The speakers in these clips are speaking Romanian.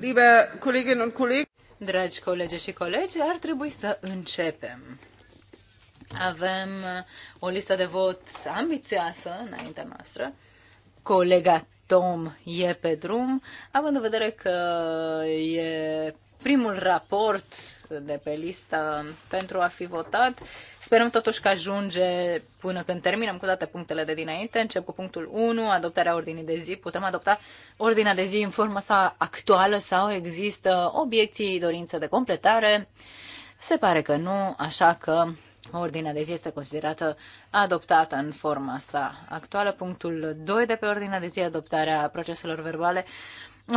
Liebe Kolleginnen und Kollegen, Dragi colegi și colegi, ar trebui să începem. Avem uh, o listă de vot ambițioasă înaintea noastră. Colega Tom e pe drum, având în vedere că e primul raport de pe listă pentru a fi votat. Sperăm totuși că ajunge până când terminăm cu toate punctele de dinainte. Încep cu punctul 1, adoptarea ordinii de zi. Putem adopta ordinea de zi în forma sa actuală sau există obiecții, dorințe de completare? Se pare că nu, așa că ordinea de zi este considerată adoptată în forma sa actuală. Punctul 2 de pe ordinea de zi, adoptarea proceselor verbale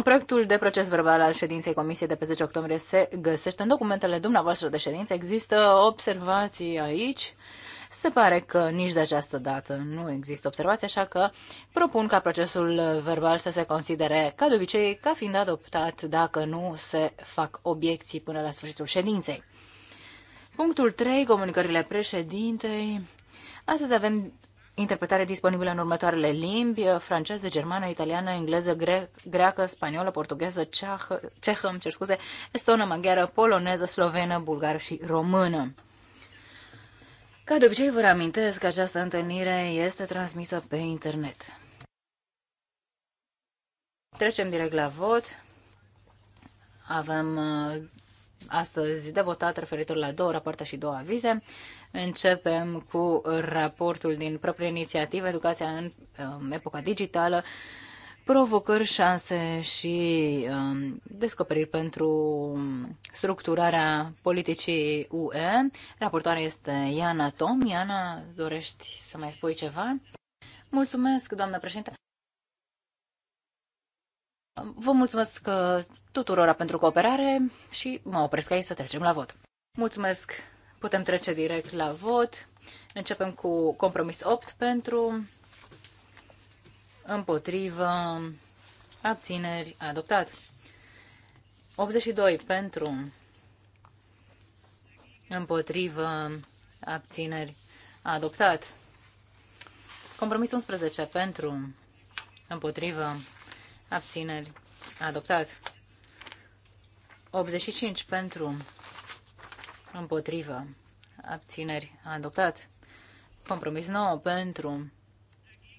Proiectul de proces verbal al ședinței Comisiei de pe 10 octombrie se găsește în documentele dumneavoastră de ședință. Există observații aici. Se pare că nici de această dată nu există observații, așa că propun ca procesul verbal să se considere, ca de obicei, ca fiind adoptat dacă nu se fac obiecții până la sfârșitul ședinței. Punctul 3. Comunicările președintei. Astăzi avem interpretare disponibilă în următoarele limbi, uh, franceză, germană, italiană, engleză, gre- greacă, spaniolă, portugheză, ceahă, cehă, îmi cer scuze, estonă, maghiară, poloneză, slovenă, bulgară și română. Ca de obicei, vă reamintesc că această întâlnire este transmisă pe internet. Trecem direct la vot. Avem uh, astăzi de votat referitor la două rapoarte și două avize. Începem cu raportul din proprie inițiativă, Educația în um, epoca digitală, provocări, șanse și um, descoperiri pentru structurarea politicii UE. Raportoarea este Iana Tom. Iana, dorești să mai spui ceva? Mulțumesc, doamnă președinte. Vă mulțumesc uh, tuturora pentru cooperare și mă opresc aici să trecem la vot. Mulțumesc! Putem trece direct la vot. Începem cu compromis 8 pentru, împotrivă, abțineri, adoptat. 82 pentru, împotrivă, abțineri, adoptat. Compromis 11 pentru, împotrivă, abțineri, adoptat. 85 pentru, împotrivă, abțineri, adoptat. Compromis 9 pentru,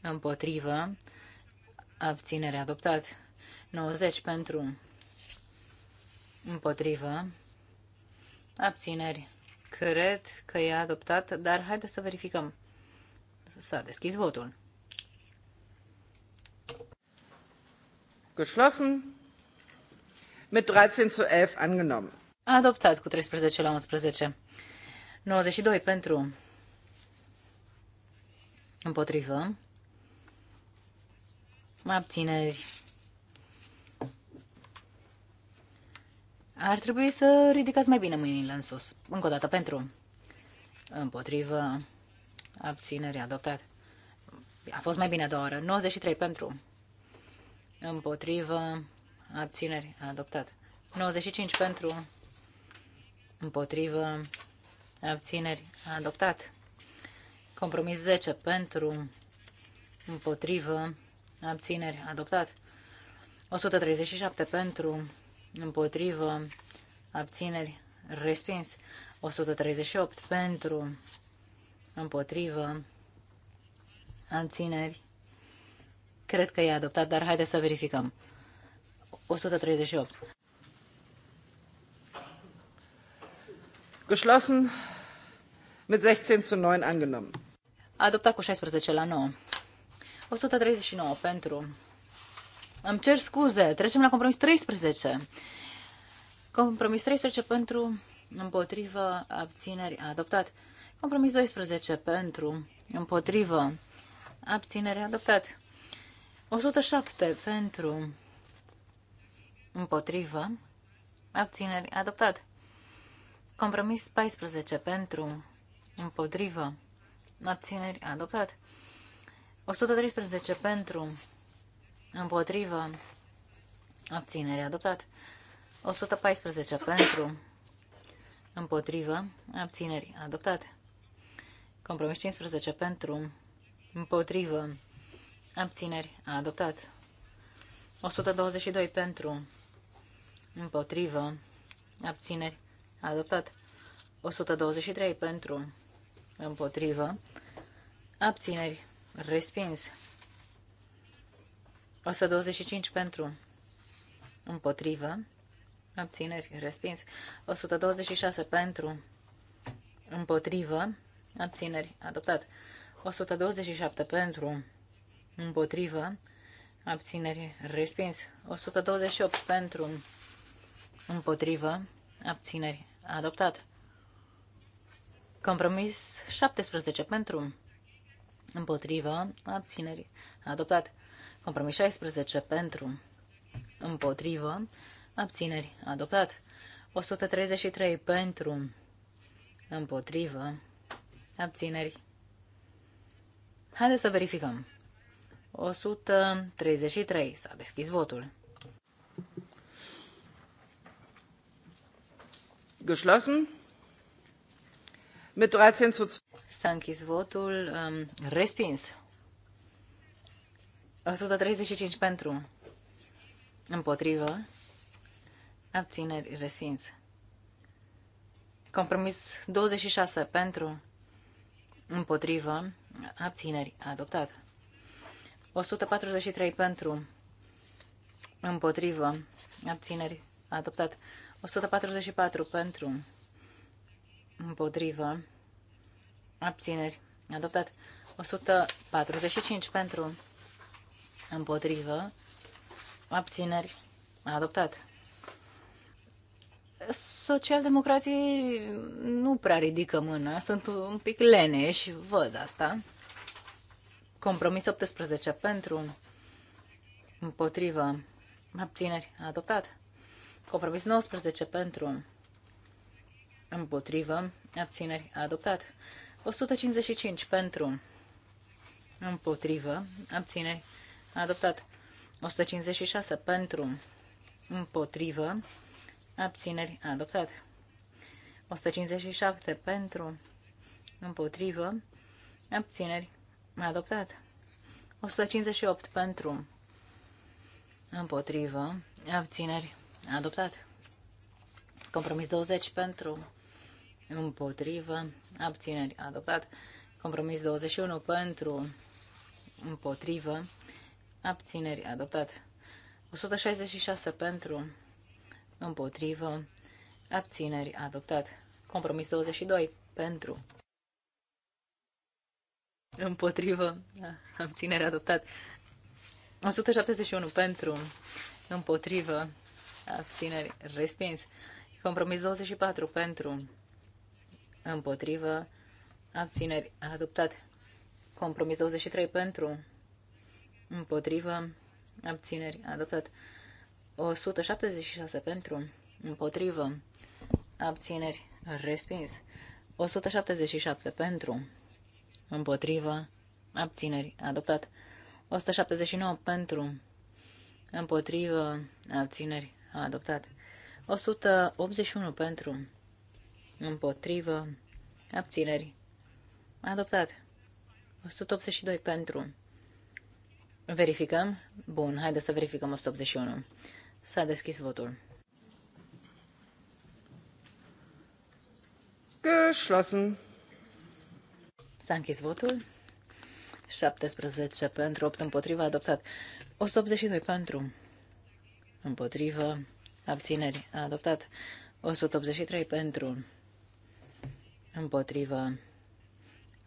împotrivă, abținere, adoptat. 90 pentru, împotrivă, abțineri. Cred că e adoptat, dar haideți să verificăm. S-a deschis votul. Geschlossen mit 13 zu 11 angenommen. Adoptat cu 13 la 11. 92 pentru. Împotrivă. Abțineri. Ar trebui să ridicați mai bine mâinile în sus. Încă o dată, pentru. Împotrivă. Abținere, adoptat. A fost mai bine a doua oră. 93 pentru. Împotrivă abțineri, adoptat. 95 pentru, împotrivă, abțineri, adoptat. Compromis 10 pentru, împotrivă, abțineri, adoptat. 137 pentru, împotrivă, abțineri, respins. 138 pentru, împotrivă, abțineri. Cred că e adoptat, dar haideți să verificăm. 138. Geschlossen mit 16 zu 9 angenommen. Adoptat cu 16 la 9. 139 pentru. Îmi cer scuze, trecem la compromis 13. Compromis 13 pentru, împotrivă, abțineri, adoptat. Compromis 12 pentru, împotrivă, abținere, adoptat. 107 pentru, Împotrivă. Abțineri. Adoptat. Compromis 14 pentru. Împotrivă. Abțineri. Adoptat. 113 pentru. Împotrivă. Abținere. Adoptat. 114 pentru. Împotrivă. Abțineri. Adoptat. Compromis 15 pentru. Împotrivă. Abțineri. Adoptat. 122 pentru împotrivă, abțineri, adoptat. 123 pentru, împotrivă, abțineri, respins. 125 pentru, împotrivă, abțineri, respins. 126 pentru, împotrivă, abțineri, adoptat. 127 pentru, împotrivă, abțineri, respins. 128 pentru, împotrivă, abțineri, adoptat. Compromis 17 pentru, împotrivă, abțineri, adoptat. Compromis 16 pentru, împotrivă, abțineri, adoptat. 133 pentru, împotrivă, abțineri. Haideți să verificăm. 133. S-a deschis votul. Geschlossen. Mit 13 zu 2. S-a închis votul. Um, respins. 135 pentru. Împotrivă. Abțineri. Resins. Compromis 26 pentru. Împotrivă. Abțineri. Adoptat. 143 pentru. Împotrivă. Abțineri. Adoptat. 144 pentru, împotrivă, abțineri, adoptat. 145 pentru, împotrivă, abțineri, adoptat. Socialdemocrații nu prea ridică mâna, sunt un pic leneși, văd asta. Compromis 18 pentru, împotrivă, abțineri, adoptat. Compromis 19 pentru, împotrivă, abțineri, adoptat. 155 pentru, împotrivă, abțineri, adoptat. 156 pentru, împotrivă, abțineri, adoptat. 157 pentru, împotrivă, abțineri, adoptat. 158 pentru, împotrivă, abțineri, adoptat adoptat. Compromis 20 pentru, împotrivă, abțineri, adoptat. Compromis 21 pentru, împotrivă, abțineri, adoptat. 166 pentru, împotrivă, abțineri, adoptat. Compromis 22 pentru, împotrivă, abținere adoptat. 171 pentru, împotrivă, abțineri, respins. Compromis 24 pentru, împotrivă, abțineri, adoptat. Compromis 23 pentru, împotrivă, abțineri, adoptat. 176 pentru, împotrivă, abțineri, respins. 177 pentru, împotrivă, abțineri, adoptat. 179 pentru, împotrivă, abțineri, a adoptat. 181 pentru, împotrivă, abțineri, a adoptat. 182 pentru. Verificăm? Bun, haideți să verificăm 181. S-a deschis votul. Geschlossen. S-a închis votul. 17 pentru, 8 împotriva, adoptat. 182 pentru, împotrivă, abțineri, adoptat. 183 pentru, împotrivă,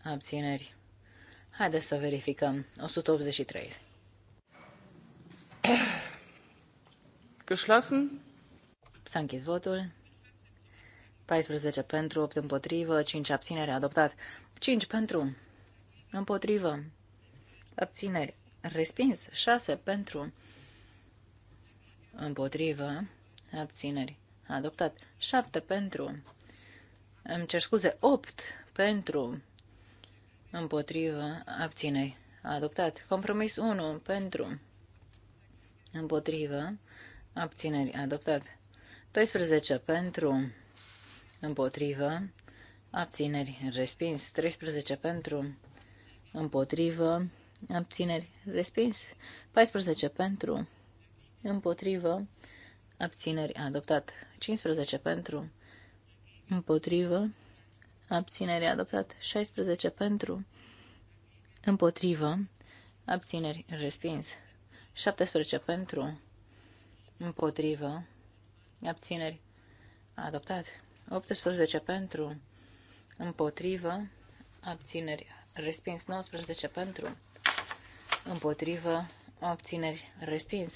abțineri. Haideți să verificăm. 183. Geschlossen. S-a închis votul. 14 pentru, 8 împotrivă, 5 abțineri adoptat. 5 pentru, împotrivă, abțineri, respins. 6 pentru, împotrivă, abțineri, adoptat. 7 pentru, îmi cer scuze, 8 pentru, împotrivă, abțineri, adoptat. Compromis 1 pentru, împotrivă, abțineri, adoptat. 12 pentru, împotrivă, abțineri, respins. 13 pentru, împotrivă, abțineri, respins. 14 pentru, împotrivă, abțineri adoptat. 15 pentru, împotrivă, abțineri adoptat. 16 pentru, împotrivă, abțineri respins. 17 pentru, împotrivă, abțineri adoptat. 18 pentru, împotrivă, abțineri respins. 19 pentru, împotrivă, abțineri respins.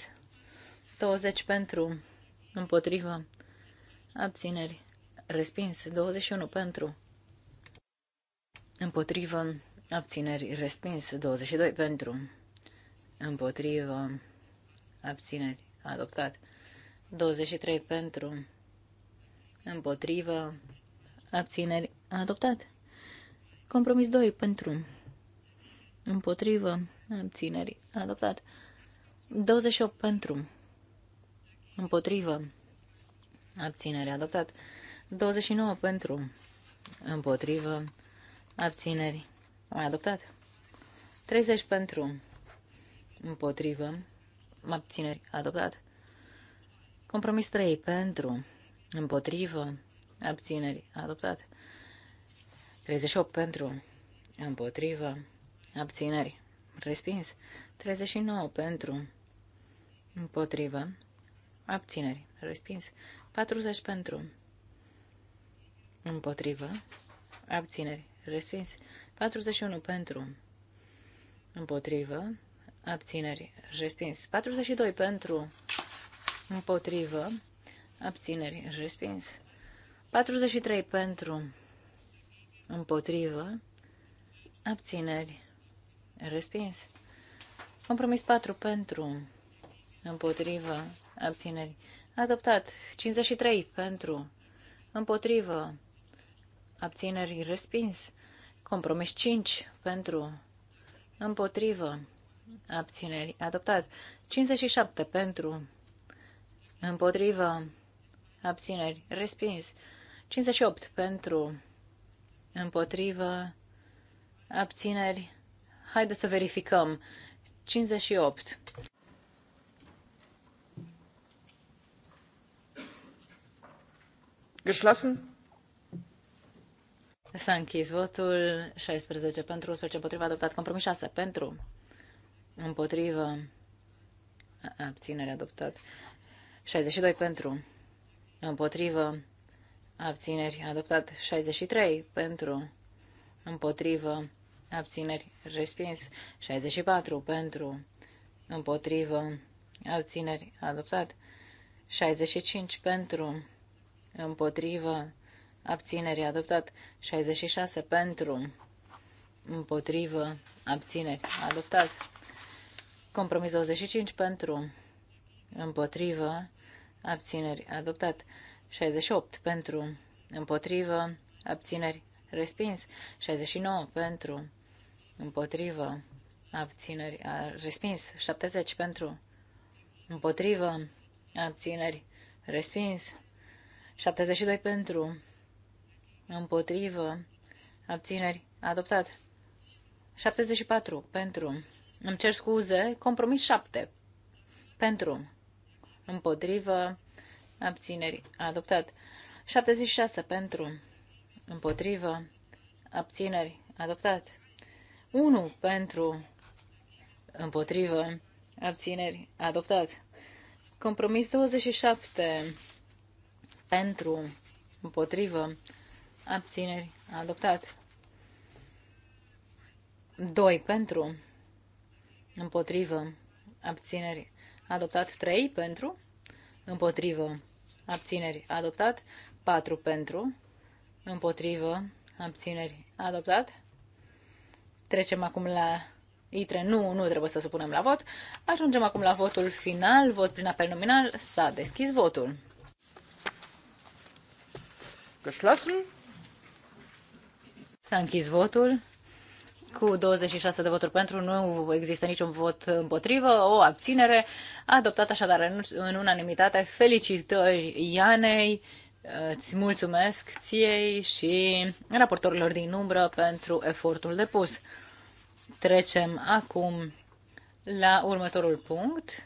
20 pentru, împotrivă, abțineri, respins. 21 pentru, împotrivă, abțineri, respins. 22 pentru, împotrivă, abțineri, adoptat. 23 pentru, împotrivă, abțineri, adoptat. Compromis 2 pentru, împotrivă, abțineri, adoptat. 28 pentru, împotrivă, abținere adoptat, 29 pentru, împotrivă, abțineri, mai adoptat, 30 pentru, împotrivă, abțineri, adoptat, compromis 3 pentru, împotrivă, abțineri, adoptat, 38 pentru, împotrivă, abțineri, respins, 39 pentru, împotrivă, Abțineri. Respins. 40 pentru. Împotrivă. Abțineri. Respins. 41 pentru. Împotrivă. Abțineri. Respins. 42 pentru. Împotrivă. Abțineri. Respins. 43 pentru. Împotrivă. Abțineri. Respins. Compromis 4 pentru. Împotrivă abțineri. Adoptat. 53 pentru, împotrivă, abțineri. Respins. Compromis 5 pentru, împotrivă, abțineri. Adoptat. 57 pentru, împotrivă, abțineri. Respins. 58 pentru, împotrivă, abțineri. Haideți să verificăm. 58. Geschlossen. S-a închis votul 16 pentru, 11 împotriva, adoptat compromis 6 pentru, împotrivă, abținere adoptat, 62 pentru, împotrivă, abțineri adoptat, 63 pentru, împotrivă, abțineri respins, 64 pentru, împotrivă, abțineri adoptat, 65 pentru, împotrivă, abțineri adoptat, 66 pentru, împotrivă, abțineri adoptat, compromis 25 pentru, împotrivă, abțineri adoptat, 68 pentru, împotrivă, abțineri respins, 69 pentru, împotrivă, abțineri respins, 70 pentru, împotrivă, abțineri respins. 72 pentru, împotrivă, abțineri, adoptat. 74 pentru, îmi cer scuze, compromis 7 pentru, împotrivă, abțineri, adoptat. 76 pentru, împotrivă, abțineri, adoptat. 1 pentru, împotrivă, abțineri, adoptat. Compromis 27 pentru, împotrivă, abțineri, adoptat. 2 pentru, împotrivă, abțineri, adoptat. 3 pentru, împotrivă, abțineri, adoptat. 4 pentru, împotrivă, abțineri, adoptat. Trecem acum la ITRE. Nu, nu trebuie să supunem la vot. Ajungem acum la votul final, vot prin apel nominal. S-a deschis votul. Geschlossen. S-a închis votul. Cu 26 de voturi pentru, nu există niciun vot împotrivă, o abținere. Adoptat așadar în, în unanimitate. Felicitări Ianei, îți mulțumesc ției și raportorilor din umbră pentru efortul depus. Trecem acum la următorul punct.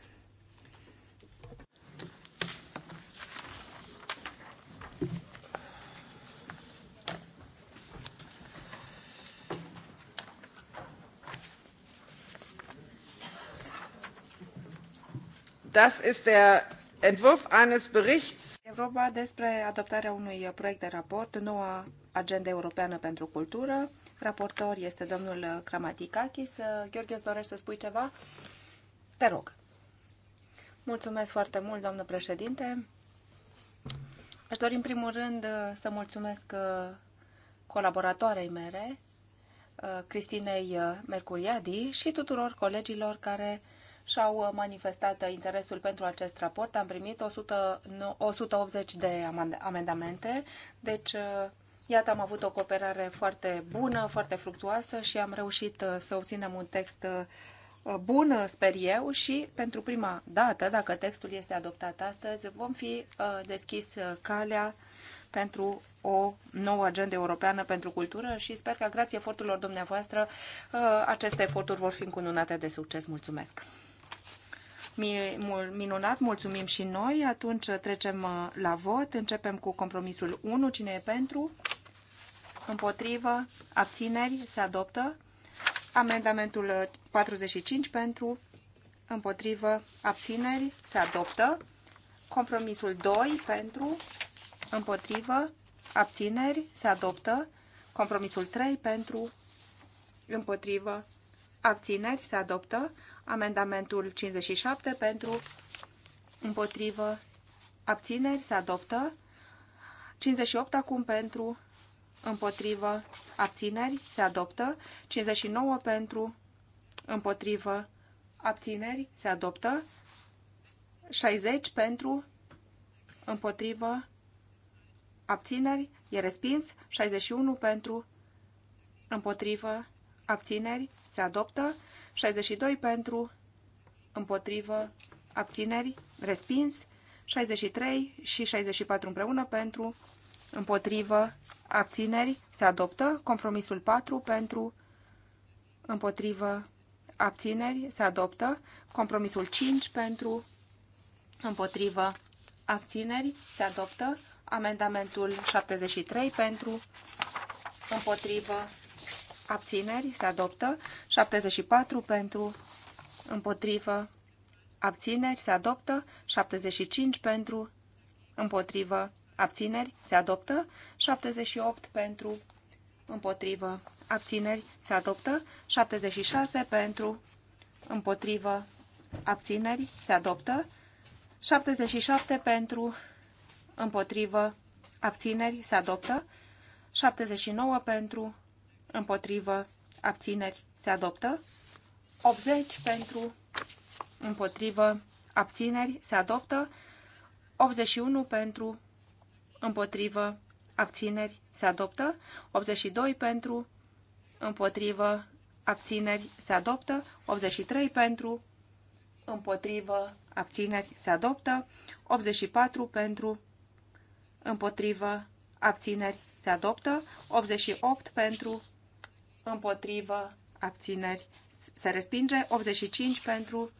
Das ist der Entwurf eines Berichts. E vorba despre adoptarea unui proiect de raport, noua agenda europeană pentru cultură. Raportor este domnul Kramatikakis. Gheorghe, îți dorești să spui ceva? Te rog. Mulțumesc foarte mult, doamnă președinte. Aș dori în primul rând să mulțumesc uh, colaboratoarei mele, uh, Cristinei uh, Mercuriadi și tuturor colegilor care și-au uh, manifestat interesul pentru acest raport. Am primit 100, 180 de amendamente, deci uh, Iată, am avut o cooperare foarte bună, foarte fructuoasă și am reușit uh, să obținem un text bun, sper eu, și pentru prima dată, dacă textul este adoptat astăzi, vom fi deschis calea pentru o nouă agendă europeană pentru cultură și sper că, grație eforturilor dumneavoastră, aceste eforturi vor fi încununate de succes. Mulțumesc! Minunat, mulțumim și noi. Atunci trecem uh, la vot. Începem cu compromisul 1. Cine e pentru? Împotrivă? Abțineri? Se adoptă. Amendamentul 45 pentru? Împotrivă? Abțineri? Se adoptă. Compromisul 2 pentru? Împotrivă? Abțineri? Se adoptă. Compromisul 3 pentru? Împotrivă? Abțineri? Se adoptă. Amendamentul 57 pentru, împotrivă, abțineri se adoptă. 58 acum pentru, împotrivă, abțineri se adoptă. 59 pentru, împotrivă, abțineri se adoptă. 60 pentru, împotrivă, abțineri e respins. 61 pentru, împotrivă, abțineri se adoptă. 62 pentru, împotrivă, abțineri, respins. 63 și 64 împreună pentru, împotrivă, abțineri, se adoptă. Compromisul 4 pentru, împotrivă, abțineri, se adoptă. Compromisul 5 pentru, împotrivă, abțineri, se adoptă. Amendamentul 73 pentru, împotrivă, abțineri, se adoptă. 74 pentru, împotrivă, abțineri, se adoptă. 75 pentru, împotrivă, abțineri, se adoptă. 78 pentru, împotrivă, abțineri, se adoptă. 76 pentru, împotrivă, abțineri, se adoptă. 77 pentru, împotrivă, abțineri, se adoptă. 79 pentru, împotrivă, abțineri, se adoptă. 80 pentru, împotrivă, abțineri, se adoptă. 81 pentru, împotrivă, abțineri, se adoptă. 82 pentru, împotrivă, abțineri, se adoptă. 83 pentru, împotrivă, abțineri, se adoptă. 84 pentru, împotrivă, abțineri, se adoptă. 88 pentru, împotrivă, abțineri, se respinge. 85 pentru,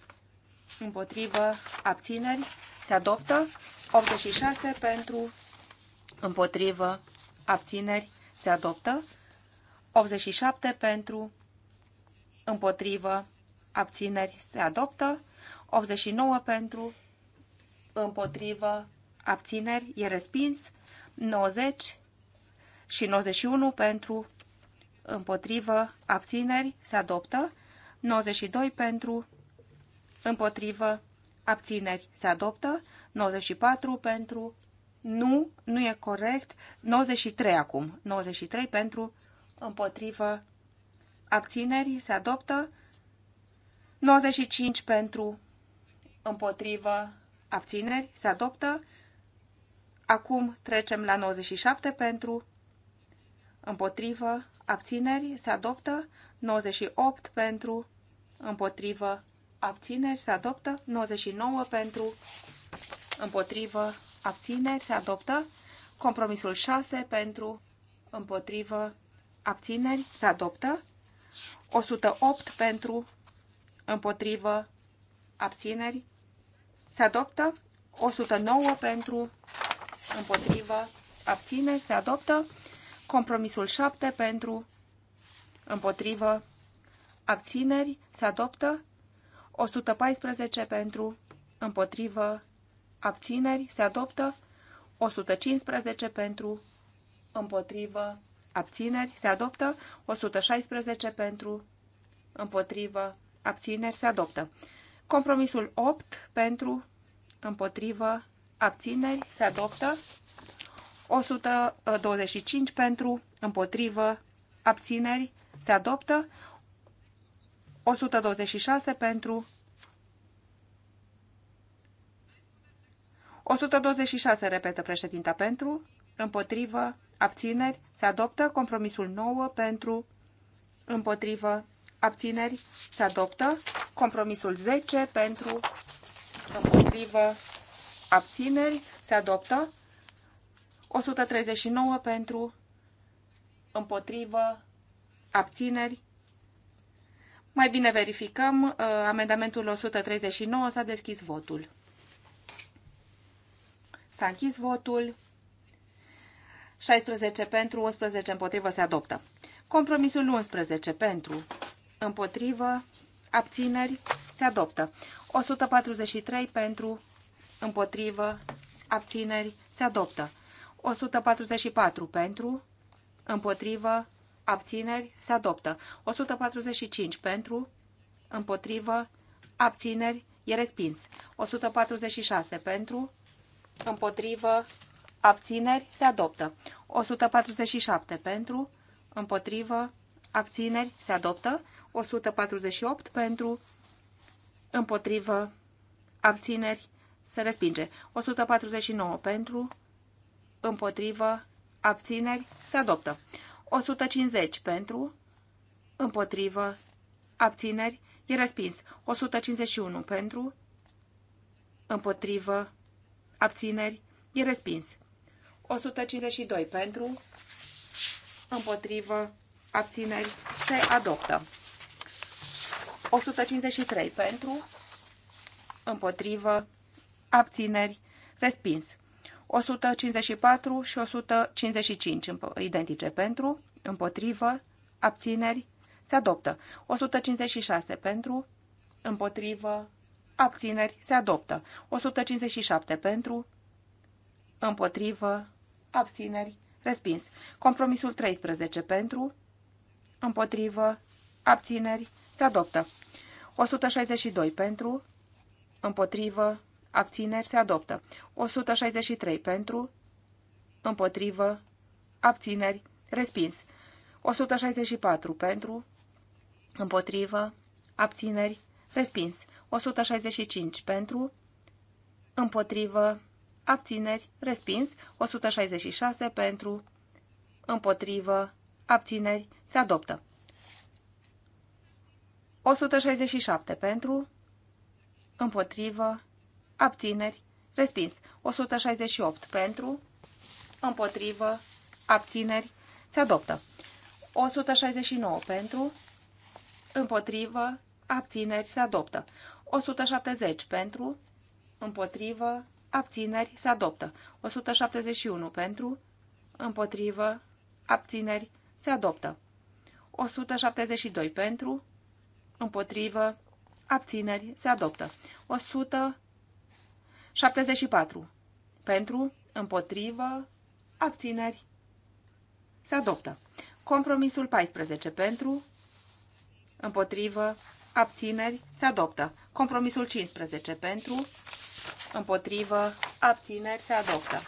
împotrivă, abțineri, se adoptă. 86 pentru, împotrivă, abțineri, se adoptă. 87 pentru, împotrivă, abțineri, se adoptă. 89 pentru, împotrivă, abțineri, e respins. 90 și 91 pentru, împotrivă, abțineri, se adoptă. 92 pentru, împotrivă, abțineri, se adoptă. 94 pentru, nu, nu e corect. 93 acum, 93 pentru, împotrivă, abțineri, se adoptă. 95 pentru, împotrivă, abțineri, se adoptă. Acum trecem la 97 pentru, împotrivă, abțineri, se adoptă. 98 pentru, împotrivă, abțineri, se adoptă. 99 pentru, împotrivă, abțineri, se adoptă. Compromisul 6 pentru, împotrivă, abțineri, se adoptă. 108 pentru, împotrivă, abțineri, se adoptă. 109 pentru, împotrivă, abțineri, se adoptă. Compromisul 7 pentru, împotrivă, abțineri, se adoptă. 114 pentru, împotrivă, abțineri, se adoptă. 115 pentru, împotrivă, abțineri, se adoptă. 116 pentru, împotrivă, abțineri, se adoptă. Compromisul 8 pentru, împotrivă, abțineri, se adoptă. 125 pentru, împotrivă, abțineri, se adoptă. 126 pentru, 126, repetă președinta, pentru, împotrivă, abțineri, se adoptă compromisul 9 pentru, împotrivă, abțineri, se adoptă compromisul 10 pentru, împotrivă, abțineri, se adoptă 139 pentru, împotrivă, abțineri. Mai bine verificăm. Uh, amendamentul 139 s-a deschis votul. S-a închis votul. 16 pentru, 11 împotrivă se adoptă. Compromisul 11 pentru, împotrivă, abțineri, se adoptă. 143 pentru, împotrivă, abțineri, se adoptă. 144 pentru, împotrivă, abțineri, se adoptă. 145 pentru, împotrivă, abțineri, e respins. 146 pentru, împotrivă, abțineri, se adoptă. 147 pentru, împotrivă, abțineri, se adoptă. 148 pentru, împotrivă, abțineri, se respinge. 149 pentru, împotrivă, abțineri, se adoptă. 150 pentru, împotrivă, abțineri, e respins. 151 pentru, împotrivă, abțineri, e respins. 152 pentru, împotrivă, abțineri, se adoptă. 153 pentru, împotrivă, abțineri, respins. 154 și 155 identice pentru, împotrivă, abțineri, se adoptă. 156 pentru, împotrivă, abțineri, se adoptă. 157 pentru, împotrivă, abțineri, respins. Compromisul 13 pentru, împotrivă, abțineri, se adoptă. 162 pentru, împotrivă, abțineri se adoptă. 163 pentru, împotrivă, abțineri, respins. 164 pentru, împotrivă, abțineri, respins. 165 pentru, împotrivă, abțineri, respins. 166 pentru, împotrivă, abțineri, se adoptă. 167 pentru, împotrivă, abțineri, respins. 168 pentru, împotrivă, abțineri, se adoptă. 169 pentru, împotrivă, abțineri, se adoptă. 170 pentru, împotrivă, abțineri, se adoptă. 171 pentru, împotrivă, abțineri, se adoptă. 172 pentru, împotrivă, abțineri, se adoptă. 100 74. Pentru, împotrivă, abțineri, se adoptă. Compromisul 14. Pentru, împotrivă, abțineri, se adoptă. Compromisul 15. Pentru, împotrivă, abțineri, se adoptă.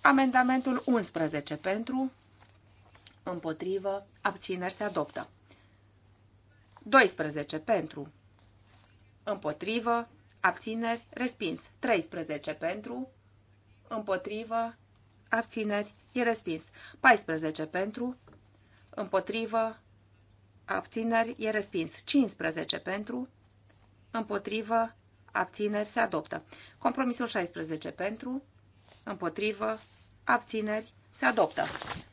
Amendamentul 11. Pentru, împotrivă, abțineri, se adoptă. 12. Pentru, împotrivă, abțineri, respins. 13 pentru, împotrivă, abțineri, e respins. 14 pentru, împotrivă, abțineri, e respins. 15 pentru, împotrivă, abțineri, se adoptă. Compromisul 16 pentru, împotrivă, abțineri, se adoptă.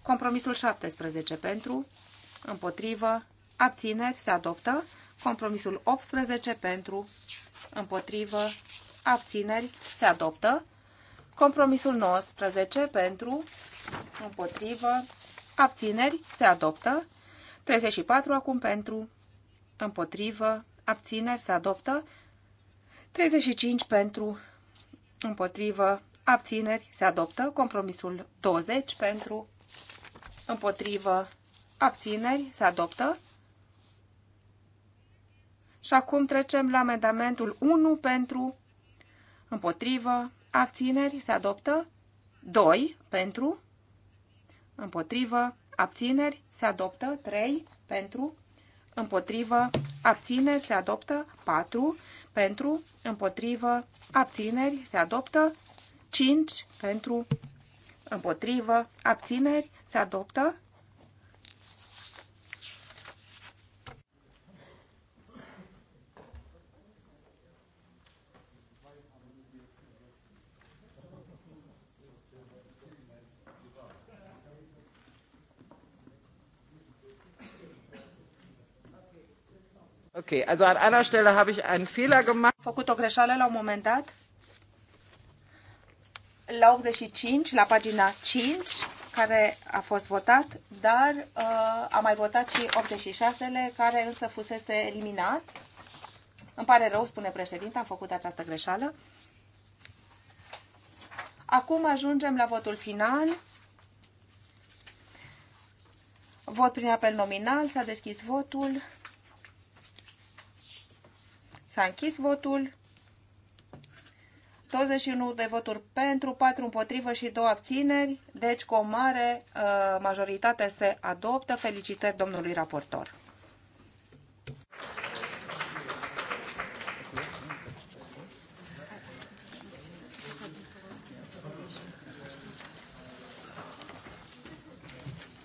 Compromisul 17 pentru, împotrivă, abțineri, se adoptă. Compromisul 18 pentru, împotrivă, abțineri, se adoptă. Compromisul 19 pentru, împotrivă, abțineri, se adoptă. 34 acum pentru, împotrivă, abțineri, se adoptă. 35 pentru, împotrivă, abțineri, se adoptă. Compromisul 20 pentru, împotrivă, abțineri, se adoptă. Și acum trecem la amendamentul 1 pentru împotrivă, abțineri, se adoptă. 2 pentru împotrivă, abțineri, se adoptă. 3 pentru împotrivă, abțineri, se adoptă. 4 pentru împotrivă, abțineri, se adoptă. 5 pentru împotrivă, abțineri, se adoptă. Ok, also an einer Stelle habe ich einen Fehler gemacht. Am făcut o greșeală la un moment dat. La 85, la pagina 5, care a fost votat, dar uh, a mai votat și 86-le, care însă fusese eliminat. Îmi pare rău, spune președinte, am făcut această greșeală. Acum ajungem la votul final. Vot prin apel nominal, s-a deschis votul. S-a închis votul. 21 de voturi pentru, 4 împotrivă și 2 abțineri, deci cu o mare uh, majoritate se adoptă. Felicitări domnului raportor.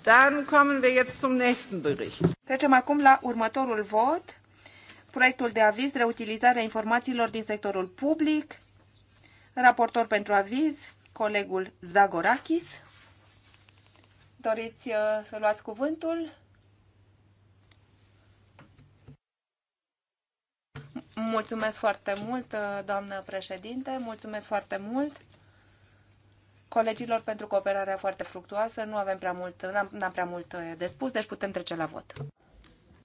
Dann kommen wir jetzt zum nächsten Bericht. Trecem acum la următorul vot proiectul de aviz reutilizarea informațiilor din sectorul public, raportor pentru aviz, colegul Zagorakis. Doriți uh, să luați cuvântul? Mulțumesc foarte mult, uh, doamnă președinte, mulțumesc foarte mult colegilor pentru cooperarea foarte fructuoasă. Nu avem prea mult, n-am, prea mult uh, de spus, deci putem trece la vot.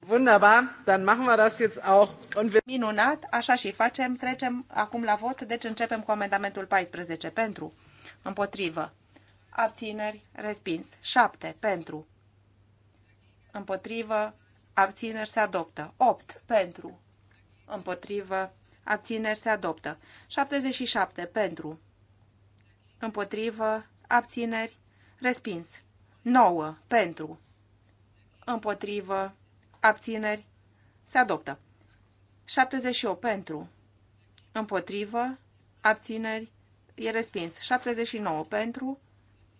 Wunderbar, dann machen wir das jetzt auch. Und wir... Minunat, așa și facem. Trecem acum la vot, deci începem cu amendamentul 14. Pentru, împotrivă, abțineri, respins. 7. Pentru, împotrivă, abțineri, se adoptă. 8. Pentru, împotrivă, abțineri, se adoptă. 77. Pentru, împotrivă, abțineri, respins. 9. Pentru, împotrivă, abțineri, se adoptă. 78 pentru, împotrivă, abțineri, e respins. 79 pentru,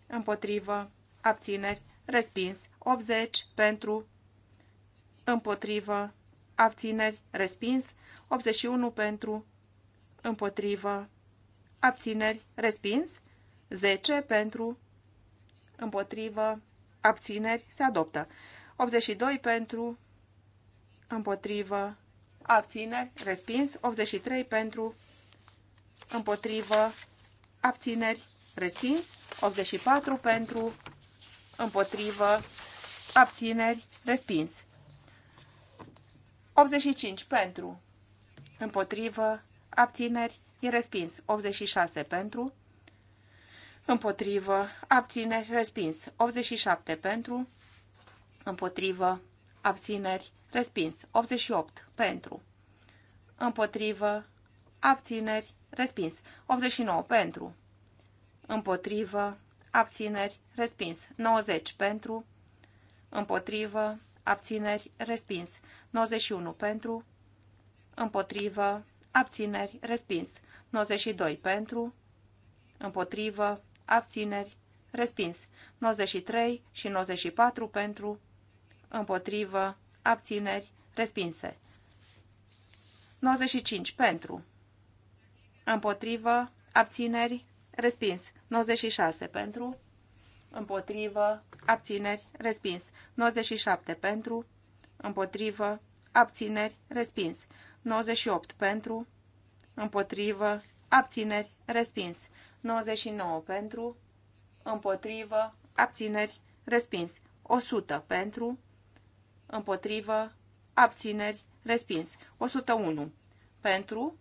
împotrivă, abțineri, respins. 80 pentru, împotrivă, abțineri, respins. 81 pentru, împotrivă, abțineri, respins. 10 pentru, împotrivă, abțineri, se adoptă. 82 pentru, împotrivă, abțineri, respins, 83 pentru, împotrivă, abțineri, respins, 84 pentru, împotrivă, abțineri, respins. 85 pentru, împotrivă, abțineri, e respins. 86 pentru, împotrivă, abțineri, respins. 87 pentru, împotrivă, abțineri, Respins. 88. Pentru. Împotrivă. Abțineri. Respins. 89. Pentru. Împotrivă. Abțineri. Respins. 90. Pentru. Împotrivă. Abțineri. Respins. 91. Pentru. Împotrivă. Abțineri. Respins. 92. Pentru. Împotrivă. Abțineri. Respins. 93 și 94 pentru. Împotrivă abțineri, respinse. 95 pentru, împotrivă, abțineri, respins. 96 pentru, împotrivă, abțineri, respins. 97 pentru, împotrivă, abțineri, respins. 98 pentru, împotrivă, abțineri, respins. 99 pentru, împotrivă, abțineri, respins. 100 pentru, împotrivă, abțineri, respins. 101. Pentru,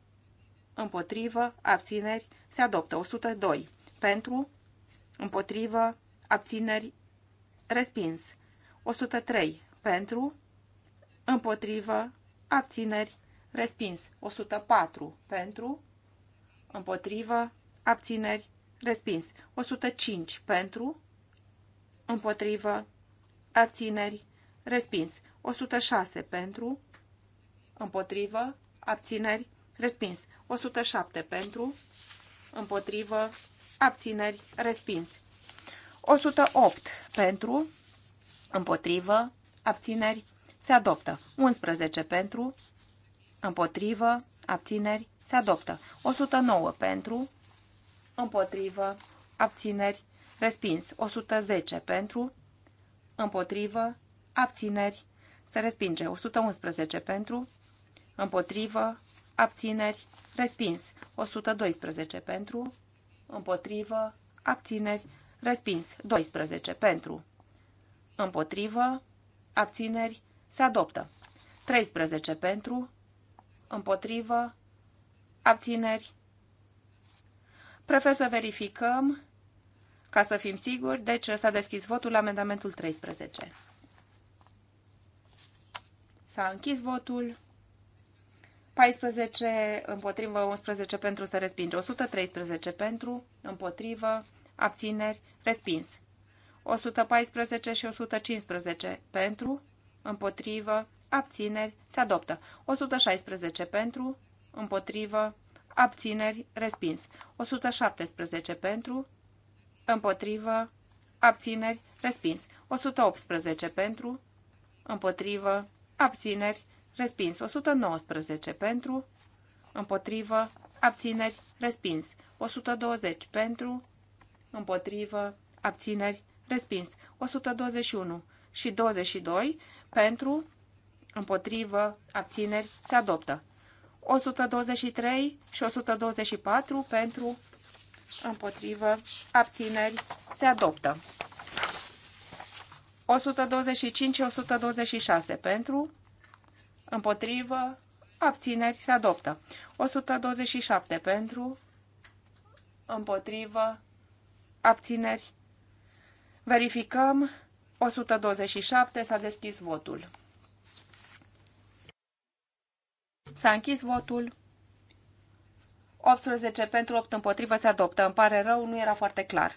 împotrivă, abțineri, se adoptă. 102. Pentru, împotrivă, abțineri, respins. 103. Pentru, împotrivă, abțineri, respins. 104. Pentru, împotrivă, abțineri, respins. 105. Pentru, împotrivă, abțineri, Respins. 106 pentru, împotrivă, abțineri, respins. 107 pentru, împotrivă, abțineri, respins. 108 pentru, împotrivă, abțineri, se adoptă. 11 pentru, împotrivă, abțineri, se adoptă. 109 pentru, împotrivă, abțineri, respins. 110 pentru, împotrivă, abțineri, se respinge. 111 pentru, împotrivă, abțineri, respins. 112 pentru, împotrivă, abțineri, respins. 12 pentru, împotrivă, abțineri, se adoptă. 13 pentru, împotrivă, abțineri. Prefer să verificăm ca să fim siguri, deci s-a deschis votul la amendamentul 13. S-a închis votul. 14 împotrivă, 11 pentru se respinge. 113 pentru, împotrivă, abțineri, respins. 114 și 115 pentru, împotrivă, abțineri, se adoptă. 116 pentru, împotrivă, abțineri, respins. 117 pentru, împotrivă, abțineri, respins. 118 pentru, împotrivă, abțineri, respins. 119 pentru, împotrivă, abțineri, respins. 120 pentru, împotrivă, abțineri, respins. 121 și 22 pentru, împotrivă, abțineri, se adoptă. 123 și 124 pentru, împotrivă, abțineri, se adoptă. 125 și 126 pentru, împotrivă, abțineri, se adoptă. 127 pentru, împotrivă, abțineri. Verificăm, 127 s-a deschis votul. S-a închis votul. 18 pentru 8 împotrivă se adoptă. Îmi pare rău, nu era foarte clar.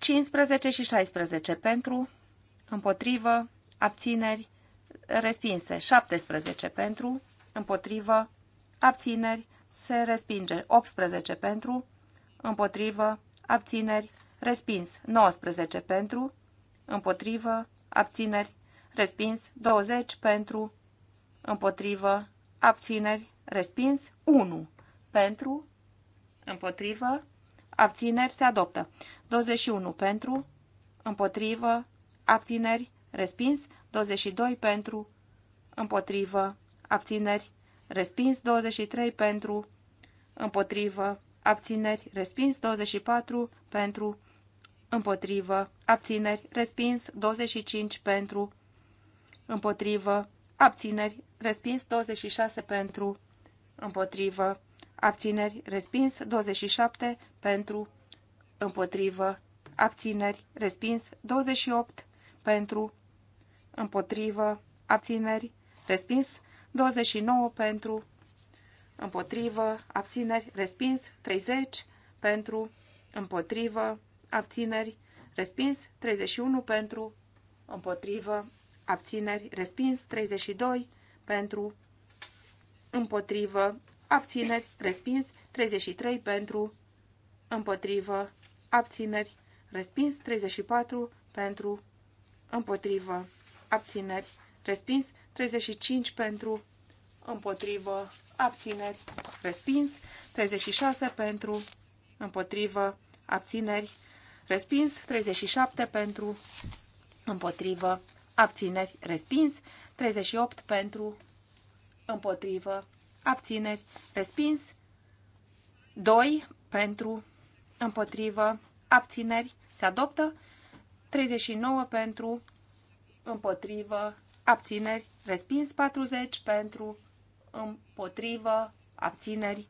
15 și 16 pentru, împotrivă, abțineri, respinse. 17 pentru, împotrivă, abțineri, se respinge. 18 pentru, împotrivă, abțineri, respins. 19 pentru, împotrivă, abțineri, respins. 20 pentru, împotrivă, abțineri, respins. 1 pentru, împotrivă, abțineri se adoptă. 21 pentru, împotrivă, abțineri, respins. 22 pentru, împotrivă, abțineri, respins. 23 pentru, împotrivă, abțineri, respins. 24 pentru, împotrivă, abțineri, respins. 25 pentru, împotrivă, abțineri, respins. 26 pentru, împotrivă, abțineri, respins, 27 pentru, împotrivă, abțineri, respins, 28 pentru, împotrivă, abțineri, respins, 29 pentru, împotrivă, abțineri, respins, 30 pentru, împotrivă, abțineri, respins, 31 pentru, împotrivă, abțineri, respins, 32 pentru, împotrivă, abțineri, respins, 33 pentru, împotrivă, abțineri, respins, 34 pentru, împotrivă, abțineri, respins, 35 pentru, împotrivă, abțineri, respins, 36 pentru, împotrivă, abțineri, respins, 37 pentru, împotrivă, abțineri, respins, 38 pentru, împotrivă, abțineri, respins. 2 pentru, împotrivă, abțineri, se adoptă. 39 pentru, împotrivă, abțineri, respins. 40 pentru, împotrivă, abțineri,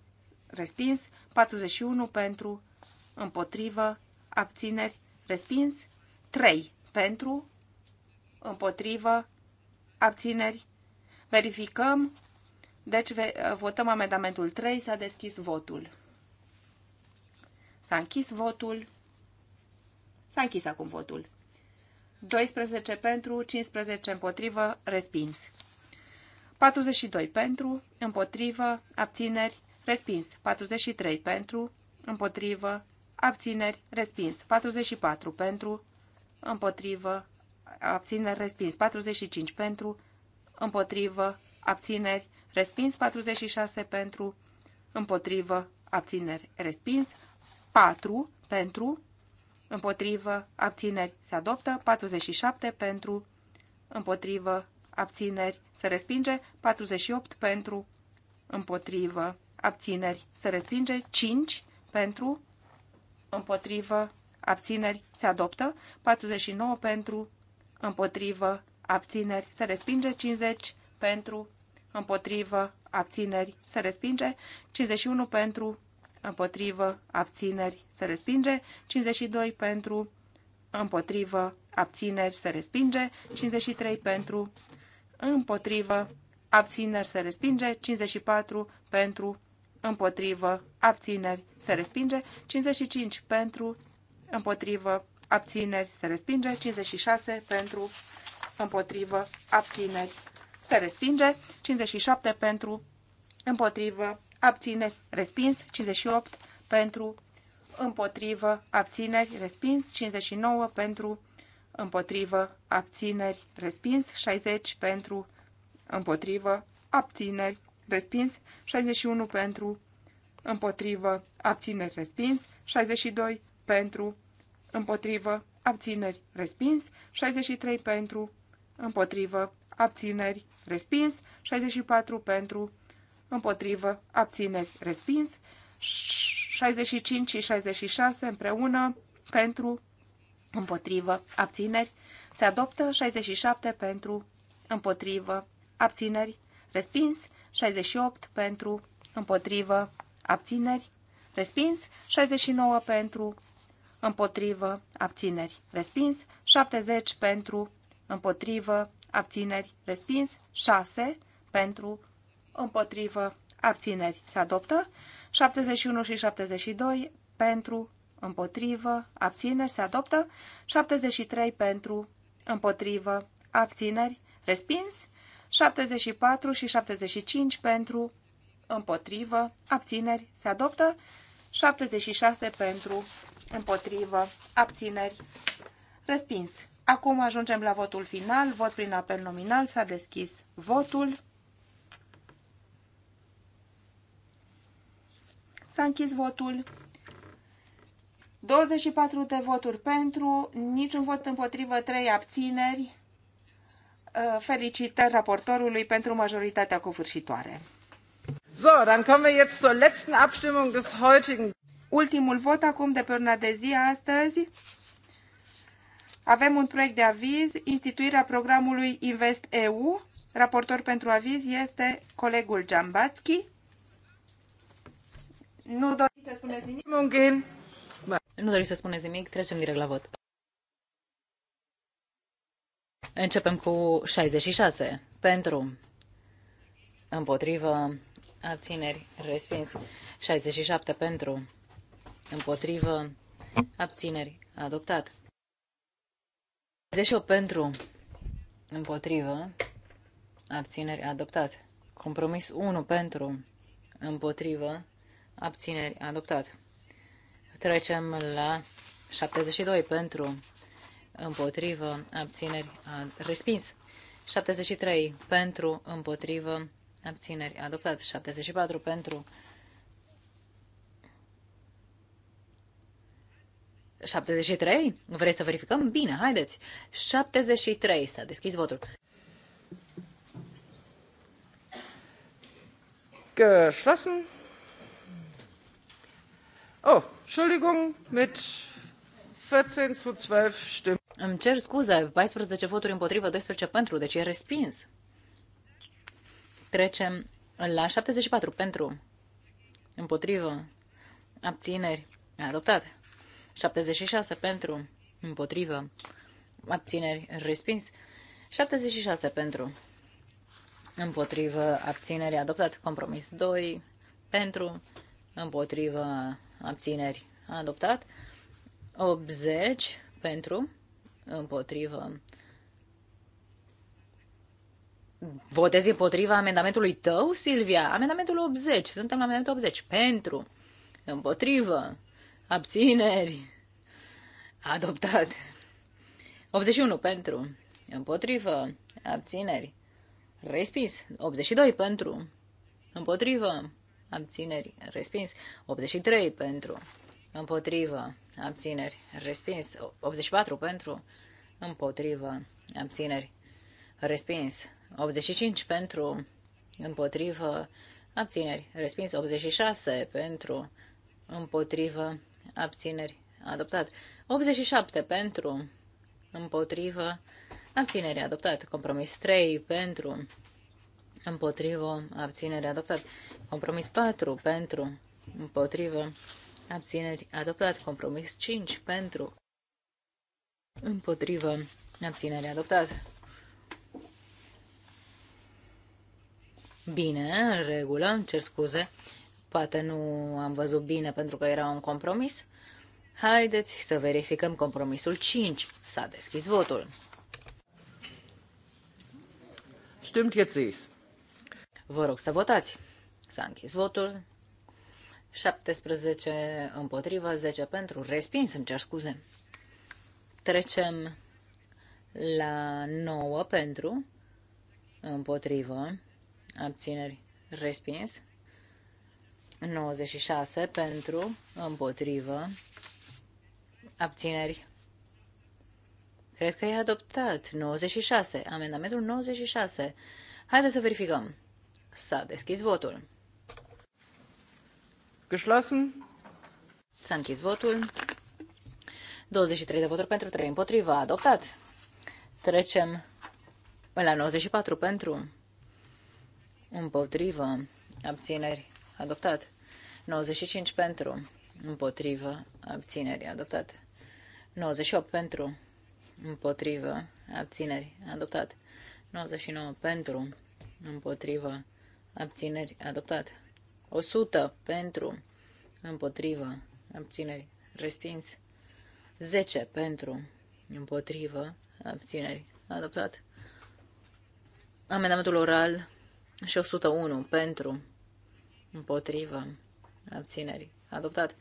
respins. 41 pentru, împotrivă, abțineri, respins. 3 pentru, împotrivă, abțineri. Verificăm deci votăm amendamentul 3, s-a deschis votul. S-a închis votul. S-a închis acum votul. 12 pentru, 15 împotrivă, respins. 42 pentru, împotrivă, abțineri, respins. 43 pentru, împotrivă, abțineri, respins. 44 pentru, împotrivă, abțineri, respins. 45 pentru, împotrivă, abțineri, respins, 46 pentru, împotrivă, abțineri, respins, 4 pentru, împotrivă, abțineri, se adoptă, 47 pentru, împotrivă, abțineri, se respinge, 48 pentru, împotrivă, abțineri, se respinge, 5 pentru, împotrivă, abțineri, se adoptă, 49 pentru, împotrivă, abțineri, se respinge, 50 pentru, împotrivă, abțineri, se respinge. 51 pentru, împotrivă, abțineri, se respinge. 52 pentru, împotrivă, abțineri, se respinge. 53 pentru, împotrivă, abțineri, se respinge. 54 pentru, împotrivă, abțineri, se respinge. 55 pentru, împotrivă, abțineri, se respinge. 56 pentru, împotrivă, abțineri, se respinge, 57 pentru, împotrivă, abțineri, respins, 58 pentru, împotrivă, abțineri, respins, 59 pentru, împotrivă, abțineri, respins, 60 pentru, împotrivă, abțineri, respins, 61 pentru, împotrivă, abțineri, respins, 62 pentru, împotrivă, abțineri, respins, 63 pentru, împotrivă, abțineri, respins, 64 pentru, împotrivă, abțineri, respins, 65 și 66 împreună, pentru, împotrivă, abțineri, se adoptă 67 pentru, împotrivă, abțineri, respins, 68 pentru, împotrivă, abțineri, respins, 69 pentru, împotrivă, abțineri, respins, 70 pentru, împotrivă, abțineri, respins. 6 pentru, împotrivă, abțineri, se adoptă. 71 și 72 pentru, împotrivă, abțineri, se adoptă. 73 pentru, împotrivă, abțineri, respins. 74 și 75 pentru, împotrivă, abțineri, se adoptă. 76 pentru, împotrivă, abțineri, respins. Acum ajungem la votul final. Vot prin apel nominal. S-a deschis votul. S-a închis votul. 24 de voturi pentru, niciun vot împotrivă, 3 abțineri. Uh, felicitări raportorului pentru majoritatea cuvârșitoare. So, dann kommen wir jetzt zur letzten Abstimmung des heutigen. Ultimul vot acum de pe urna de zi astăzi. Avem un proiect de aviz, instituirea programului Invest EU. Raportor pentru aviz este colegul Giambatski. Nu doriți să spuneți nimic? Nu doriți să spuneți nimic, trecem direct la vot. Începem cu 66. Pentru, împotrivă, abțineri, respins. 67 pentru, împotrivă, abțineri, adoptat eu pentru, împotrivă, abțineri adoptat. Compromis 1 pentru, împotrivă, abțineri adoptat. Trecem la 72 pentru, împotrivă, abțineri respins. 73 pentru, împotrivă, abțineri adoptat. 74 pentru, 73? Vrei să verificăm? Bine, haideți. 73. S-a deschis votul. Geschlossen. Oh, Entschuldigung, mit 14 zu 12 Stimmen. Îmi cer scuze, 14 voturi împotrivă, 12 pentru, deci e respins. Trecem la 74 pentru, împotrivă, abțineri, adoptate. 76 pentru, împotrivă, abțineri, respins. 76 pentru, împotrivă, abțineri, adoptat. Compromis 2 pentru, împotrivă, abțineri, adoptat. 80 pentru, împotrivă, Votezi împotriva amendamentului tău, Silvia? Amendamentul 80. Suntem la amendamentul 80. Pentru. Împotrivă. Abțineri. Adoptat. 81 pentru. Împotrivă. Abțineri. Respins. 82 pentru. Împotrivă. Abțineri. Respins. 83 pentru. Împotrivă. Abțineri. Respins. 84 pentru. Împotrivă. Abțineri. Respins. 85 pentru. Împotrivă. Abțineri. Respins. 86 pentru. Împotrivă abțineri, adoptat. 87 pentru, împotrivă, abținere, adoptat. Compromis 3 pentru, împotrivă, abținere, adoptat. Compromis 4 pentru, împotrivă, abțineri, adoptat. Compromis 5 pentru, împotrivă, abținere, adoptat. Bine, în regulă, îmi cer scuze. Poate nu am văzut bine pentru că era un compromis. Haideți să verificăm compromisul 5. S-a deschis votul. Stimmt jetzt ist. Vă rog să votați. S-a închis votul. 17 împotriva, 10 pentru. Respins, îmi cer scuze. Trecem la 9 pentru. Împotrivă. Abțineri. Respins. 96 pentru, împotrivă, abțineri. Cred că e adoptat. 96. Amendamentul 96. Haideți să verificăm. S-a deschis votul. Geschlossen. S-a închis votul. 23 de voturi pentru 3 împotriva. Adoptat. Trecem la 94 pentru împotrivă abțineri adoptat. 95 pentru, împotrivă, abțineri, adoptat. 98 pentru, împotrivă, abțineri, adoptat. 99 pentru, împotrivă, abțineri, adoptat. 100 pentru, împotrivă, abțineri, respins. 10 pentru, împotrivă, abțineri, adoptat. Amendamentul oral și 101 pentru, împotrivă, abțineri, adoptat.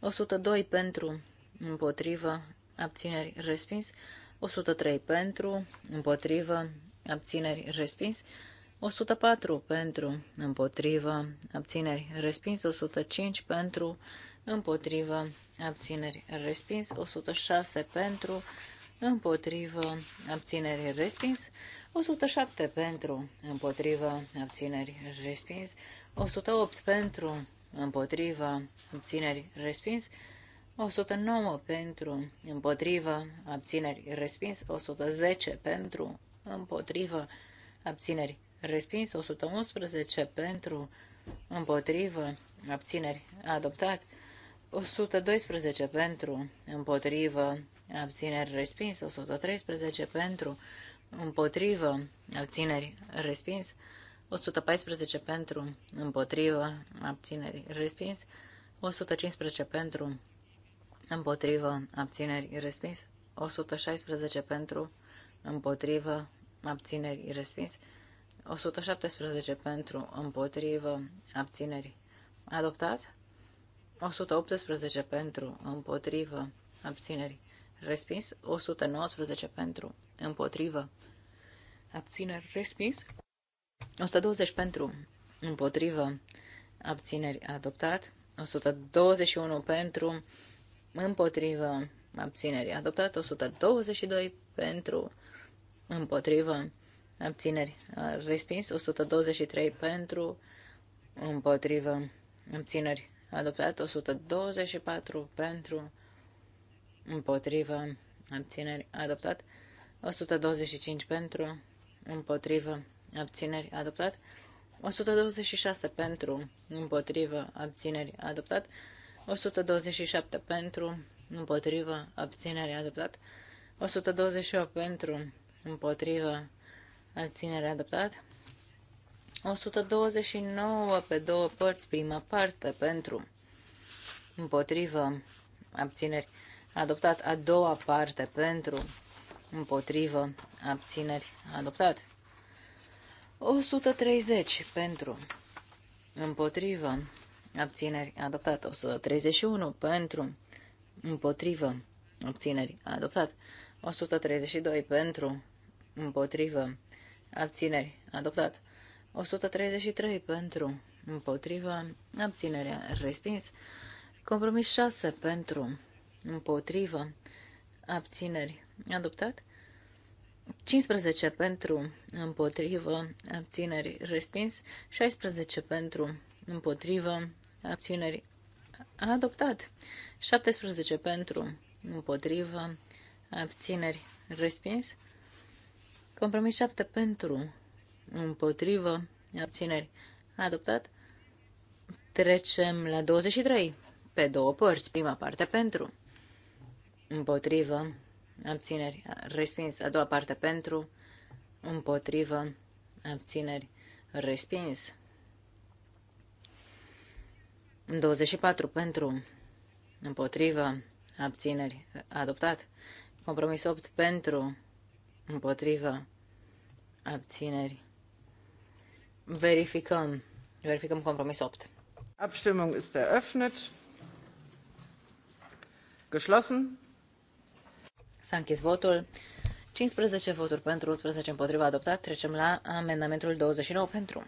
102 pentru, împotrivă, abțineri, respins. 103 pentru, împotrivă, abțineri, respins. 104 pentru, împotrivă, abțineri, respins. 105 pentru, împotrivă, abțineri, respins. 106 pentru, împotrivă, abțineri, respins. 107 pentru, împotrivă, abțineri, respins. 108 pentru, împotrivă, abțineri, respins. 109 pentru, împotrivă, abțineri, respins. 110 pentru, împotrivă, abțineri, respins. 111 pentru, împotrivă, abțineri, adoptat. 112 pentru, împotrivă, abțineri, respins. 113 pentru, împotrivă, abțineri, respins. 114 pentru, împotrivă, abțineri, respins. 115 pentru, împotrivă, abțineri, respins. 116 pentru, împotrivă, abțineri, respins. 117 pentru, împotrivă, abțineri, adoptat. 118 pentru, împotrivă, abțineri, respins. 119 pentru, împotrivă, abțineri respins, 120 pentru, împotrivă, abțineri adoptat, 121 pentru, împotrivă, abțineri adoptat, 122 pentru, împotrivă, abțineri respins, 123 pentru, împotrivă, abțineri adoptat, 124 pentru, împotrivă, abțineri adoptat, 125 pentru, împotrivă, abțineri, adoptat. 126 pentru, împotrivă, abțineri, adoptat. 127 pentru, împotrivă, abțineri, adoptat. 128 pentru, împotrivă, abținere, adoptat. 129 pe două părți, prima parte, pentru, împotrivă, abțineri, adoptat. A doua parte, pentru, împotrivă, abțineri, adoptat. 130 pentru, împotrivă, abțineri, adoptat. 131 pentru, împotrivă, abțineri, adoptat. 132 pentru, împotrivă, abțineri, adoptat. 133 pentru, împotrivă, abținerea, respins. Compromis 6 pentru, împotrivă, abțineri, adoptat. 15 pentru, împotrivă, abțineri, respins. 16 pentru, împotrivă, abțineri, adoptat. 17 pentru, împotrivă, abțineri, respins. Compromis 7 pentru, împotrivă, abțineri, adoptat. Trecem la 23, pe două părți, prima parte pentru, împotrivă, abțineri, respins. A doua parte pentru, împotrivă, abțineri, respins. 24 pentru, împotrivă, abțineri, adoptat. Compromis 8 pentru, împotrivă, abțineri. Verificăm. Verificăm compromis 8. Abstimmung ist eröffnet. Geschlossen. S-a închis votul. 15 voturi pentru, 11 împotriva adoptat. Trecem la amendamentul 29 pentru.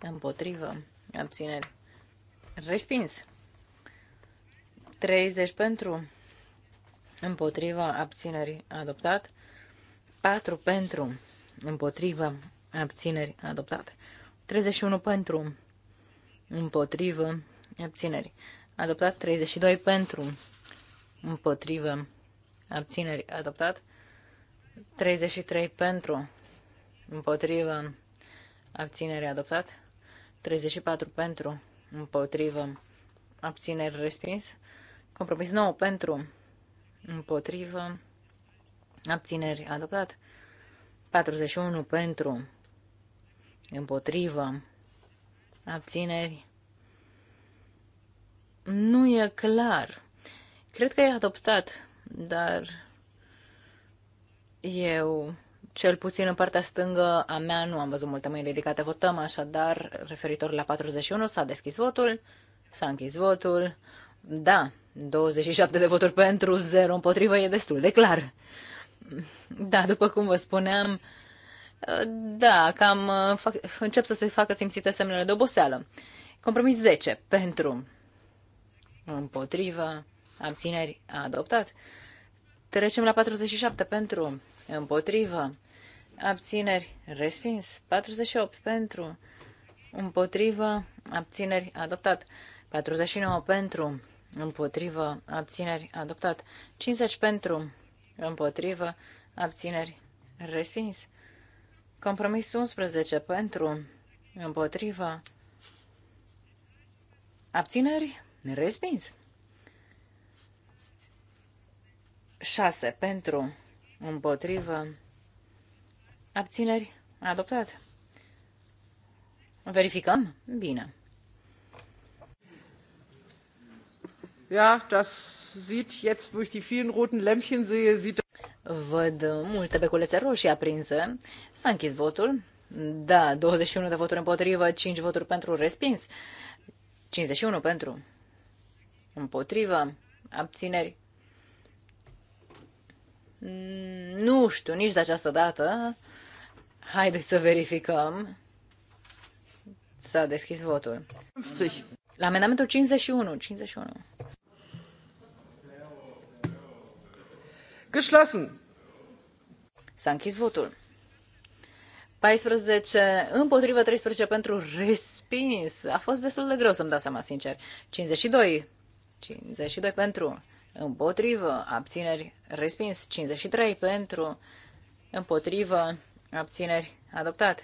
Împotrivă. Abțineri. Respins. 30 pentru. Împotrivă. Abțineri. adoptat. 4 pentru. Împotrivă. Abțineri. adoptat. 31 pentru. Împotrivă Abțineri. Adoptat 32 pentru. Împotrivă abțineri adoptat, 33 pentru, împotrivă, abțineri adoptat, 34 pentru, împotrivă, abțineri respins, compromis 9 pentru, împotrivă, abțineri adoptat, 41 pentru, împotrivă, abțineri. Nu e clar. Cred că e adoptat dar eu, cel puțin în partea stângă a mea, nu am văzut multe mâini ridicate. Votăm așadar, referitor la 41, s-a deschis votul, s-a închis votul. Da, 27 de voturi pentru, 0 împotrivă, e destul de clar. Da, după cum vă spuneam, da, cam fac, încep să se facă simțite semnele de oboseală. Compromis 10 pentru, împotrivă, abțineri, adoptat. Trecem la 47 pentru, împotrivă, abțineri, respins. 48 pentru, împotrivă, abțineri, adoptat. 49 pentru, împotrivă, abțineri, adoptat. 50 pentru, împotrivă, abțineri, respins. Compromis 11 pentru, împotrivă, abțineri, respins. 6 pentru, împotrivă, abțineri, adoptat. Verificăm? Bine. Ja, das sieht jetzt, wo ich die vielen roten Lämpchen sehe, sieht Văd multe beculețe roșii aprinse. S-a închis votul. Da, 21 de voturi împotrivă, 5 voturi pentru respins, 51 pentru împotrivă, abțineri Mm, nu știu nici de această dată. Haideți să verificăm. S-a deschis votul. 50. La amendamentul 51. 51. Geschlossen. S-a închis votul. 14 împotrivă, 13 pentru respins. A fost destul de greu să-mi dau seama, sincer. 52. 52 pentru împotrivă, abțineri, respins. 53 pentru, împotrivă, abțineri, adoptat.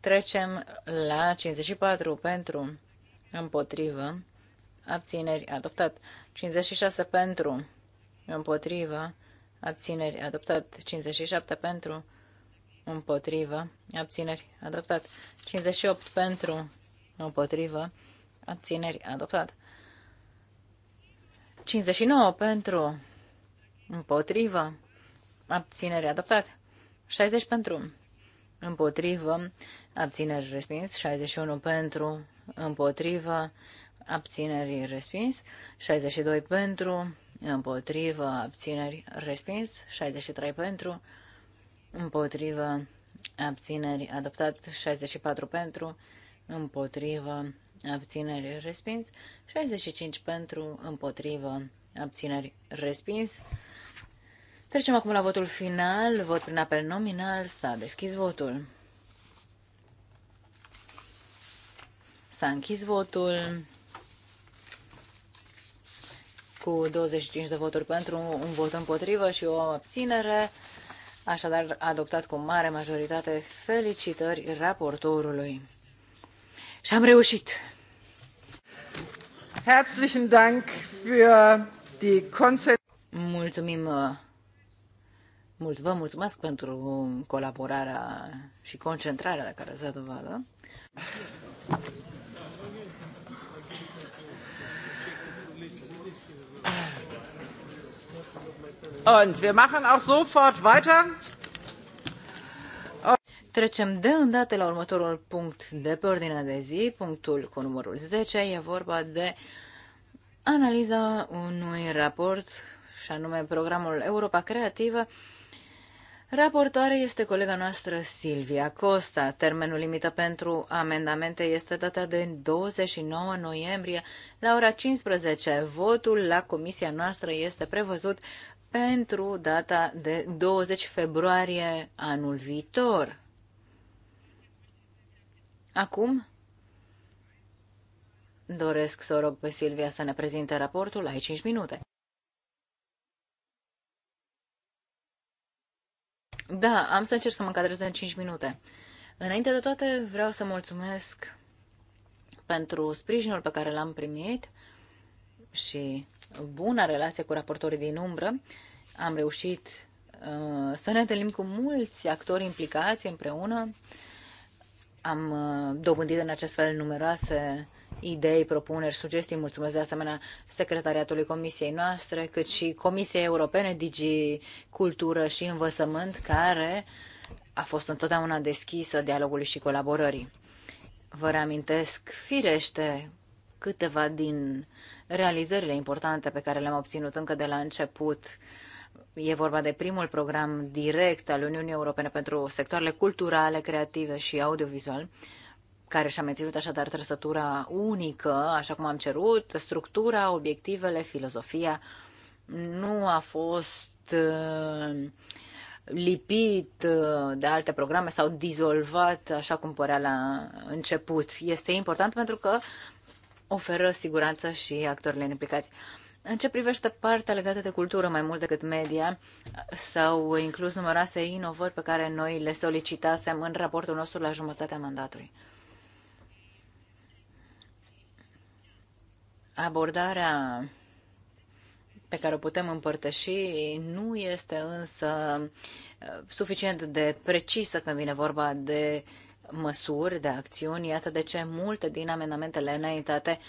Trecem la 54 pentru, împotrivă, abțineri, adoptat. 56 pentru, împotrivă, abțineri, adoptat. 57 pentru, împotrivă, abțineri, adoptat. 58 pentru, împotrivă, abțineri, adoptat. 59 pentru, împotrivă, abținere adoptat. 60 pentru, împotrivă, abțineri respins. 61 pentru, împotrivă, abțineri respins. 62 pentru, împotrivă, abțineri respins. 63 pentru, împotrivă, abțineri adoptat. 64 pentru, împotrivă, abțineri respins, 65 pentru, împotrivă, abțineri respins. Trecem acum la votul final, vot prin apel nominal, s-a deschis votul. S-a închis votul cu 25 de voturi pentru, un vot împotrivă și o abținere. Așadar, adoptat cu mare majoritate, felicitări raportorului. Și am reușit. Herzlichen Dank für die Mulțumim uh, mult, vă mulțumesc pentru colaborarea și concentrarea de care ați dat dovadă. Und wir machen auch sofort weiter. Trecem de îndată la următorul punct de pe ordinea de zi, punctul cu numărul 10. E vorba de analiza unui raport și anume programul Europa Creativă. Raportoare este colega noastră Silvia Costa. Termenul limită pentru amendamente este data de 29 noiembrie la ora 15. Votul la comisia noastră este prevăzut pentru data de 20 februarie anul viitor. Acum doresc să o rog pe Silvia să ne prezinte raportul. Ai 5 minute. Da, am să încerc să mă încadrez în 5 minute. Înainte de toate, vreau să mulțumesc pentru sprijinul pe care l-am primit și buna relație cu raportorii din umbră. Am reușit uh, să ne întâlnim cu mulți actori implicați împreună am uh, dobândit în acest fel numeroase idei, propuneri, sugestii. Mulțumesc de asemenea secretariatului comisiei noastre, cât și Comisiei Europene Digi Cultură și Învățământ, care a fost întotdeauna deschisă dialogului și colaborării. Vă reamintesc firește câteva din realizările importante pe care le-am obținut încă de la început uh, E vorba de primul program direct al Uniunii Europene pentru sectoarele culturale, creative și audiovizual, care și-a menținut așadar trăsătura unică, așa cum am cerut, structura, obiectivele, filozofia. Nu a fost uh, lipit uh, de alte programe sau dizolvat așa cum părea la început. Este important pentru că oferă siguranță și actorilor implicați. În ce privește partea legată de cultură mai mult decât media, s-au inclus numeroase inovări pe care noi le solicitasem în raportul nostru la jumătatea mandatului. Abordarea pe care o putem împărtăși nu este însă uh, suficient de precisă când vine vorba de măsuri, de acțiuni. Iată de ce multe din amendamentele înaintate uh,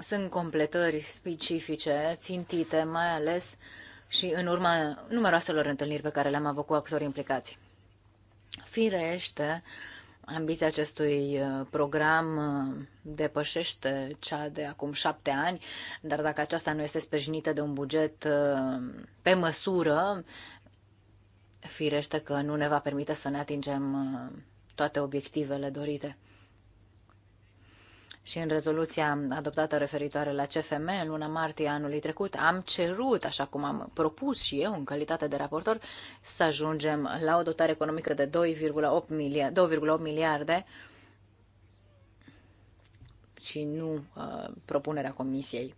sunt completări specifice, țintite, mai ales și în urma numeroaselor întâlniri pe care le-am avut cu actorii implicați. Firește, ambiția acestui uh, program uh, depășește cea de acum șapte ani, dar dacă aceasta nu este sprijinită de un buget uh, pe măsură, firește că nu ne va permite să ne atingem toate obiectivele dorite și în rezoluția adoptată referitoare la CFM în luna martie anului trecut, am cerut, așa cum am propus și eu în calitate de raportor, să ajungem la o dotare economică de 2,8 miliarde, 2,8 miliarde și nu uh, propunerea Comisiei.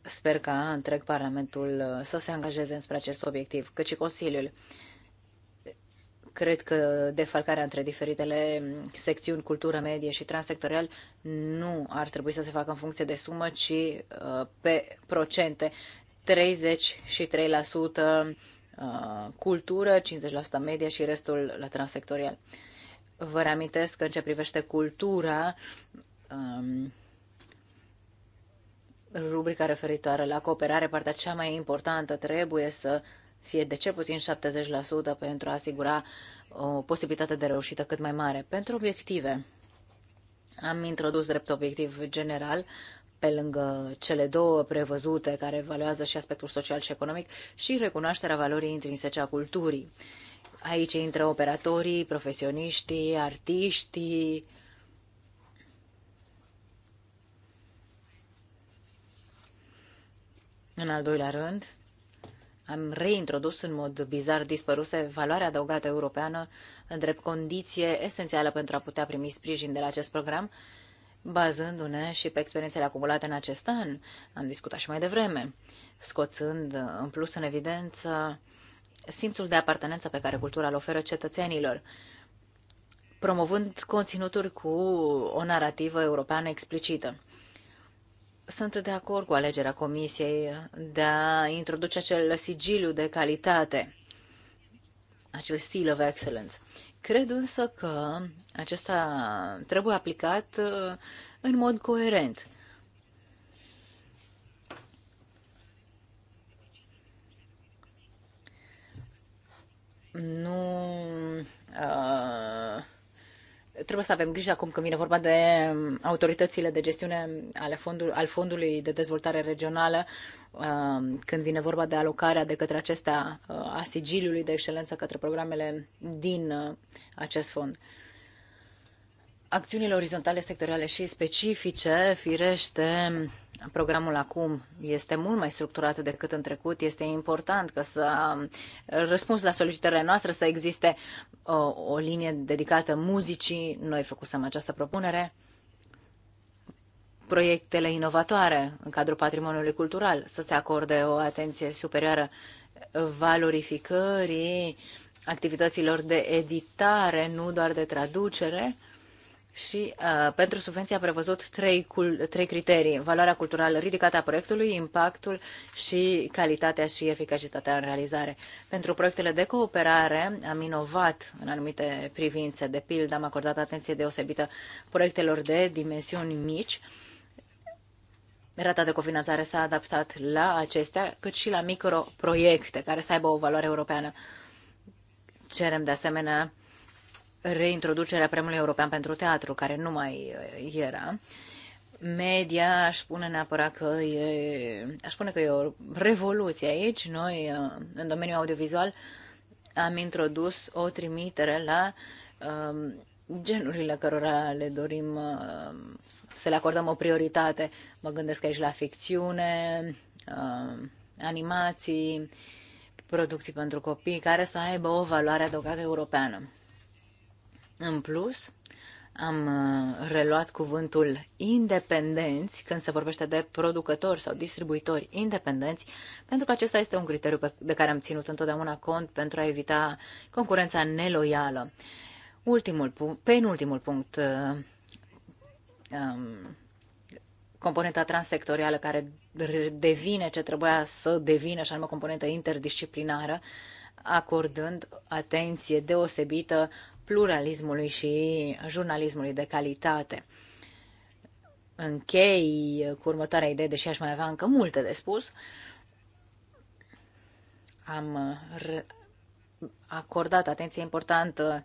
Sper ca întreg Parlamentul uh, să se angajeze înspre acest obiectiv, cât și Consiliul. Uh, Cred că defalcarea între diferitele secțiuni, cultură, medie și transsectorial nu ar trebui să se facă în funcție de sumă, ci uh, pe procente. 33% uh, cultură, 50% media și restul la transsectorial. Vă reamintesc că în ce privește cultura, um, rubrica referitoare la cooperare, partea cea mai importantă trebuie să fie de cel puțin 70% pentru a asigura o posibilitate de reușită cât mai mare. Pentru obiective, am introdus drept obiectiv general pe lângă cele două prevăzute care evaluează și aspectul social și economic și recunoașterea valorii intrinsece a culturii. Aici intră operatorii, profesioniștii, artiștii, În al doilea rând, am reintrodus în mod bizar dispăruse valoarea adăugată europeană în drept condiție esențială pentru a putea primi sprijin de la acest program, bazându-ne și pe experiențele acumulate în acest an, am discutat și mai devreme, scoțând în plus în evidență simțul de apartenență pe care cultura îl oferă cetățenilor, promovând conținuturi cu o narrativă europeană explicită. Sunt de acord cu alegerea Comisiei de a introduce acel sigiliu de calitate, acel seal of excellence. Cred însă că acesta trebuie aplicat uh, în mod coerent. Nu trebuie să avem grijă acum când vine vorba de um, autoritățile de gestiune ale fondul, al Fondului de Dezvoltare Regională, um, când vine vorba de alocarea de către acesta uh, a sigiliului de excelență către programele din uh, acest fond. Acțiunile orizontale, sectoriale și specifice, firește, Programul acum este mult mai structurat decât în trecut. Este important că să uh, răspuns la solicitările noastre să existe o, uh, o linie dedicată muzicii. Noi făcusem această propunere. Proiectele inovatoare în cadrul patrimoniului cultural să se acorde o atenție superioară valorificării activităților de editare, nu doar de traducere și uh, pentru subvenție a prevăzut trei, cul- trei criterii. Valoarea culturală ridicată a proiectului, impactul și calitatea și eficacitatea în realizare. Pentru proiectele de cooperare am inovat în anumite privințe. De pildă, am acordat atenție deosebită proiectelor de dimensiuni mici. Rata de cofinanțare s-a adaptat la acestea, cât și la microproiecte care să aibă o valoare europeană. Cerem de asemenea reintroducerea Premiului European pentru Teatru, care nu mai uh, era. Media aș spune neapărat că e, aș spune că e o revoluție aici. Noi, uh, în domeniul audiovizual, am introdus o trimitere la um, genurile cărora le dorim um, să le acordăm o prioritate. Mă gândesc aici la ficțiune, um, animații, producții pentru copii, care să aibă o valoare adăugată europeană. În plus, am uh, reluat cuvântul independenți când se vorbește de producători sau distribuitori independenți, pentru că acesta este un criteriu de care am ținut întotdeauna cont pentru a evita concurența neloială. Ultimul punct, penultimul punct, uh, um, componenta transsectorială care devine ce trebuia să devină, și anume componentă interdisciplinară, acordând atenție deosebită pluralismului și jurnalismului de calitate. Închei cu următoarea idee, deși aș mai avea încă multe de spus. Am acordat atenție importantă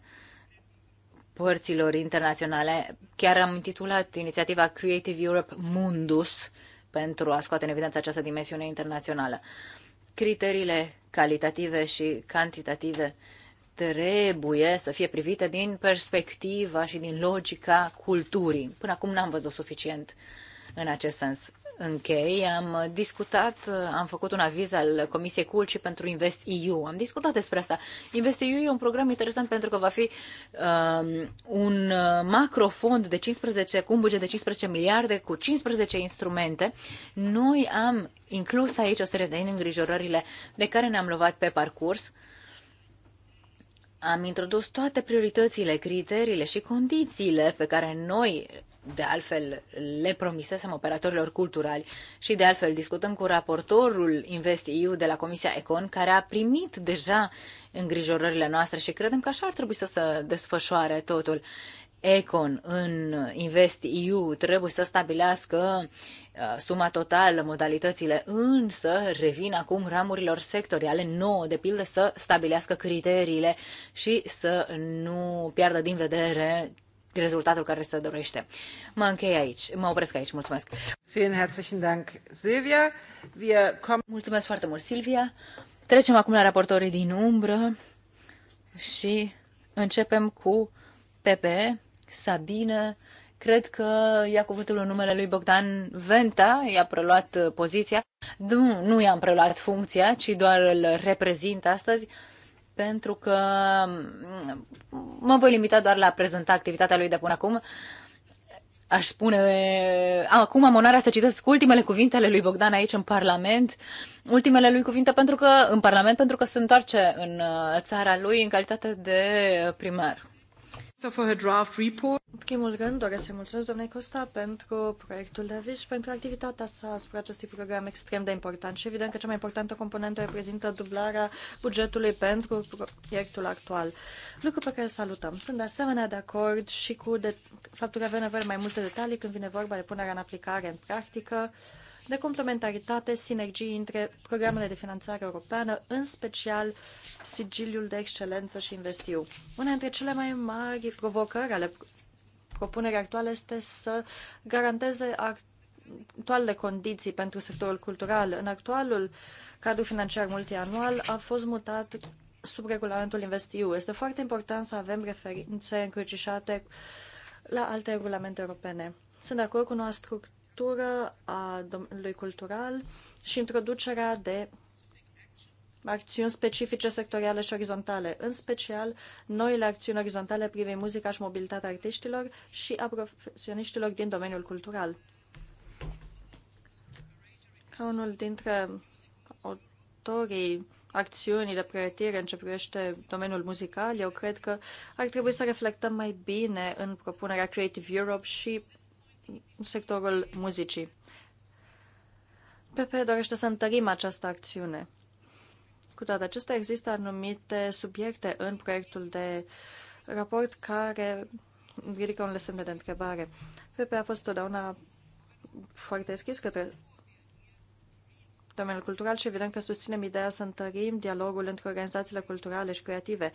părților internaționale. Chiar am intitulat inițiativa Creative Europe Mundus pentru a scoate în evidență această dimensiune internațională. Criteriile calitative și cantitative uh, trebuie să fie privite din perspectiva și din logica culturii. Până acum n-am văzut suficient în acest sens. Închei, am discutat, am făcut un aviz al Comisiei Culci pentru Invest EU. Am discutat despre asta. Invest EU e un program interesant pentru că va fi um, un macrofond de 15, cu un buget de 15 miliarde, cu 15 instrumente. Noi am inclus aici o serie de îngrijorările de care ne-am luat pe parcurs am introdus toate prioritățile, criteriile și condițiile pe care noi, de altfel, le promisesem operatorilor culturali și, de altfel, discutăm cu raportorul InvestEU de la Comisia Econ, care a primit deja îngrijorările noastre și credem că așa ar trebui să se desfășoare totul. Econ în InvestEU trebuie să stabilească uh, suma totală, modalitățile, însă revin acum ramurilor sectoriale nouă, de pildă, să stabilească criteriile și să nu piardă din vedere rezultatul care se dorește. Mă închei aici, mă opresc aici, mulțumesc. Vielen herzlichen Dank, Silvia. Wir kommen... Mulțumesc foarte mult, Silvia. Trecem acum la raportorii din umbră și începem cu PP, Sabine, cred că ia cuvântul în numele lui Bogdan Venta, i-a preluat uh, poziția. Nu, nu i-am preluat funcția, ci doar îl reprezint astăzi, pentru că mm, mă voi limita doar la a prezenta activitatea lui de până acum. Aș spune, acum am onoarea să citesc ultimele cuvinte ale lui Bogdan aici în Parlament, ultimele lui cuvinte pentru că, în Parlament pentru că se întoarce în uh, țara lui în calitate de primar for her draft report. În primul rând, doresc să mulțumesc doamnei Costa pentru proiectul de aviz și pentru activitatea sa asupra acestui program extrem de important. Și evident că cea mai importantă componentă reprezintă dublarea bugetului pentru proiectul actual, lucru pe care îl salutăm. Sunt de asemenea de acord și cu de... faptul că avem nevoie mai multe detalii când vine vorba de punerea în aplicare, în practică, uh, de complementaritate, sinergii între programele de finanțare europeană, în special sigiliul de excelență și investiu. Una dintre cele mai mari provocări ale propunerii actuale este să garanteze actualele condiții pentru sectorul cultural. În actualul cadru financiar multianual a fost mutat sub regulamentul Investiu. Este foarte important să avem referințe încrucișate la alte regulamente europene. Sunt de acord cu noua structură structură a domeniului cultural și introducerea de acțiuni specifice sectoriale și orizontale, în special noile acțiuni orizontale privind muzica și mobilitatea artiștilor și a profesioniștilor din domeniul cultural. Ca unul dintre autorii acțiunii de pregătire în ce privește domeniul muzical, eu cred că ar trebui să reflectăm mai bine în propunerea Creative Europe și sectorul muzicii. PP dorește să întărim această acțiune. Cu toate acestea, există anumite subiecte în proiectul de raport care ridică unele semne de întrebare. PP a fost totdeauna foarte deschis către domeniul cultural și evident că susținem ideea să întărim dialogul între organizațiile culturale și creative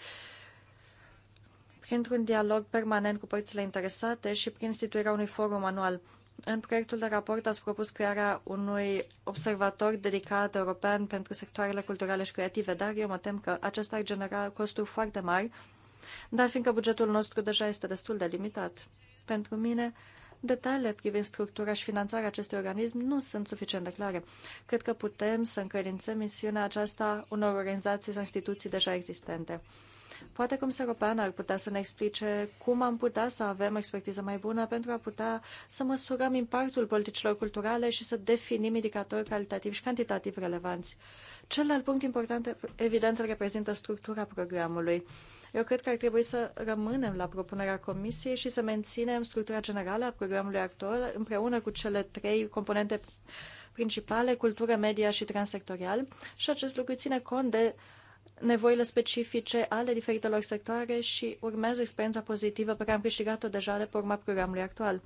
printr-un dialog permanent cu părțile interesate și prin instituirea unui forum anual. În proiectul de raport ați propus crearea unui observator dedicat european pentru sectoarele culturale și creative, dar eu mă tem că acesta ar genera costuri foarte mari, dar fiindcă bugetul nostru deja este destul de limitat. Pentru mine, detaliile privind structura și finanțarea acestui organism nu sunt suficient de clare. Cred că putem să încredințăm misiunea aceasta unor organizații sau instituții deja existente. Poate Comisia Europeană ar putea să ne explice cum am putea să avem expertiză mai bună pentru a putea să măsurăm impactul politicilor culturale și să definim indicatori calitativ și cantitativ relevanți. Celălalt punct important, evident, îl reprezintă structura programului. Eu cred că ar trebui să rămânem la propunerea Comisiei și să menținem structura generală a programului actual împreună cu cele trei componente principale, cultură, media și transsectorial și acest lucru ține cont de uh, nevoile specifice ale diferitelor sectoare și urmează experiența pozitivă pe care am câștigat-o deja de pe urma programului actual.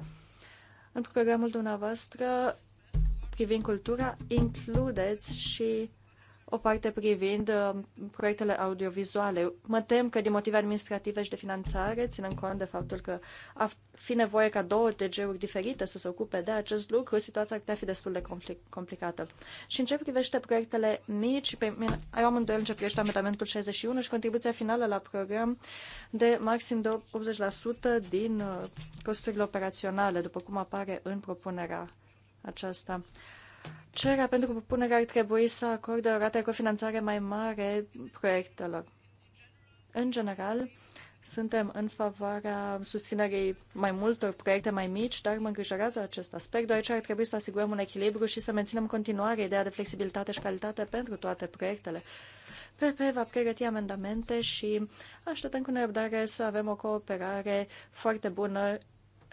În programul dumneavoastră privind cultura, includeți și o parte privind uh, proiectele audiovizuale. Mă tem că din motive administrative și de finanțare, ținând cont de faptul că ar fi nevoie ca două TG-uri diferite să se ocupe de acest lucru, situația ar putea fi destul de complicată. Și în ce privește proiectele mici, pe mine, eu am îndoiel în ce privește amendamentul 61 și contribuția finală la program de maxim de 80% din uh, costurile operaționale, după cum apare în propunerea aceasta. Uh, Cererea pentru propunere ar trebui să acorde o rată de cofinanțare mai mare proiectelor. În general, suntem în favoarea susținerii mai multor proiecte mai mici, dar mă îngrijorează acest aspect, deoarece ar trebui să asigurăm un echilibru și să menținem continuare ideea de flexibilitate și calitate pentru toate proiectele. PP va pregăti amendamente și așteptăm cu nerăbdare să avem o cooperare foarte bună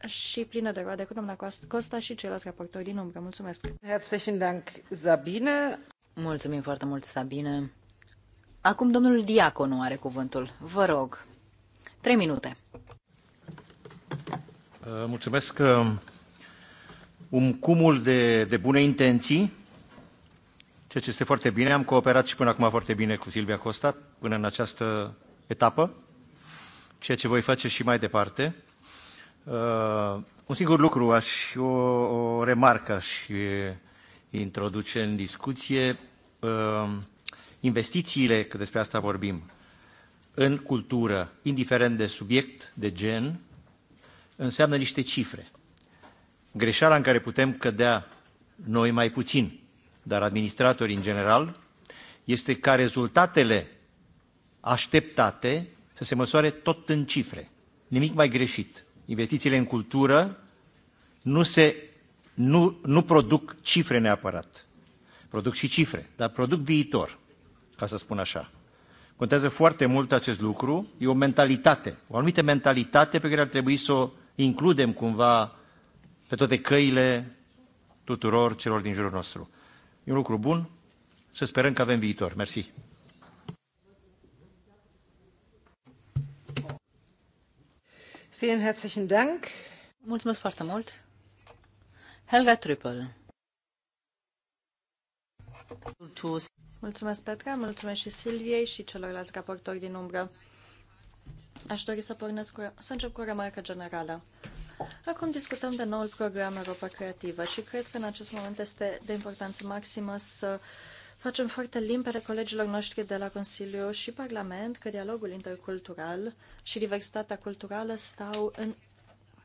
și plină de roade cu doamna Costa și ceilalți raportori din umbră. Mulțumesc! Herzlichen Dank, Sabine! Mulțumim foarte mult, Sabine! Acum domnul Diaconu are cuvântul. Vă rog, trei minute. Uh, mulțumesc. Un uh, um cumul de, de bune intenții, ceea ce este foarte bine. Am cooperat și până acum foarte bine cu Silvia Costa, până în această etapă, ceea ce voi face și mai departe. Uh, un singur lucru, aș, o, o remarcă aș introduce în discuție. Uh, investițiile, că despre asta vorbim, în cultură, indiferent de subiect, de gen, înseamnă niște cifre. Greșeala în care putem cădea noi mai puțin, dar administratorii în general, este ca rezultatele așteptate să se măsoare tot în cifre. Nimic mai greșit investițiile în cultură nu, se, nu, nu produc cifre neapărat. Produc și cifre, dar produc viitor, ca să spun așa. Contează foarte mult acest lucru. E o mentalitate, o anumită mentalitate pe care ar trebui să o includem cumva pe toate căile tuturor celor din jurul nostru. E un lucru bun, să sperăm că avem viitor. Mersi. Vielen herzlichen Dank. Mulțumesc foarte mult. Helga Trüppel. Mulțumesc, Petra, mulțumesc și Silviei și celorlalți raportori din umbră. Aș dori să, pornesc cu, să încep cu o remarcă generală. Acum discutăm de noul program Europa Creativă și cred că în acest moment este de importanță maximă să uh, Facem foarte limpere colegilor noștri de la Consiliu și Parlament că dialogul intercultural și diversitatea culturală stau în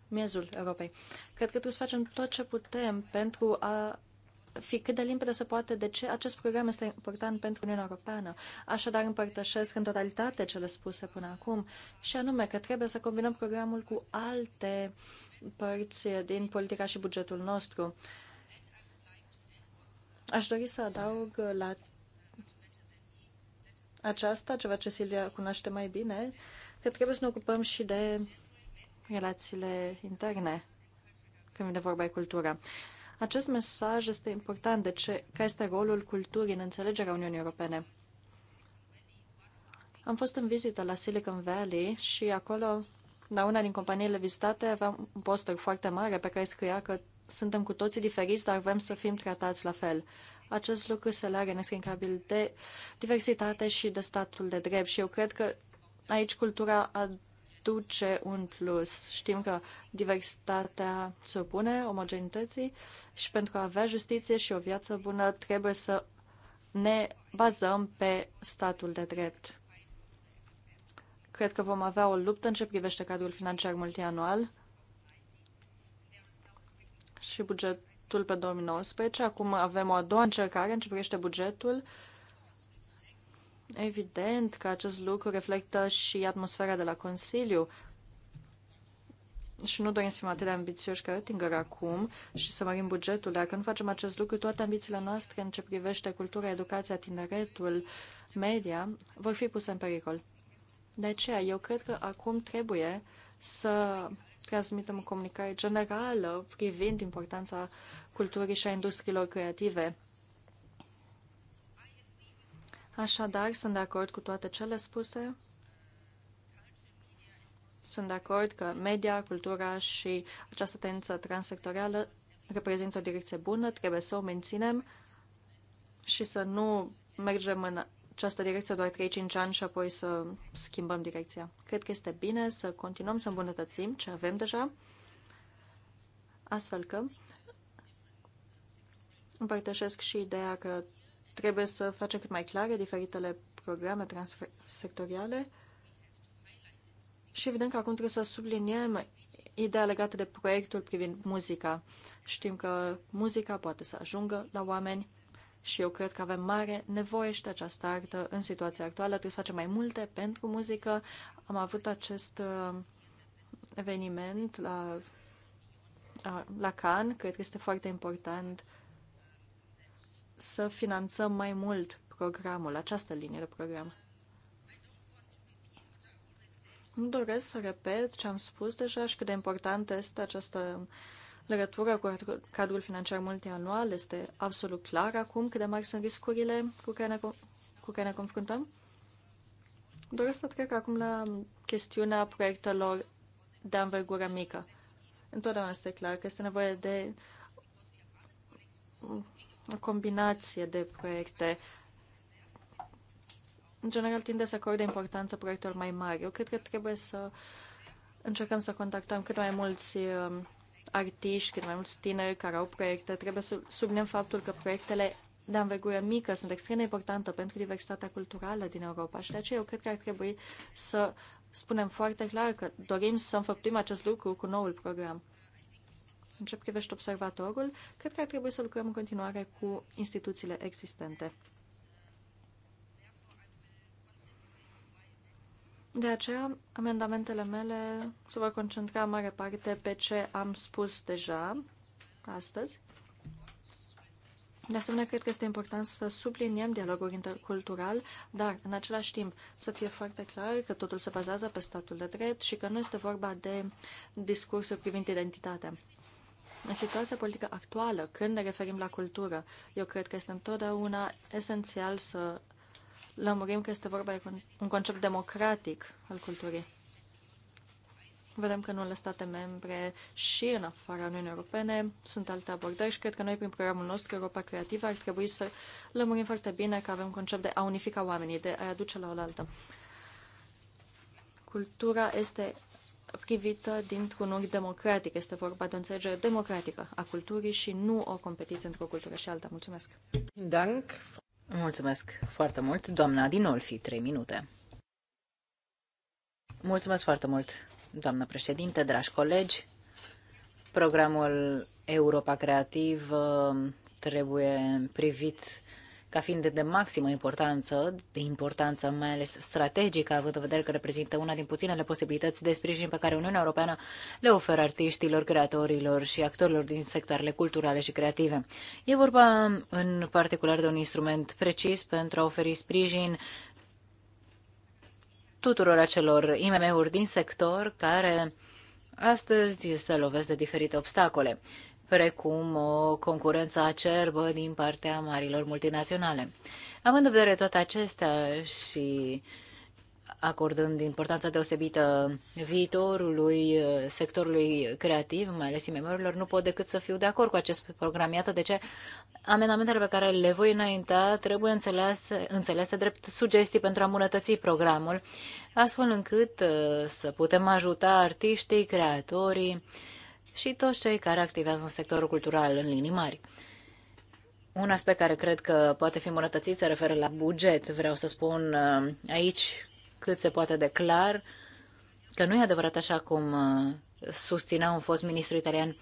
miezul Europei. Cred că trebuie să facem tot ce putem pentru a fi cât de limpede se poate de ce acest program este important pentru Uniunea Europeană. Așadar împărtășesc în totalitate cele spuse până acum și anume că trebuie să combinăm programul cu alte părți din politica și bugetul nostru. Uh, Aș dori să adaug la aceasta ceva ce Silvia cunoaște mai bine, că trebuie să ne ocupăm și de relațiile interne când vine vorba de cultură. Acest mesaj este important de ce, care este rolul culturii în înțelegerea Uniunii Europene. Am fost în vizită la Silicon Valley și acolo, la una din companiile vizitate, aveam un poster foarte mare pe care scria că suntem cu toții diferiți, dar vrem să fim tratați la fel. Acest lucru se leagă nescrincabil de diversitate și de statul de drept și eu cred că aici cultura aduce un plus. Știm că diversitatea se opune omogenității și pentru a avea justiție și o viață bună trebuie să ne bazăm pe statul de drept. Cred că vom avea o luptă în ce privește cadrul financiar multianual și bugetul pe 2019. Acum avem o a doua încercare în ce privește bugetul. Evident că acest lucru reflectă și atmosfera de la Consiliu. Și nu dorim să fim atât de ambițioși ca Oettinger acum și să mărim bugetul. Dacă nu facem acest lucru, toate ambițiile noastre în ce privește cultura, educația, tineretul, media, vor fi puse în pericol. De aceea, eu cred că acum trebuie să transmitem o comunicare generală privind importanța culturii și a industriilor creative. Așadar, sunt de acord cu toate cele spuse. Sunt de acord că media, cultura și această tendință transsectorială reprezintă o direcție bună, trebuie să o menținem și să nu mergem în această direcție doar 3-5 ani și apoi să schimbăm direcția. Cred că este bine să continuăm să îmbunătățim ce avem deja, astfel că împărtășesc și ideea că trebuie să facem cât mai clare diferitele programe transsectoriale și evident că acum trebuie să subliniem ideea legată de proiectul privind muzica. Știm că muzica poate să ajungă la oameni și eu cred că avem mare nevoie și de această artă în situația actuală. Trebuie să facem mai multe pentru muzică. Am avut acest uh, eveniment la, uh, la Cannes. Cred că este foarte important să finanțăm mai mult programul, această linie de program. Nu doresc să repet ce am spus deja și cât de important este această legătura cu cadrul financiar multianual este absolut clar acum cât de mari sunt riscurile cu care ne, cu care ne confruntăm. Doresc să trec acum la chestiunea proiectelor de anvergură mică. Întotdeauna este clar că este nevoie de o combinație de proiecte. În general, tinde să acorde importanță proiectelor mai mari. Eu cred că trebuie să încercăm să contactăm cât mai mulți artiști, cât mai mulți tineri care au proiecte. Trebuie să subliniem faptul că proiectele de învergură mică sunt extrem de importante pentru diversitatea culturală din Europa și de aceea eu cred că ar trebui să spunem foarte clar că dorim să înfăptuim acest lucru cu noul program. În ce privește observatorul, cred că ar trebui să lucrăm în continuare cu instituțiile existente. De aceea, amendamentele mele se vor concentra în mare parte pe ce am spus deja astăzi. De asemenea, cred că este important să subliniem dialogul intercultural, dar, în același timp, să fie foarte clar că totul se bazează pe statul de drept și că nu este vorba de discursuri privind identitatea. În situația politică actuală, când ne referim la cultură, eu cred că este întotdeauna esențial să lămurim că este vorba de un concept democratic al culturii. Vedem că în unele state membre și în afara Uniunii Europene sunt alte abordări și cred că noi, prin programul nostru Europa Creativă, ar trebui să lămurim foarte bine că avem un concept de a unifica oamenii, de a-i aduce la oaltă. Cultura este privită dintr-un unghi democratic. Este vorba de o înțelegere democratică a culturii și nu o competiție între o cultură și alta. Mulțumesc! Dank. Mulțumesc foarte mult, doamna Dinolfi, trei minute. Mulțumesc foarte mult, doamnă președinte, dragi colegi. Programul Europa Creativ uh, trebuie privit ca fiind de maximă importanță, de importanță mai ales strategică, având în vedere că reprezintă una din puținele posibilități de sprijin pe care Uniunea Europeană le oferă artiștilor, creatorilor și actorilor din sectoarele culturale și creative. E vorba în particular de un instrument precis pentru a oferi sprijin tuturor acelor IMM-uri din sector care astăzi se lovesc de diferite obstacole precum o concurență acerbă din partea marilor multinaționale. Având în vedere toate acestea și acordând importanța deosebită viitorului uh, sectorului creativ, mai ales imemorilor, nu pot decât să fiu de acord cu acest program. Iată de ce amendamentele pe care le voi înainta trebuie înțelese, înțelese drept sugestii pentru a îmbunătăți programul, astfel încât uh, să putem ajuta artiștii, creatorii, și toți cei care activează în sectorul cultural în linii mari. Un aspect care cred că poate fi îmbunătățit se referă la buget. Vreau să spun uh, aici cât se poate de clar că nu e adevărat așa cum uh, susținea un fost ministru italian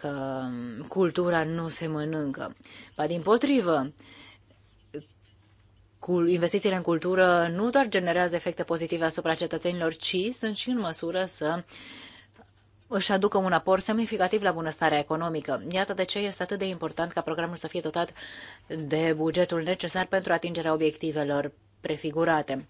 că um, cultura nu se mănâncă. Ba din potrivă, investițiile în cultură nu doar generează efecte pozitive asupra cetățenilor, ci sunt și în măsură să își aducă un aport semnificativ la bunăstarea economică. Iată de ce este atât de important ca programul să fie dotat de bugetul necesar pentru atingerea obiectivelor prefigurate.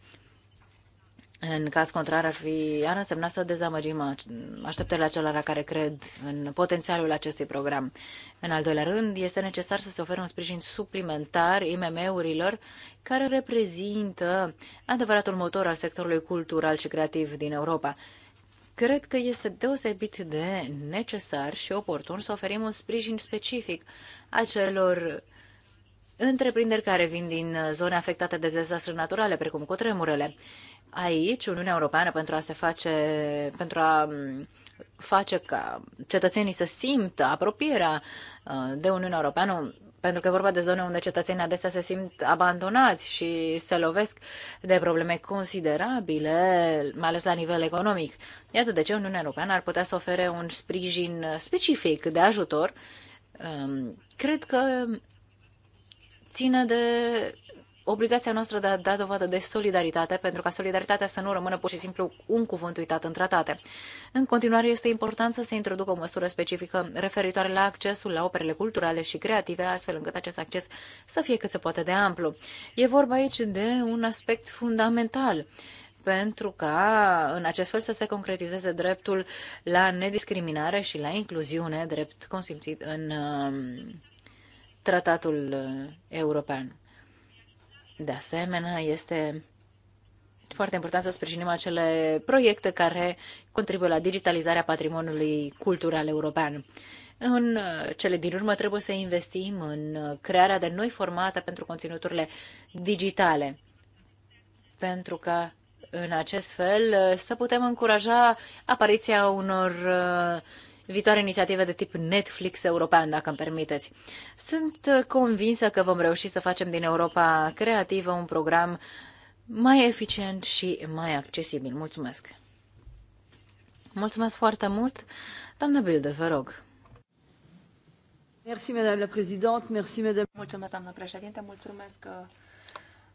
În caz contrar, ar, fi, ar însemna să dezamăgim așteptările acelora care cred în potențialul acestui program. În al doilea rând, este necesar să se ofere un sprijin suplimentar IMM-urilor, care reprezintă adevăratul motor al sectorului cultural și creativ din Europa. Cred că este deosebit de necesar și oportun să oferim un sprijin specific acelor întreprinderi care vin din zone afectate de dezastre naturale, precum cutremurele. Aici, Uniunea Europeană, pentru a se face, pentru a face ca cetățenii să simtă apropierea uh, de Uniunea Europeană, pentru că e vorba de zone unde cetățenii adesea se simt abandonați și se lovesc de probleme considerabile, mai ales la nivel economic. Iată de ce Uniunea Europeană ar putea să ofere un sprijin specific de ajutor. Um, cred că ține de obligația noastră de a da dovadă de solidaritate, pentru ca solidaritatea să nu rămână pur și simplu un cuvânt uitat în tratate. În continuare, este important să se introducă o măsură specifică referitoare la accesul la operele culturale și creative, astfel încât acest acces să fie cât se poate de amplu. E vorba aici de un aspect fundamental pentru ca în acest fel să se concretizeze dreptul la nediscriminare și la incluziune, drept consimțit în um, tratatul uh, european. De asemenea, este foarte important să sprijinim acele proiecte care contribuie la digitalizarea patrimoniului cultural european. În cele din urmă trebuie să investim în crearea de noi formate pentru conținuturile digitale, pentru că în acest fel să putem încuraja apariția unor uh, viitoare inițiative de tip Netflix european, dacă îmi permiteți. Sunt uh, convinsă că vom reuși să facem din Europa creativă un program mai eficient și mai accesibil. Mulțumesc! Mulțumesc foarte mult! Doamna Bilde, vă rog! Mulțumesc, doamnă președinte, mulțumesc uh,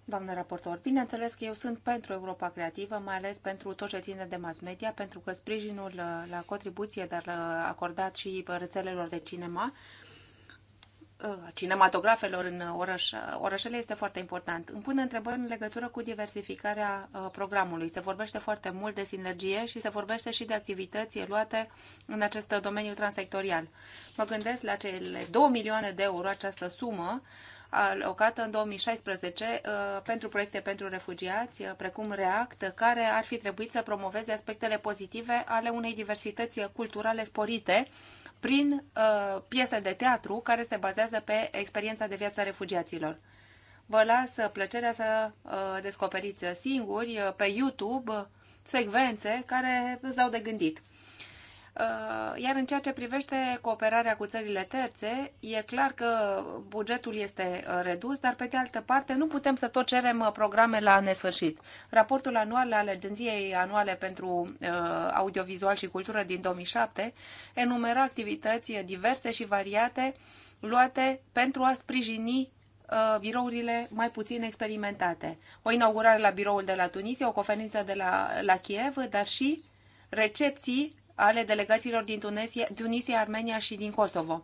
Doamnă raportor, bineînțeles că eu sunt pentru Europa Creativă, mai ales pentru tot ce ține de mass media, pentru că sprijinul uh, la contribuție, dar uh, acordat și rețelelor de cinema, uh, cinematografelor în oraș, orașele este foarte important. Îmi pun întrebări în legătură cu diversificarea programului. Se vorbește foarte mult de sinergie și se vorbește și de activități luate în acest domeniu transsectorial. Mă gândesc la cele 2 milioane de euro, această sumă, alocată în 2016 uh, pentru proiecte pentru refugiați, uh, precum REACT, care ar fi trebuit să promoveze aspectele pozitive ale unei diversități culturale sporite prin uh, piese de teatru care se bazează pe experiența de viață a refugiaților vă las plăcerea să descoperiți singuri pe YouTube secvențe care îți dau de gândit. Uh, iar în ceea ce privește cooperarea cu țările terțe, e clar că bugetul este uh, redus, dar pe de altă parte nu putem să tot cerem uh, programe la nesfârșit. Raportul anual al Agenției Anuale pentru Audiovizual și Cultură din 2007 enumera activități diverse și variate luate pentru a sprijini birourile mai puțin experimentate. O inaugurare la biroul de la Tunisia, o conferință de la, la Kiev, dar și recepții ale delegațiilor din Tunisia, Tunisia, Armenia și din Kosovo.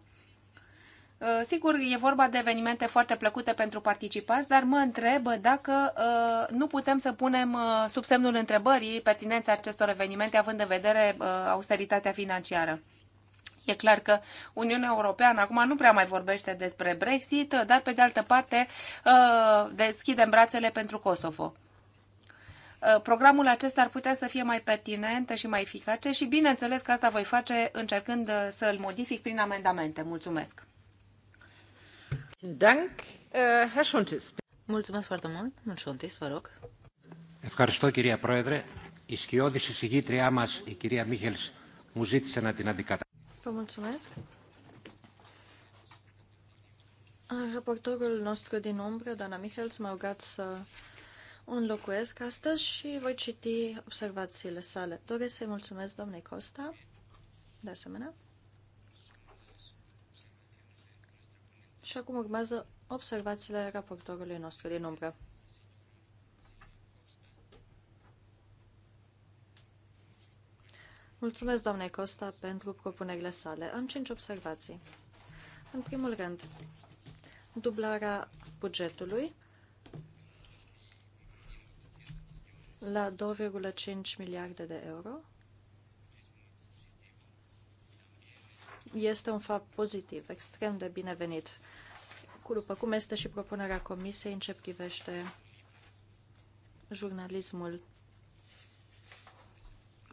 Uh, sigur, e vorba de evenimente foarte plăcute pentru participați, dar mă întreb dacă uh, nu putem să punem uh, sub semnul întrebării pertinența acestor evenimente, având în vedere austeritatea financiară. E clar că Uniunea Europeană acum nu prea mai vorbește despre Brexit, dar pe de altă parte deschidem brațele pentru Kosovo. Uh, programul acesta ar putea să fie mai pertinentă și mai eficace și bineînțeles că asta voi face încercând uh, să îl modific prin amendamente. Mulțumesc! Dank, uh, Herr Mulțumesc foarte mult. Mult Schuntis, vă rog. Ευχαριστώ κυρία Πρόεδρε. Η σκιώδη συζητήτριά μας, η κυρία Μίχελς, μου ζήτησε να την αντικαταστήσω. Mulțumesc. Raportorul nostru din umbră, doamna Michels, m-a rugat să un înlocuiesc astăzi și voi citi observațiile sale. Doresc să-i mulțumesc domnei Costa, de asemenea. Și acum urmează observațiile raportorului nostru din umbră. Mulțumesc, doamne Costa, pentru propunerile sale. Am cinci observații. În primul rând, dublarea bugetului la 2,5 miliarde de euro. Este un fapt pozitiv, extrem de binevenit, după cum este și propunerea Comisiei în ce privește jurnalismul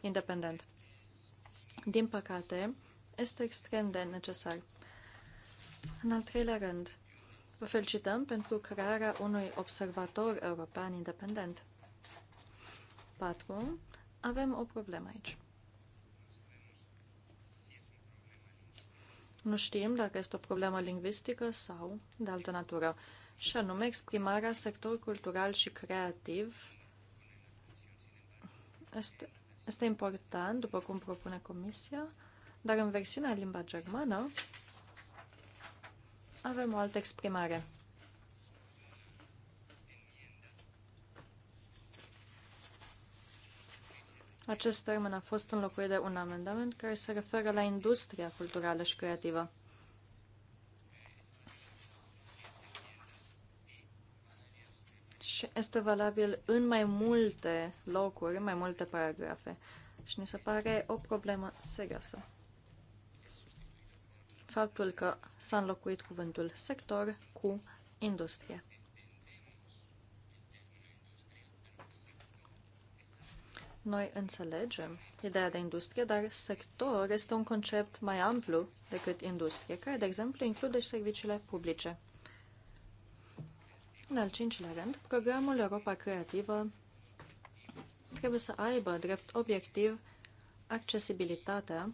independent. Din păcate, este extrem de necesar. În al treilea rând, vă felicităm pentru crearea unui observator european independent. 4, avem o problemă aici. Nu știm dacă este o problemă lingvistică sau de altă natură, și anume exprimarea sector cultural și creativ este, este important, după cum propune Comisia, dar în versiunea limba germană avem o altă exprimare. Acest termen a fost înlocuit de un amendament care se referă la industria culturală și creativă. Și este valabil în mai multe locuri, în mai multe paragrafe. Și ni se pare o problemă serioasă. Faptul că s-a înlocuit cuvântul sector cu industrie. Noi înțelegem ideea de industrie, dar sector este un concept mai amplu decât industrie, care, de exemplu, include și serviciile publice. În al cincilea rând, programul Europa Creativă trebuie să aibă drept obiectiv accesibilitatea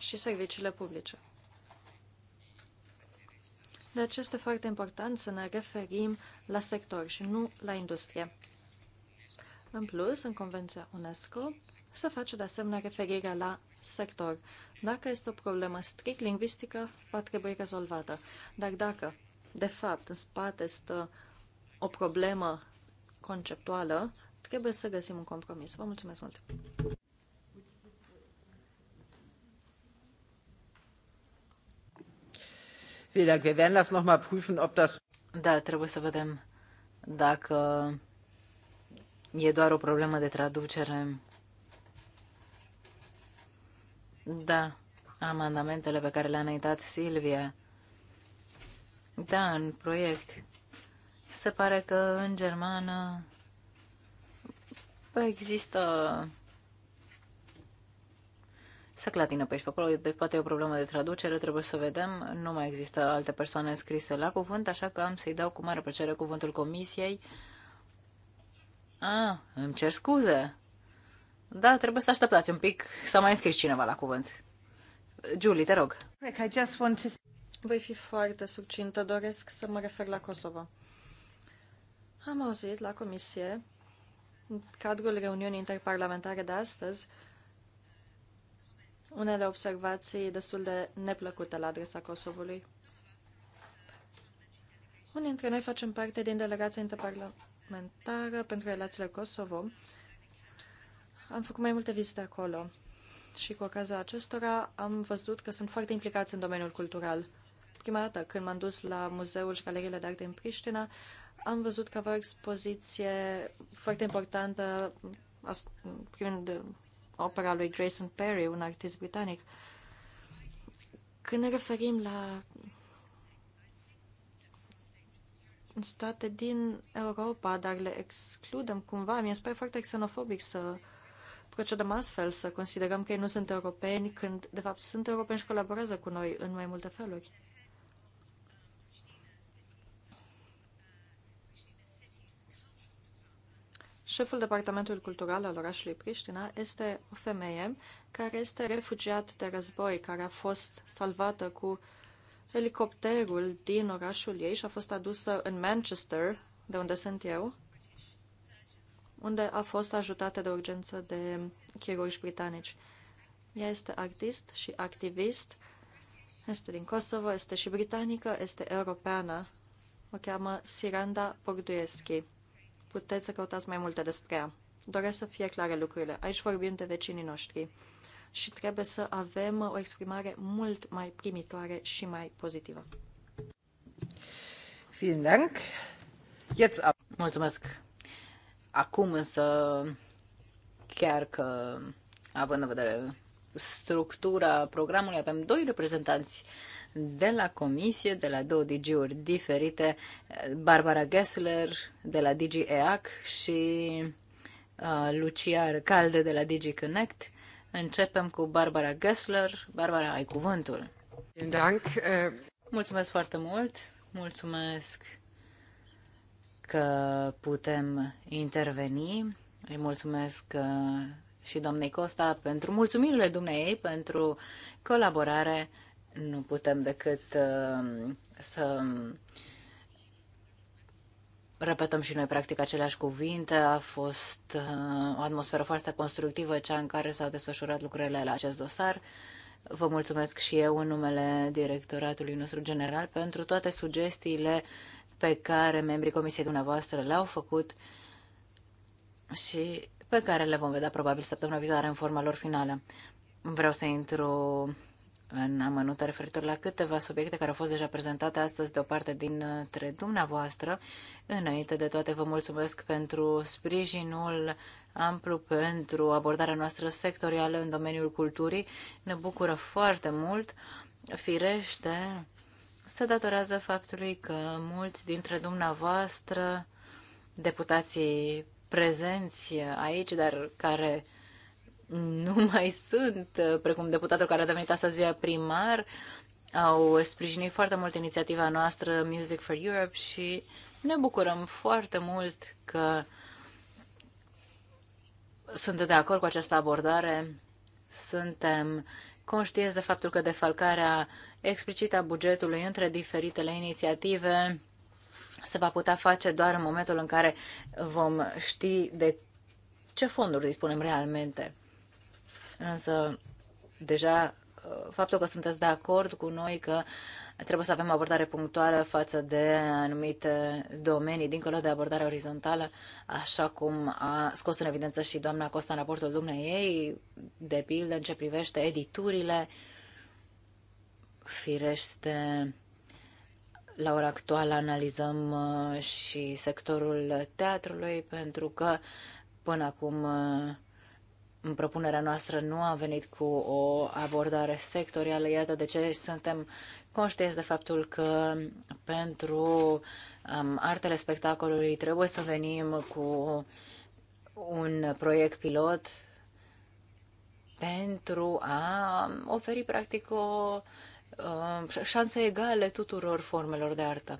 și serviciile publice. De deci aceea este foarte important să ne referim la sector și nu la industrie. În plus, în Convenția UNESCO se face de asemenea referire la sector. Dacă este o problemă strict lingvistică, va trebui rezolvată. Dar dacă, de fapt, în spate este o problemă conceptuală, trebuie să găsim un compromis. Vă mulțumesc mult! Vielen Dank. Wir werden das prüfen, ob das... Da, trebuie să vedem dacă e doar o problemă de traducere. Da, amendamentele pe care le-a înaintat Silvia. Da, în proiect. Se pare că în germană există să clatină pe aici pe acolo, deci poate e o problemă de traducere, trebuie să vedem. Nu mai există alte persoane scrise la cuvânt, așa că am să-i dau cu mare plăcere cuvântul comisiei. Ah, îmi cer scuze. Da, trebuie să așteptați un pic să mai înscris cineva la cuvânt. Julie, te rog. Voi fi foarte succintă, doresc să mă refer la Kosovo. Am auzit la comisie, în cadrul reuniunii interparlamentare de astăzi, unele observații destul de neplăcute la adresa Kosovului. Unii dintre noi facem parte din delegația interparlamentară pentru relațiile Kosovo. Am făcut mai multe vizite acolo și cu ocazia acestora am văzut că sunt foarte implicați în domeniul cultural. Prima dată când m-am dus la muzeul și galeriile de arte în Priștina, am văzut că avea o expoziție foarte importantă privind opera lui Grayson Perry, un artist britanic. Când ne referim la state din Europa, dar le excludem cumva, mi e pare foarte xenofobic să procedăm astfel, să considerăm că ei nu sunt europeni, când de fapt sunt europeni și colaborează cu noi în mai multe feluri. Șeful Departamentului Cultural al orașului Priștina este o femeie care este refugiat de război, care a fost salvată cu elicopterul din orașul ei și a fost adusă în Manchester, de unde sunt eu, unde a fost ajutată de urgență de chirurgi britanici. Ea este artist și activist, este din Kosovo, este și britanică, este europeană. O cheamă Siranda Borduieschi puteți să căutați mai multe despre ea. Doresc să fie clare lucrurile. Aici vorbim de vecinii noștri și trebuie să avem o exprimare mult mai primitoare și mai pozitivă. Mulțumesc. Acum însă, chiar că, având în vedere structura programului avem doi reprezentanți de la comisie, de la două DG-uri diferite, Barbara Gessler de la DG EAC și uh, Lucia Calde de la DG Connect. Începem cu Barbara Gessler. Barbara, ai cuvântul. Dank. Uh, mulțumesc foarte mult. Mulțumesc că putem interveni. Îi mulțumesc uh, și doamnei Costa pentru mulțumirile dumneei, pentru colaborare. Nu putem decât uh, să repetăm și noi practic aceleași cuvinte. A fost uh, o atmosferă foarte constructivă cea în care s-au desfășurat lucrurile la acest dosar. Vă mulțumesc și eu în numele directoratului nostru general pentru toate sugestiile pe care membrii comisiei dumneavoastră le-au făcut și pe care le vom vedea probabil săptămâna viitoare în forma lor finală. Vreau să intru în amănunte referitor la câteva subiecte care au fost deja prezentate astăzi de o parte dintre dumneavoastră. Înainte de toate, vă mulțumesc pentru sprijinul amplu pentru abordarea noastră sectorială în domeniul culturii. Ne bucură foarte mult. Firește, se datorează faptului că mulți dintre dumneavoastră, deputații prezenți aici, dar care nu mai sunt, precum deputatul care a devenit astăzi primar, au sprijinit foarte mult inițiativa noastră Music for Europe și ne bucurăm foarte mult că sunt de acord cu această abordare. Suntem conștienți de faptul că defalcarea explicită a bugetului între diferitele inițiative se va putea face doar în momentul în care vom ști de ce fonduri dispunem realmente. Însă, deja, faptul că sunteți de acord cu noi că trebuie să avem abordare punctuală față de anumite domenii, dincolo de abordare orizontală, așa cum a scos în evidență și doamna Costa în raportul dumneiei, de pildă în ce privește editurile, firește la ora actuală analizăm uh, și sectorul teatrului, pentru că până acum uh, în propunerea noastră nu a venit cu o abordare sectorială. Iată de ce suntem conștienți de faptul că pentru um, artele spectacolului trebuie să venim cu un proiect pilot pentru a oferi practic o Uh, șanse egale tuturor formelor de artă.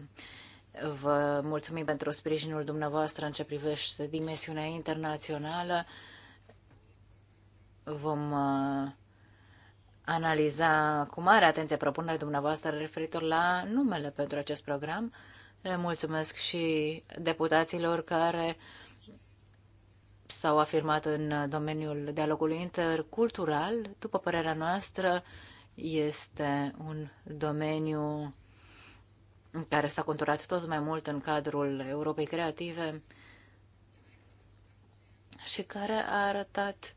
Vă mulțumim pentru sprijinul dumneavoastră în ce privește dimensiunea internațională. Vom uh, analiza cu mare atenție propunerea dumneavoastră referitor la numele pentru acest program. Le mulțumesc și deputaților care s-au afirmat în domeniul dialogului intercultural. După părerea noastră, este un domeniu care s-a conturat tot mai mult în cadrul Europei Creative și care a arătat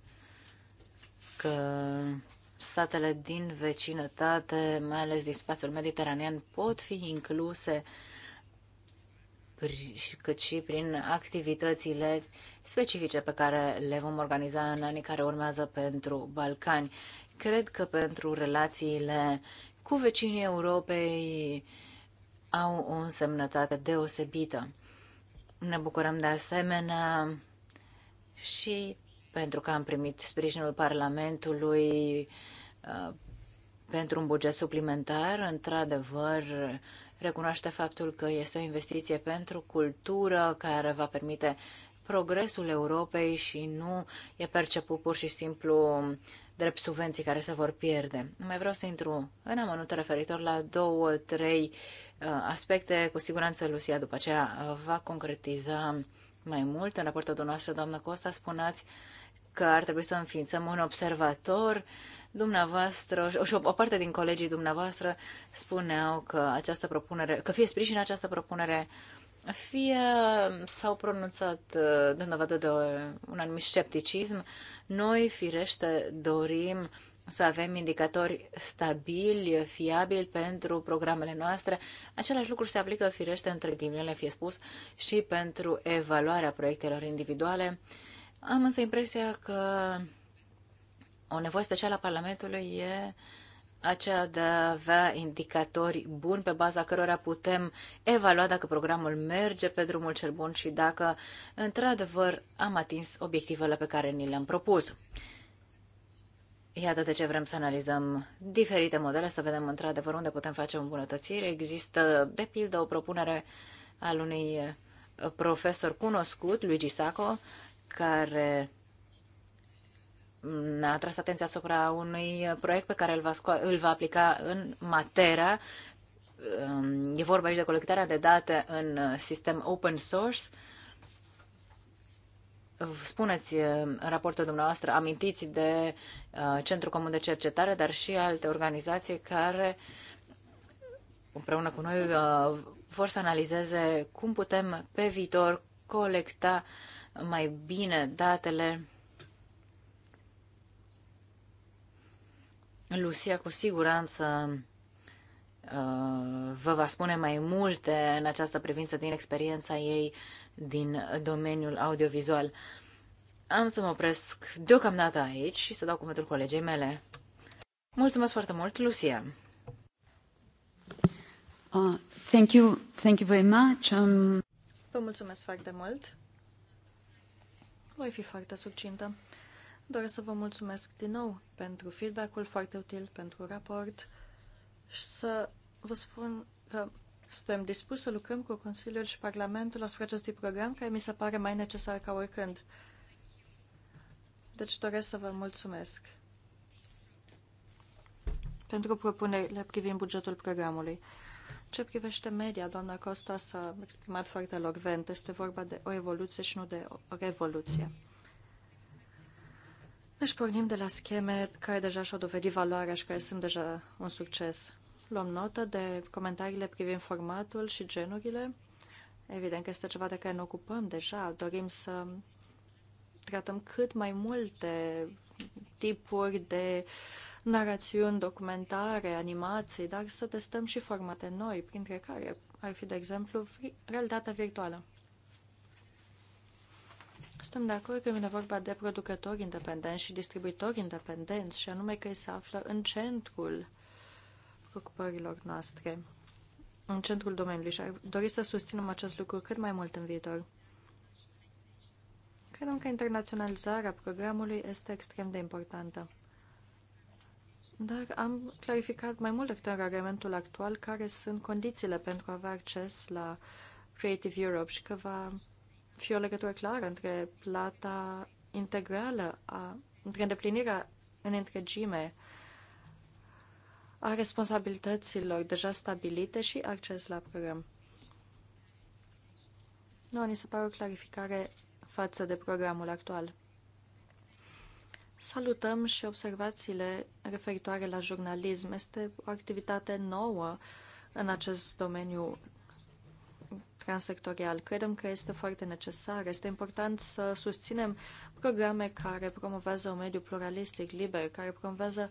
că statele din vecinătate, mai ales din spațiul mediteranean, pot fi incluse cât și prin activitățile specifice pe care le vom organiza în anii care urmează pentru Balcani. Cred că pentru relațiile cu vecinii Europei au o însemnătate deosebită. Ne bucurăm de asemenea și pentru că am primit sprijinul Parlamentului uh, pentru un buget suplimentar, într-adevăr, recunoaște faptul că este o investiție pentru cultură care va permite progresul Europei și nu e perceput pur și simplu drept subvenții care se vor pierde. Mai vreau să intru în amănunte referitor la două, trei uh, aspecte. Cu siguranță Lucia după aceea uh, va concretiza mai mult. În raportul dumneavoastră, doamnă Costa, spuneați că ar trebui să înființăm un observator. Dumneavoastră și o, o parte din colegii dumneavoastră spuneau că această propunere, că fie sprijină această propunere uh, fie s-au pronunțat uh, de dovadă de un anumit scepticism, noi, firește, dorim să avem indicatori stabili, fiabili pentru programele noastre. Același lucru se aplică, firește, între ghilimele fie spus, și pentru evaluarea proiectelor individuale. Am însă impresia că o nevoie specială a Parlamentului e uh, aceea de a avea indicatori buni pe baza cărora putem evalua dacă programul merge pe drumul cel bun și dacă, într-adevăr, am atins obiectivele pe care ni le-am propus. Iată de ce vrem să analizăm diferite modele, să vedem într-adevăr unde putem face o îmbunătățire. Există, de pildă, o propunere al unui profesor cunoscut, Luigi Sacco, care a atras atenția asupra unui proiect pe care îl va, îl va aplica în Matera. Um, e vorba aici de colectarea de date în uh, sistem open source. Spuneți, în uh, raportul dumneavoastră, amintiți de uh, Centrul Comun de Cercetare, dar și alte organizații care, împreună cu noi, vor să analizeze cum putem pe viitor colecta mai bine datele Lucia cu siguranță uh, vă va spune mai multe în această privință din experiența ei din domeniul audiovizual. Am să mă opresc deocamdată aici și să dau cuvântul colegei mele. Mulțumesc foarte mult, Lucia! Uh, thank you, thank you very much. Um... Vă mulțumesc foarte mult. Voi fi foarte succintă. Doresc să vă mulțumesc din nou pentru feedback-ul foarte util pentru raport și să vă spun că suntem dispuși să lucrăm cu Consiliul și Parlamentul asupra acestui program care mi se pare mai necesar ca oricând. Deci doresc să vă mulțumesc pentru propunerile privind bugetul programului. Ce privește media, doamna Costa s-a exprimat foarte logvent. Este vorba de o evoluție și nu de o revoluție. Deci pornim de la scheme care deja și-au dovedit valoarea și care sunt deja un succes. Luăm notă de comentariile privind formatul și genurile. Evident că este ceva de care ne ocupăm deja. Dorim să tratăm cât mai multe tipuri de narațiuni, documentare, animații, dar să testăm și formate noi, printre care ar fi, de exemplu, realitatea virtuală. Suntem de acord că vine vorba de producători independenți și distribuitori independenți și anume că ei se află în centrul preocupărilor noastre, în centrul domeniului și ar dori să susținem acest lucru cât mai mult în viitor. Credem că internaționalizarea programului este extrem de importantă. Dar am clarificat mai mult decât în regulamentul actual care sunt condițiile pentru a avea acces la Creative Europe și că va fie o legătură clară între plata integrală, a, între îndeplinirea în întregime a responsabilităților deja stabilite și acces la program. Nu, ni se pare o clarificare față de programul actual. Salutăm și observațiile referitoare la jurnalism. Este o activitate nouă în acest domeniu transsectorial. Credem că este foarte necesar. Este important să susținem programe care promovează un mediu pluralistic, liber, care promovează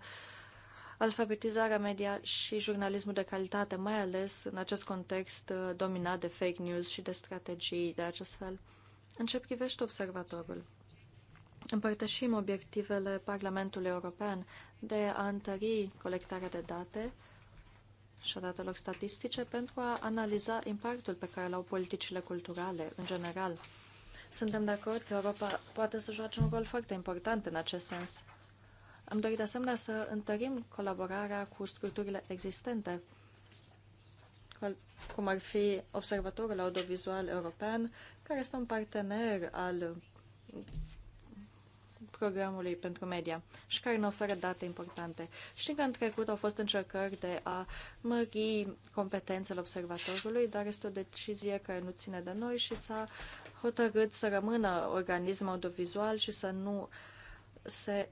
alfabetizarea media și jurnalismul de calitate, mai ales în acest context uh, dominat de fake news și de strategii de acest fel. În ce privește observatorul? Împărtășim obiectivele Parlamentului European de a întări colectarea de date, și a datelor statistice pentru a analiza impactul pe care l-au politicile culturale în general. Suntem de acord că Europa poate să joace un rol foarte important în acest sens. Am dorit de asemenea să întărim colaborarea cu structurile existente, cum ar fi Observatorul Audiovizual European, care este un partener al programului pentru media și care ne oferă date importante. Știm că în trecut au fost încercări de a mări competențele observatorului, dar este o decizie care nu ține de noi și s-a hotărât să rămână organism audiovizual și să nu se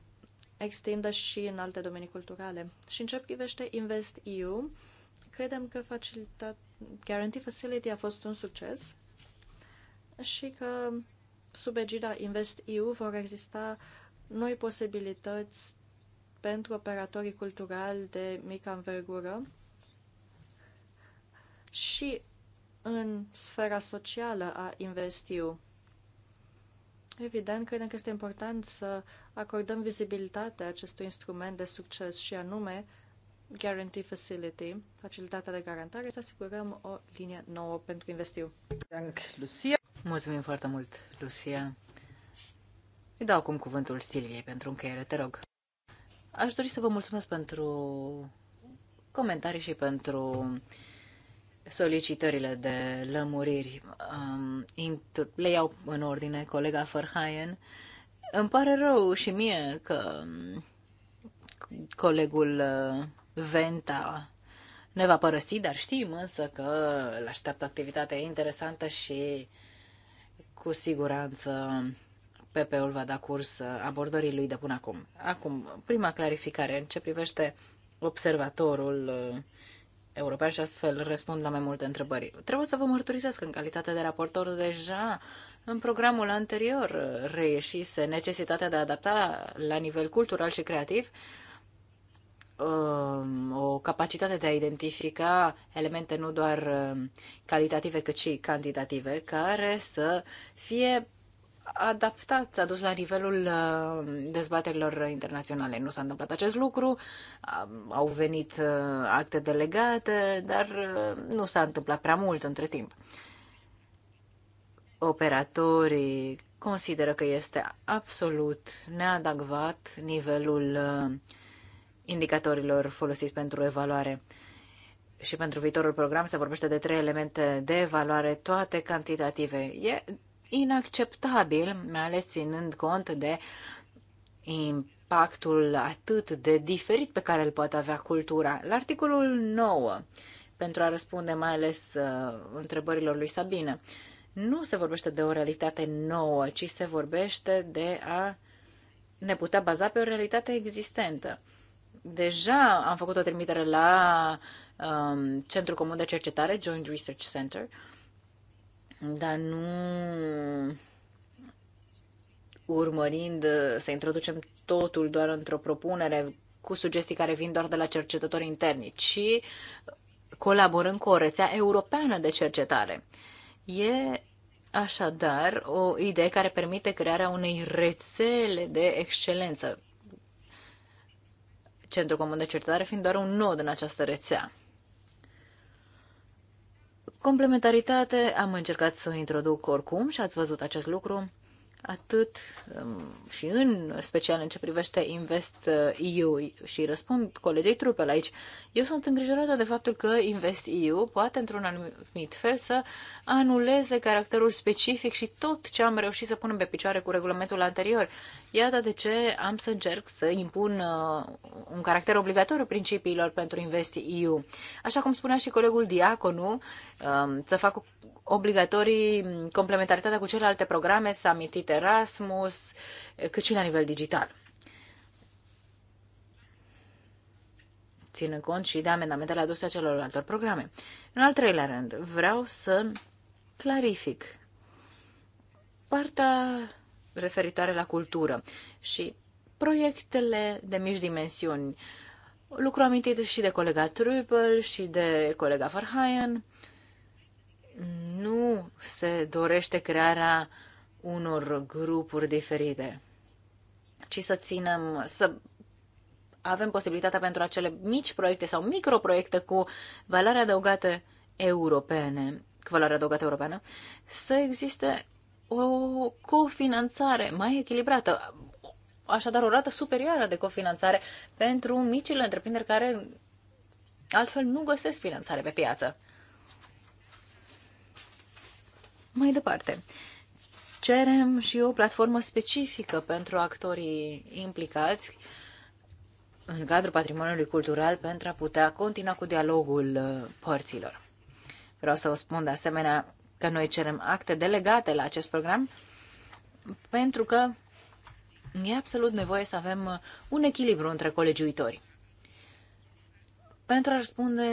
extindă și în alte domenii culturale. Și în ce privește InvestEU, credem că facilitatea Guarantee Facility a fost un succes și că sub egida InvestEU vor exista noi posibilități pentru operatorii culturali de mică învergură și în sfera socială a InvestEU. Evident, credem că este important să acordăm vizibilitatea acestui instrument de succes și anume Guarantee Facility, facilitatea de garantare, să asigurăm o linie nouă pentru investiu. Dank, Lucia. Mulțumim foarte mult, Lucia. Îi dau acum cuvântul Silviei pentru încheiere, te rog. Aș dori să vă mulțumesc pentru comentarii și pentru solicitările de lămuriri. Um, le iau în ordine colega Ferhaien. Îmi pare rău și mie că colegul uh, Venta ne va părăsi, dar știm însă că îl așteaptă activitatea interesantă și uh, cu siguranță PP-ul va da curs abordării lui de până acum. Acum, prima clarificare în ce privește observatorul uh, european și astfel răspund la mai multe întrebări. Trebuie să vă mărturisesc în calitate de raportor deja în programul anterior uh, reieșise necesitatea de a adapta la nivel cultural și creativ Um, o capacitate de a identifica elemente nu doar um, calitative, cât și cantitative, care să fie adaptat, adus la nivelul um, dezbaterilor internaționale. Nu s-a întâmplat acest lucru, au venit uh, acte delegate, dar uh, nu s-a întâmplat prea mult între timp. Operatorii consideră că este absolut neadecvat nivelul uh, indicatorilor folosiți pentru evaluare. Și pentru viitorul program se vorbește de trei elemente de evaluare, toate cantitative. E inacceptabil, mai ales ținând cont de impactul atât de diferit pe care îl poate avea cultura. La articolul 9, pentru a răspunde mai ales uh, întrebărilor lui Sabine, nu se vorbește de o realitate nouă, ci se vorbește de a ne putea baza pe o realitate existentă. Deja am făcut o trimitere la um, Centrul Comun de Cercetare, Joint Research Center, dar nu urmărind uh, să introducem totul doar într-o propunere cu sugestii care vin doar de la cercetători interni, ci colaborând cu o rețea europeană de cercetare. E așadar o idee care permite crearea unei rețele de excelență Centrul Comun de Cercetare fiind doar un nod în această rețea. Complementaritate am încercat să o introduc oricum și ați văzut acest lucru atât um, și în special în ce privește Invest uh, EU și răspund colegei Trupel aici. Eu sunt îngrijorată de faptul că Invest EU poate într-un anumit fel să anuleze caracterul specific și tot ce am reușit să punem pe picioare cu regulamentul anterior. Iată de ce am să încerc să impun uh, un caracter obligatoriu principiilor pentru Invest EU. Așa cum spunea și colegul Diaconu, Um, să facă obligatorii complementaritatea cu celelalte programe, Summitit Erasmus, cât și la nivel digital. ținând cont și de amendamentele aduse celorlalte programe. În al treilea rând, vreau să clarific partea referitoare la cultură și proiectele de mici dimensiuni. Lucru amintit și de colega Trübel și de colega Verheyen nu se dorește crearea unor grupuri diferite, ci să ținem, să avem posibilitatea pentru acele mici proiecte sau microproiecte cu valoare adăugată europene, cu valoare adăugată europeană, să existe o cofinanțare mai echilibrată, așadar o rată superioară de cofinanțare pentru micile întreprinderi care altfel nu găsesc finanțare pe piață. Mai departe, cerem și o platformă specifică pentru actorii implicați în cadrul patrimoniului cultural pentru a putea continua cu dialogul uh, părților. Vreau să vă spun de asemenea că noi cerem acte delegate la acest program pentru că e absolut nevoie să avem uh, un echilibru între colegiuitori. Pentru a răspunde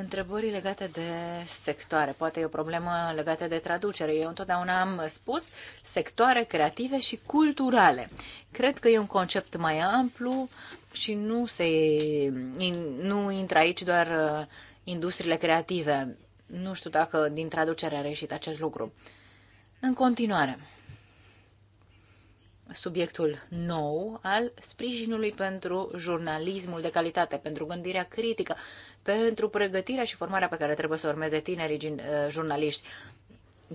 Întrebări legate de sectoare. Poate e o problemă legată de traducere. Eu întotdeauna am spus sectoare creative și culturale. Cred că e un concept mai amplu și nu, se, nu intră aici doar uh, industriile creative. Nu știu dacă din traducere a reșit acest lucru. În continuare, subiectul nou al sprijinului pentru jurnalismul de calitate, pentru gândirea critică, pentru pregătirea și formarea pe care trebuie să urmeze tinerii uh, jurnaliști.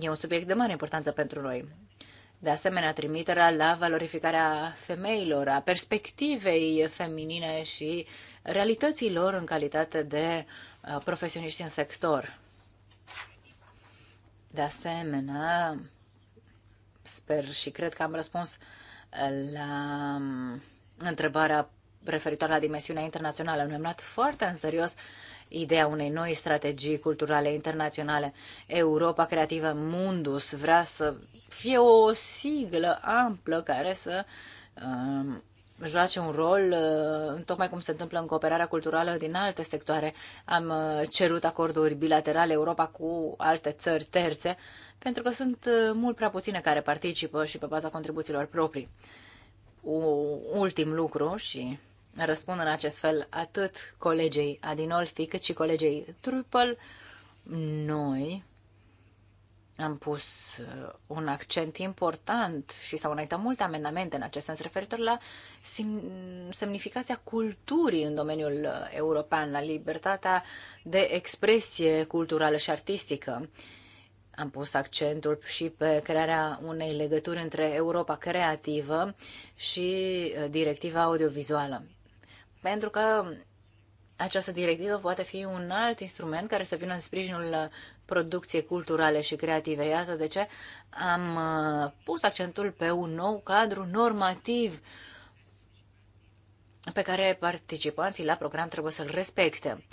E un subiect de mare importanță pentru noi. De asemenea, trimiterea la valorificarea femeilor, a perspectivei feminine și realităților în calitate de uh, profesioniști în sector. De asemenea, sper și cred că am răspuns la um, întrebarea referitoare la dimensiunea internațională. Noi am luat foarte în serios ideea unei noi strategii culturale internaționale. Europa Creativă Mundus vrea să fie o siglă amplă care să um, joace un rol, uh, tocmai cum se întâmplă în cooperarea culturală din alte sectoare. Am uh, cerut acorduri bilaterale Europa cu alte țări terțe, pentru că sunt uh, mult prea puține care participă și pe baza contribuțiilor proprii. Un ultim lucru și răspund în acest fel atât colegei Adinolfi cât și colegei Trupel, noi am pus uh, un accent important și s-au înaintat multe amendamente în acest sens referitor la semnificația culturii în domeniul uh, european, la libertatea de expresie culturală și artistică. Am pus accentul și pe crearea unei legături între Europa creativă și uh, directiva audiovizuală. Pentru că această directivă poate fi un alt instrument care să vină în sprijinul producție culturale și creative. Iată de ce am uh, pus accentul pe un nou cadru normativ pe care participanții la program trebuie să-l respecte.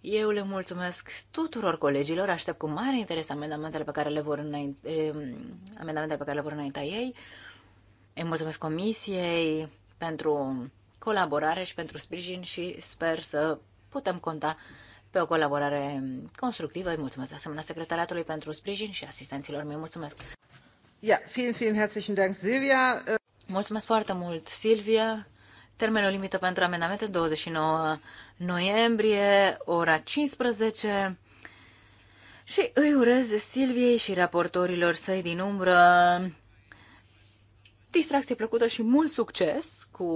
Eu le mulțumesc tuturor colegilor, aștept cu mare interes amendamentele pe care le vor, înainte, eh, amendamentele pe care le vor înainta ei. Îi mulțumesc comisiei pentru colaborare și pentru sprijin și sper să putem conta pe o colaborare constructivă. Îi mulțumesc de asemenea secretariatului pentru sprijin și asistenților Mi-i Mulțumesc! Ja, vielen, vielen herzlichen Dank, Silvia. Mulțumesc foarte mult, Silvia. Termenul limită pentru amendamente 29 noiembrie, ora 15. Și îi urez Silviei și raportorilor săi din umbră distracție plăcută și mult succes cu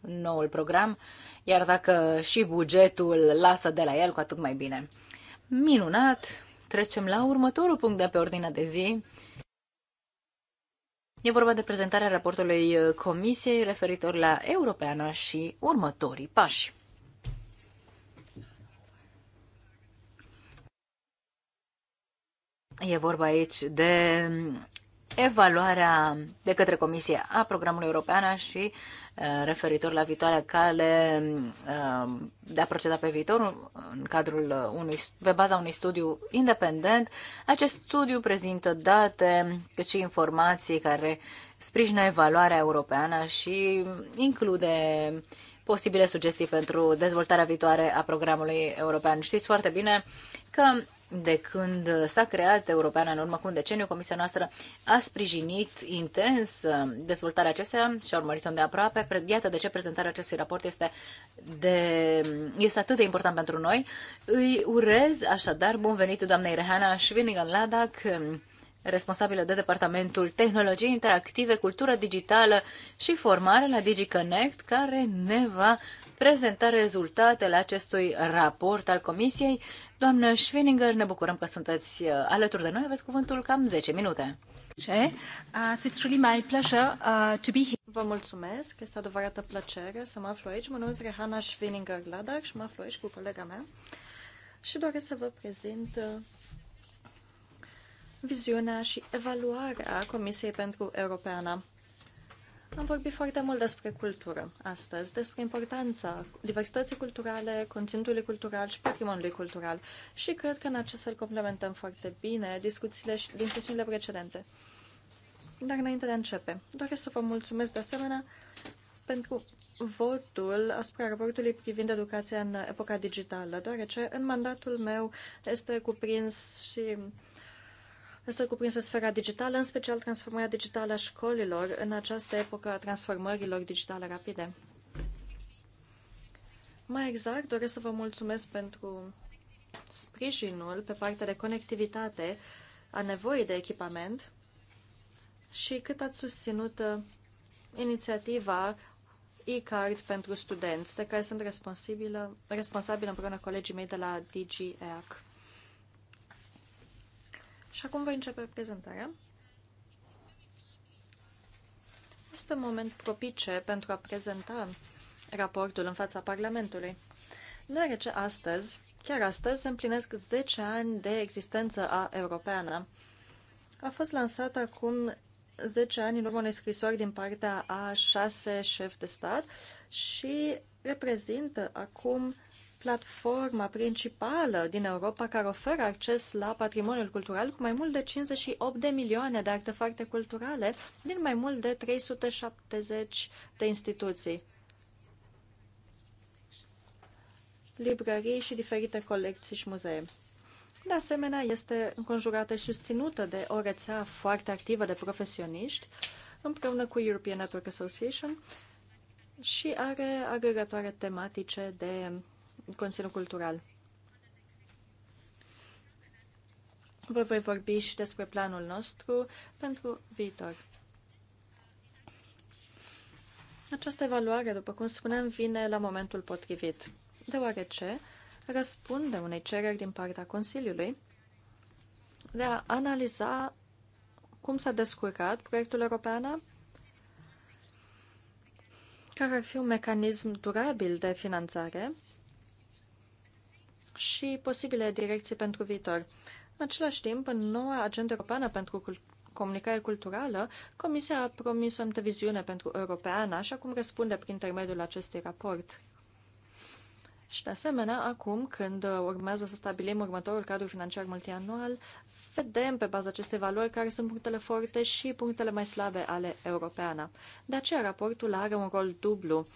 noul program iar dacă și bugetul lasă de la el, cu atât mai bine. Minunat! Trecem la următorul punct de pe ordinea de zi. E vorba de prezentarea raportului Comisiei referitor la Europeană și următorii pași. E vorba aici de evaluarea de către Comisie a programului european și uh, referitor la viitoarea cale uh, de a proceda pe viitor în cadrul uh, unui, pe baza unui studiu independent. Acest studiu prezintă date cât și informații care sprijină evaluarea europeană și include posibile sugestii pentru dezvoltarea viitoare a programului european. Știți foarte bine că de când s-a creat Europeana în urmă cu un deceniu, Comisia noastră a sprijinit intens uh, dezvoltarea acestea și a urmărit-o de aproape. Iată de ce prezentarea acestui raport este, de, este atât de important pentru noi. Îi urez așadar bun venit doamnei Rehana Schwinigan Ladac, um, responsabilă de Departamentul Tehnologii Interactive, Cultură Digitală și Formare la DigiConnect, care ne va prezenta rezultatele acestui raport al Comisiei. Doamnă Schwininger, ne bucurăm că sunteți uh, alături de noi. Aveți cuvântul cam 10 minute. Uh, uh, vă mulțumesc, este adevărată plăcere să mă aflu aici. Mă numesc Rehana Schwininger-Gladach și mă aflu aici cu colega mea și doresc să vă prezint viziunea și evaluarea Comisiei pentru Europeana. Am vorbit foarte mult despre cultură astăzi, despre importanța diversității culturale, conținutului cultural și patrimoniului cultural și cred că în acest fel complementăm foarte bine discuțiile din sesiunile precedente. Dar înainte de a începe, doresc să vă mulțumesc de asemenea pentru votul asupra raportului privind educația în epoca digitală, deoarece în mandatul meu este cuprins și Asta cuprinsă sfera digitală, în special transformarea digitală a școlilor în această epocă a transformărilor digitale rapide. Mai exact, doresc să vă mulțumesc pentru sprijinul pe partea de conectivitate a nevoii de echipament și cât ați susținut uh, inițiativa e-card pentru studenți, de care sunt responsabilă, responsabilă împreună colegii mei de la DGEAC. Și acum voi începe prezentarea. Este un moment propice pentru a prezenta raportul în fața Parlamentului, deoarece astăzi, chiar astăzi, se împlinesc 10 ani de existență a europeană. A fost lansat acum 10 ani în urmă unei scrisori din partea a șase șefi de stat și reprezintă acum platforma principală din Europa care oferă acces la patrimoniul cultural cu mai mult de 58 de milioane de artefacte culturale din mai mult de 370 de instituții. librării și diferite colecții și muzee. De asemenea, este înconjurată și susținută de o rețea foarte activă de profesioniști, împreună cu European Network Association, și are agregatoare tematice de conținut cultural. Vă voi vorbi și despre planul nostru pentru viitor. Această evaluare, după cum spunem, vine la momentul potrivit, deoarece răspunde unei cereri din partea Consiliului de a analiza cum s-a descurcat proiectul european, care ar fi un mecanism durabil de finanțare și posibile direcții pentru viitor. În același timp, în noua agenda europeană pentru comunicare culturală, Comisia a promis o viziune pentru europeană, așa cum răspunde prin intermediul acestui raport. Și, de asemenea, acum, când urmează să stabilim următorul cadru financiar multianual, vedem pe baza acestei valori care sunt punctele forte și punctele mai slabe ale europeană. De aceea, raportul are un rol dublu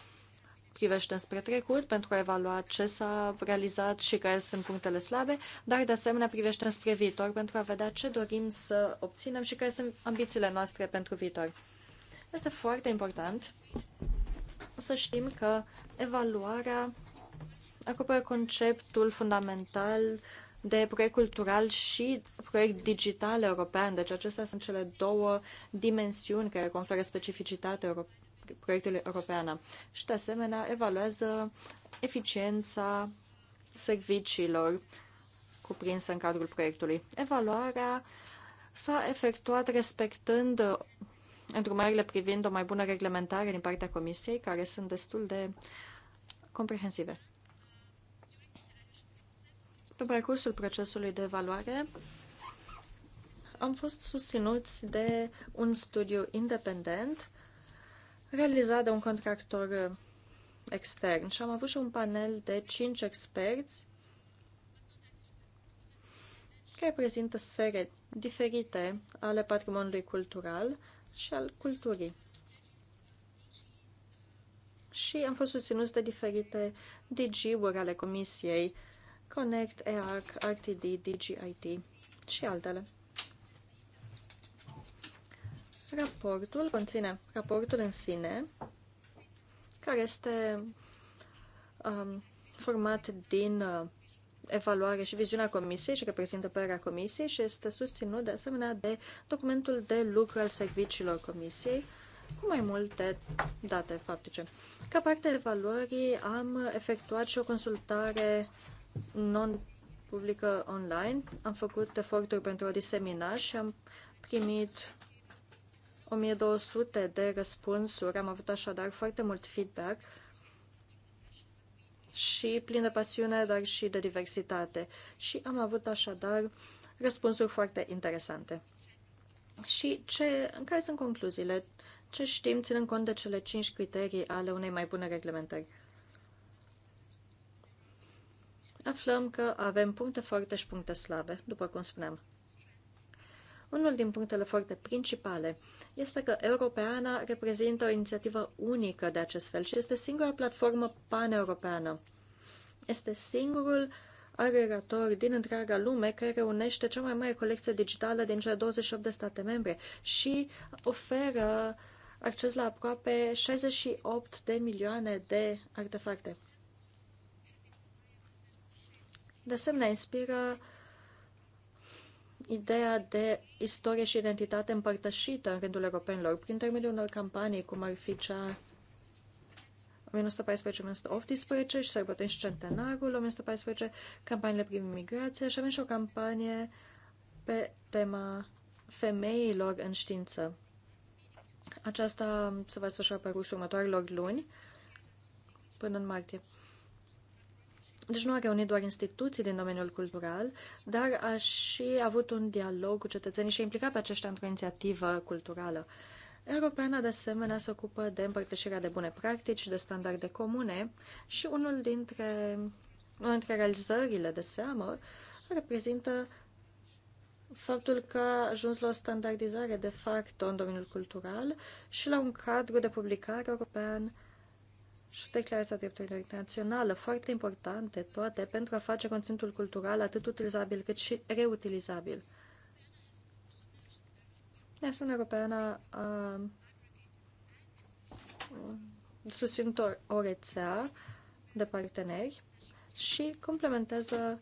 privește spre trecut pentru a evalua ce s-a realizat și care sunt punctele slabe, dar de asemenea privește spre viitor pentru a vedea ce dorim să obținem și care sunt ambițiile noastre pentru viitor. Este foarte important să știm că evaluarea acoperă conceptul fundamental de proiect cultural și proiect digital european. Deci acestea sunt cele două dimensiuni care conferă specificitate europeană proiectului european și, de asemenea, evaluează eficiența serviciilor cuprinse în cadrul proiectului. Evaluarea s-a efectuat respectând îndrumările privind o mai bună reglementare din partea Comisiei, care sunt destul de comprehensive. Pe parcursul procesului de evaluare, am fost susținuți de un studiu independent realizat de un contractor uh, extern și am avut și un panel de 5 experți care prezintă sfere diferite ale patrimoniului cultural și al culturii. Și am fost susținuți de diferite DG-uri ale Comisiei, Connect, EARC, RTD, DGIT și altele. Raportul conține raportul în sine, care este um, format din uh, evaluare și viziunea comisiei și reprezintă părerea comisiei și este susținut de asemenea de documentul de lucru al serviciilor comisiei cu mai multe date faptice. Ca parte a evaluării am efectuat și o consultare non-publică online, am făcut eforturi pentru o disemina și am primit 1200 de răspunsuri, am avut așadar foarte mult feedback și plin de pasiune, dar și de diversitate. Și am avut așadar răspunsuri foarte interesante. Și ce, în care sunt concluziile? Ce știm ținând cont de cele cinci criterii ale unei mai bune reglementări? Aflăm că avem puncte forte și puncte slabe, după cum spuneam. Unul din punctele foarte principale este că Europeana reprezintă o inițiativă unică de acest fel și este singura platformă paneuropeană. Este singurul agregator din întreaga lume care reunește cea mai mare colecție digitală din cele 28 de state membre și oferă acces la aproape 68 de milioane de artefacte. De asemenea, inspiră ideea de istorie și identitate împărtășită în rândul europenilor prin intermediul unor campanii, cum ar fi cea 1914-1918 și sărbătorim și centenarul, 1914 campaniile prin migrație, și avem și o campanie pe tema femeilor în știință. Aceasta se va desfășura pe cursul următoarelor luni până în martie. Deci nu a reunit doar instituții din domeniul cultural, dar a și avut un dialog cu cetățenii și a implicat pe aceștia într-o inițiativă culturală. Europeana, de asemenea, se ocupă de împărtășirea de bune practici, de standarde comune și unul dintre, unul dintre realizările de seamă reprezintă faptul că a ajuns la o standardizare de facto în domeniul cultural și la un cadru de publicare european și declarația drepturilor internaționale foarte importante toate, pentru a face conținutul cultural atât utilizabil cât și reutilizabil. Este Uniunea Europeană a uh, susținut o rețea de parteneri și complementează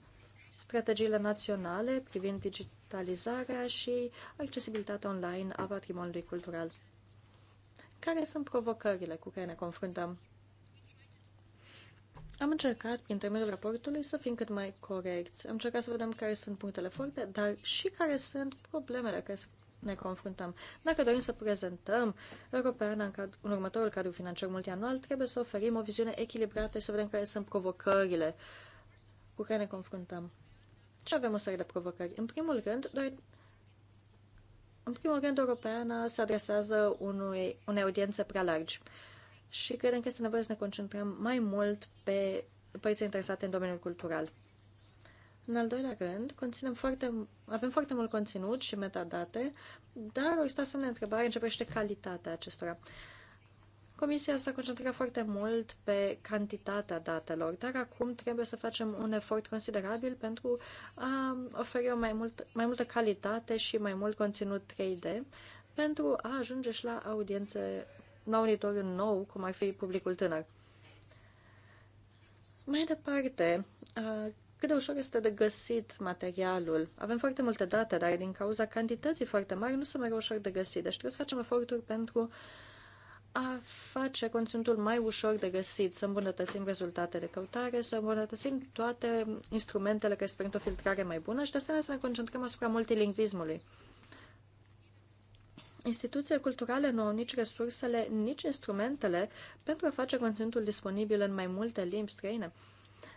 strategiile naționale privind digitalizarea și accesibilitatea online a patrimoniului cultural. Care sunt provocările cu care ne confruntăm? Am încercat, prin intermediul raportului, să fim cât mai corecți. Am încercat să vedem care sunt punctele forte, dar și care sunt problemele care ne confruntăm. Dacă dorim să prezentăm Europeana în, cad- în următorul cadru financiar multianual, trebuie să oferim o viziune echilibrată și să vedem care sunt provocările cu care ne confruntăm. Și avem o serie de provocări. În primul rând, doar în primul rând, Europeana se adresează unui, unei audiențe prea largi și credem că este nevoie să ne concentrăm mai mult pe părțile interesate în domeniul cultural. În al doilea rând, conținem foarte, avem foarte mult conținut și metadate, dar o să ne întrebare începește calitatea acestora. Comisia s-a concentrat foarte mult pe cantitatea datelor, dar acum trebuie să facem un efort considerabil pentru a oferi o mai, mult, mai multă calitate și mai mult conținut 3D pentru a ajunge și la audiențe un auditoriu nou, cum ar fi publicul tânăr. Mai departe, cât de ușor este de găsit materialul. Avem foarte multe date, dar din cauza cantității foarte mari nu se mai ușor de găsit. Deci trebuie să facem eforturi pentru a face conținutul mai ușor de găsit, să îmbunătățim rezultatele de căutare, să îmbunătățim toate instrumentele care sunt o filtrare mai bună și de asemenea să ne concentrăm asupra multilingvismului. Instituțiile culturale nu au nici resursele, nici instrumentele pentru a face conținutul disponibil în mai multe limbi străine,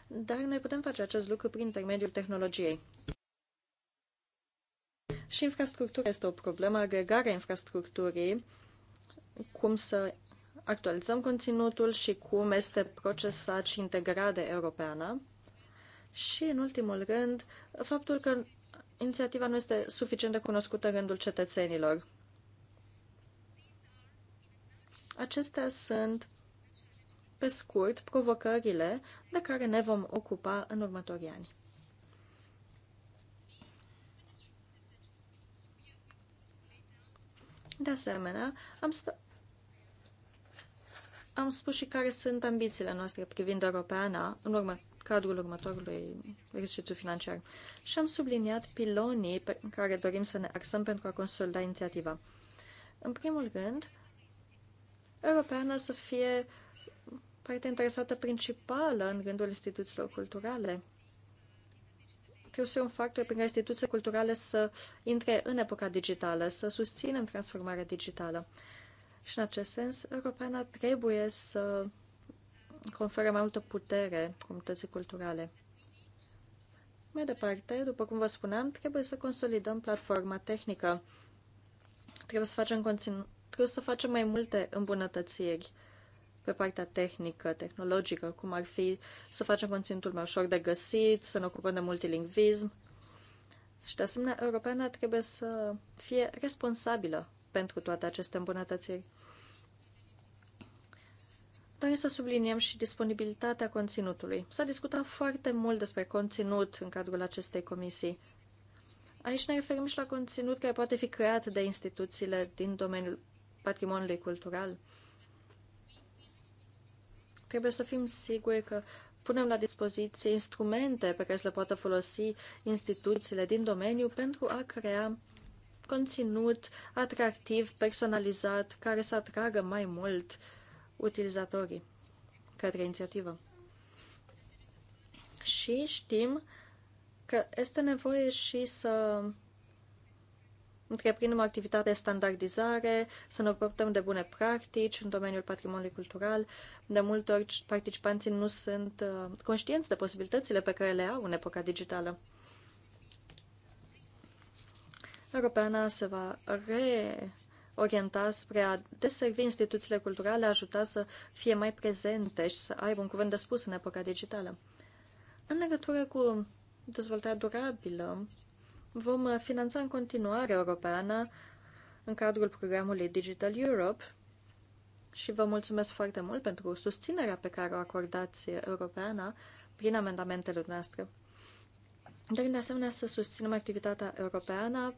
dar noi putem face acest lucru prin intermediul tehnologiei. Și infrastructura este o problemă, agregarea infrastructurii, cum să actualizăm conținutul și cum este procesat și integrat de europeană. Și, în ultimul rând, faptul că inițiativa nu este suficient de cunoscută în rândul cetățenilor. Acestea sunt, pe scurt, provocările de care ne vom ocupa în următorii ani. De asemenea, am, sp- am spus și care sunt ambițiile noastre privind Europeana în urmă- cadrul următorului exercițiu financiar și am subliniat pilonii pe care dorim să ne axăm pentru a consolida inițiativa. În primul rând, europeană să fie partea interesată principală în rândul instituțiilor culturale. Trebuie să un factor prin care instituțiile culturale să intre în epoca digitală, să susținem transformarea digitală. Și în acest sens, europeana trebuie să conferă mai multă putere comunității culturale. Mai departe, după cum vă spuneam, trebuie să consolidăm platforma tehnică. Trebuie să facem conțin- Trebuie să facem mai multe îmbunătățiri pe partea tehnică, tehnologică, cum ar fi să facem conținutul mai ușor de găsit, să ne ocupăm de multilingvism. Și, de asemenea, europeană trebuie să fie responsabilă pentru toate aceste îmbunătățiri. Dar să subliniem și disponibilitatea conținutului. S-a discutat foarte mult despre conținut în cadrul acestei comisii. Aici ne referim și la conținut care poate fi creat de instituțiile din domeniul patrimoniului cultural. Trebuie să fim siguri că punem la dispoziție instrumente pe care să le poată folosi instituțiile din domeniu pentru a crea conținut atractiv, personalizat, care să atragă mai mult utilizatorii către inițiativă. Și știm că este nevoie și să întreprindem o activitate de standardizare, să ne ocupăm de bune practici în domeniul patrimoniului cultural. De multe ori, participanții nu sunt uh, conștienți de posibilitățile pe care le au în epoca digitală. Europeana se va reorienta spre a deservi instituțiile culturale, ajuta să fie mai prezente și să aibă un cuvânt de spus în epoca digitală. În legătură cu dezvoltarea durabilă, Vom uh, finanța în continuare Europeană în cadrul programului Digital Europe și vă mulțumesc foarte mult pentru susținerea pe care o acordați Europeana prin amendamentele noastre. Dorim de asemenea să susținem activitatea europeană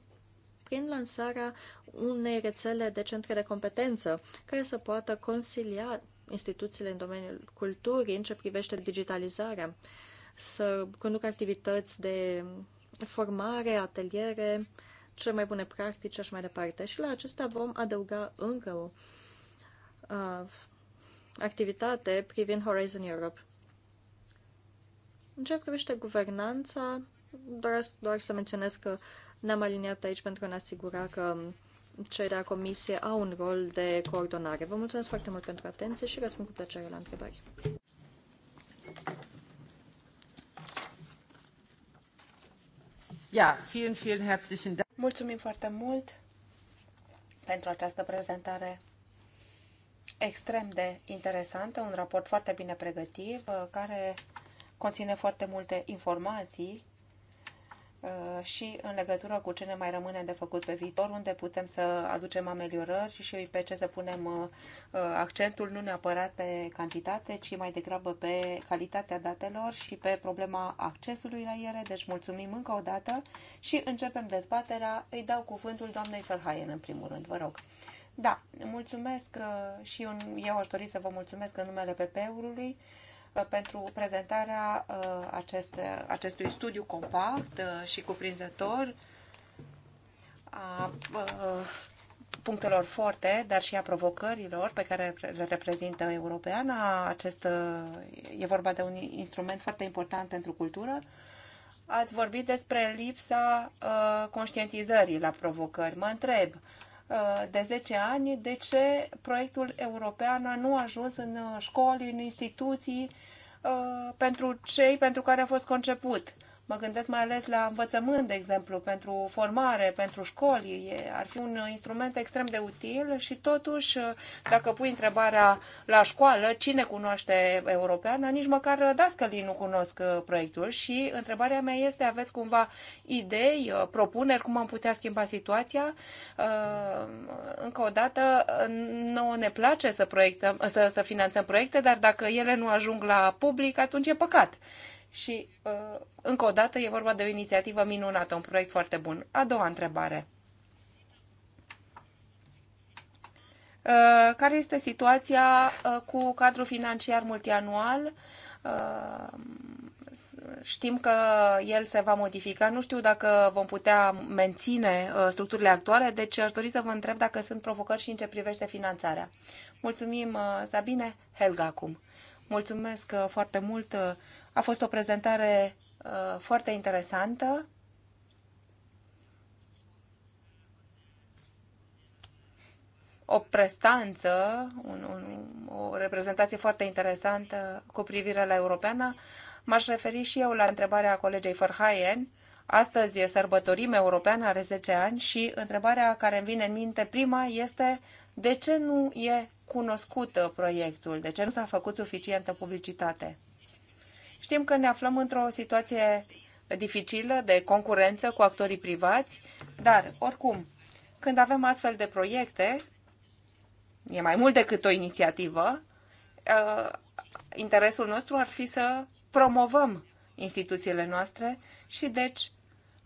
prin lansarea unei rețele de centre de competență care să poată consilia instituțiile în domeniul culturii în ce privește digitalizarea, să conducă activități de formare, ateliere, cele mai bune practici și așa mai departe. Și la acestea vom adăuga încă o uh, activitate privind Horizon Europe. În ce privește guvernanța, doresc doar să menționez că ne-am aliniat aici pentru a ne asigura că cei de la comisie au un rol de coordonare. Vă mulțumesc foarte mult pentru atenție și răspund cu plăcere la întrebări. Mulțumim foarte mult pentru această prezentare extrem de interesantă, un raport foarte bine pregătit, uh, care conține foarte multe informații Uh, și în legătură cu ce ne mai rămâne de făcut pe viitor, unde putem să aducem ameliorări și pe ce să punem uh, uh, accentul, nu neapărat pe cantitate, ci mai degrabă pe calitatea datelor și pe problema accesului la ele. Deci mulțumim încă o dată și începem dezbaterea. Îi dau cuvântul doamnei Ferhaien în primul rând, vă rog. Da, mulțumesc și eu, aș dori să vă mulțumesc în numele PP-ului. Uh, pentru prezentarea uh, acest, acestui studiu compact uh, și cuprinzător a punctelor forte, dar și a provocărilor pe care le reprezintă europeana. Acest, e vorba de un instrument foarte important pentru cultură. Ați vorbit despre lipsa conștientizării la provocări. Mă întreb, uh, Uh, de 10 ani de ce proiectul european nu a ajuns în uh, școli, în instituții uh, pentru cei pentru care a fost conceput Mă gândesc mai ales la învățământ, de exemplu, pentru formare, pentru școli. Ar fi un instrument extrem de util și totuși, dacă pui întrebarea la școală, cine cunoaște europeană, nici măcar dascălii nu cunosc uh, proiectul și întrebarea mea este, aveți cumva idei, uh, propuneri, cum am putea schimba situația? Uh, încă o dată, nouă ne place să, proiectăm, să, să finanțăm proiecte, dar dacă ele nu ajung la public, atunci e păcat și, uh, încă o dată, e vorba de o inițiativă minunată, un proiect foarte bun. A doua întrebare. Uh, care este situația uh, cu cadrul financiar multianual? Știm că el se va modifica. Nu știu dacă vom putea menține structurile actuale, deci aș dori să vă întreb dacă sunt provocări și în ce privește finanțarea. Mulțumim, Sabine. Helga acum. Mulțumesc foarte mult a fost o prezentare uh, foarte interesantă. O prestanță, un, un, o reprezentație foarte interesantă cu privire la europeană. M-aș referi și eu la întrebarea colegei Verhaien. Astăzi e sărbătorim europeană, are 10 ani și întrebarea care îmi vine în minte prima este de ce nu e cunoscut proiectul, de ce nu s-a făcut suficientă publicitate. Știm că ne aflăm într-o situație dificilă de concurență cu actorii privați, dar, oricum, când avem astfel de proiecte, e mai mult decât o inițiativă, uh, interesul nostru ar fi să promovăm instituțiile noastre și, deci,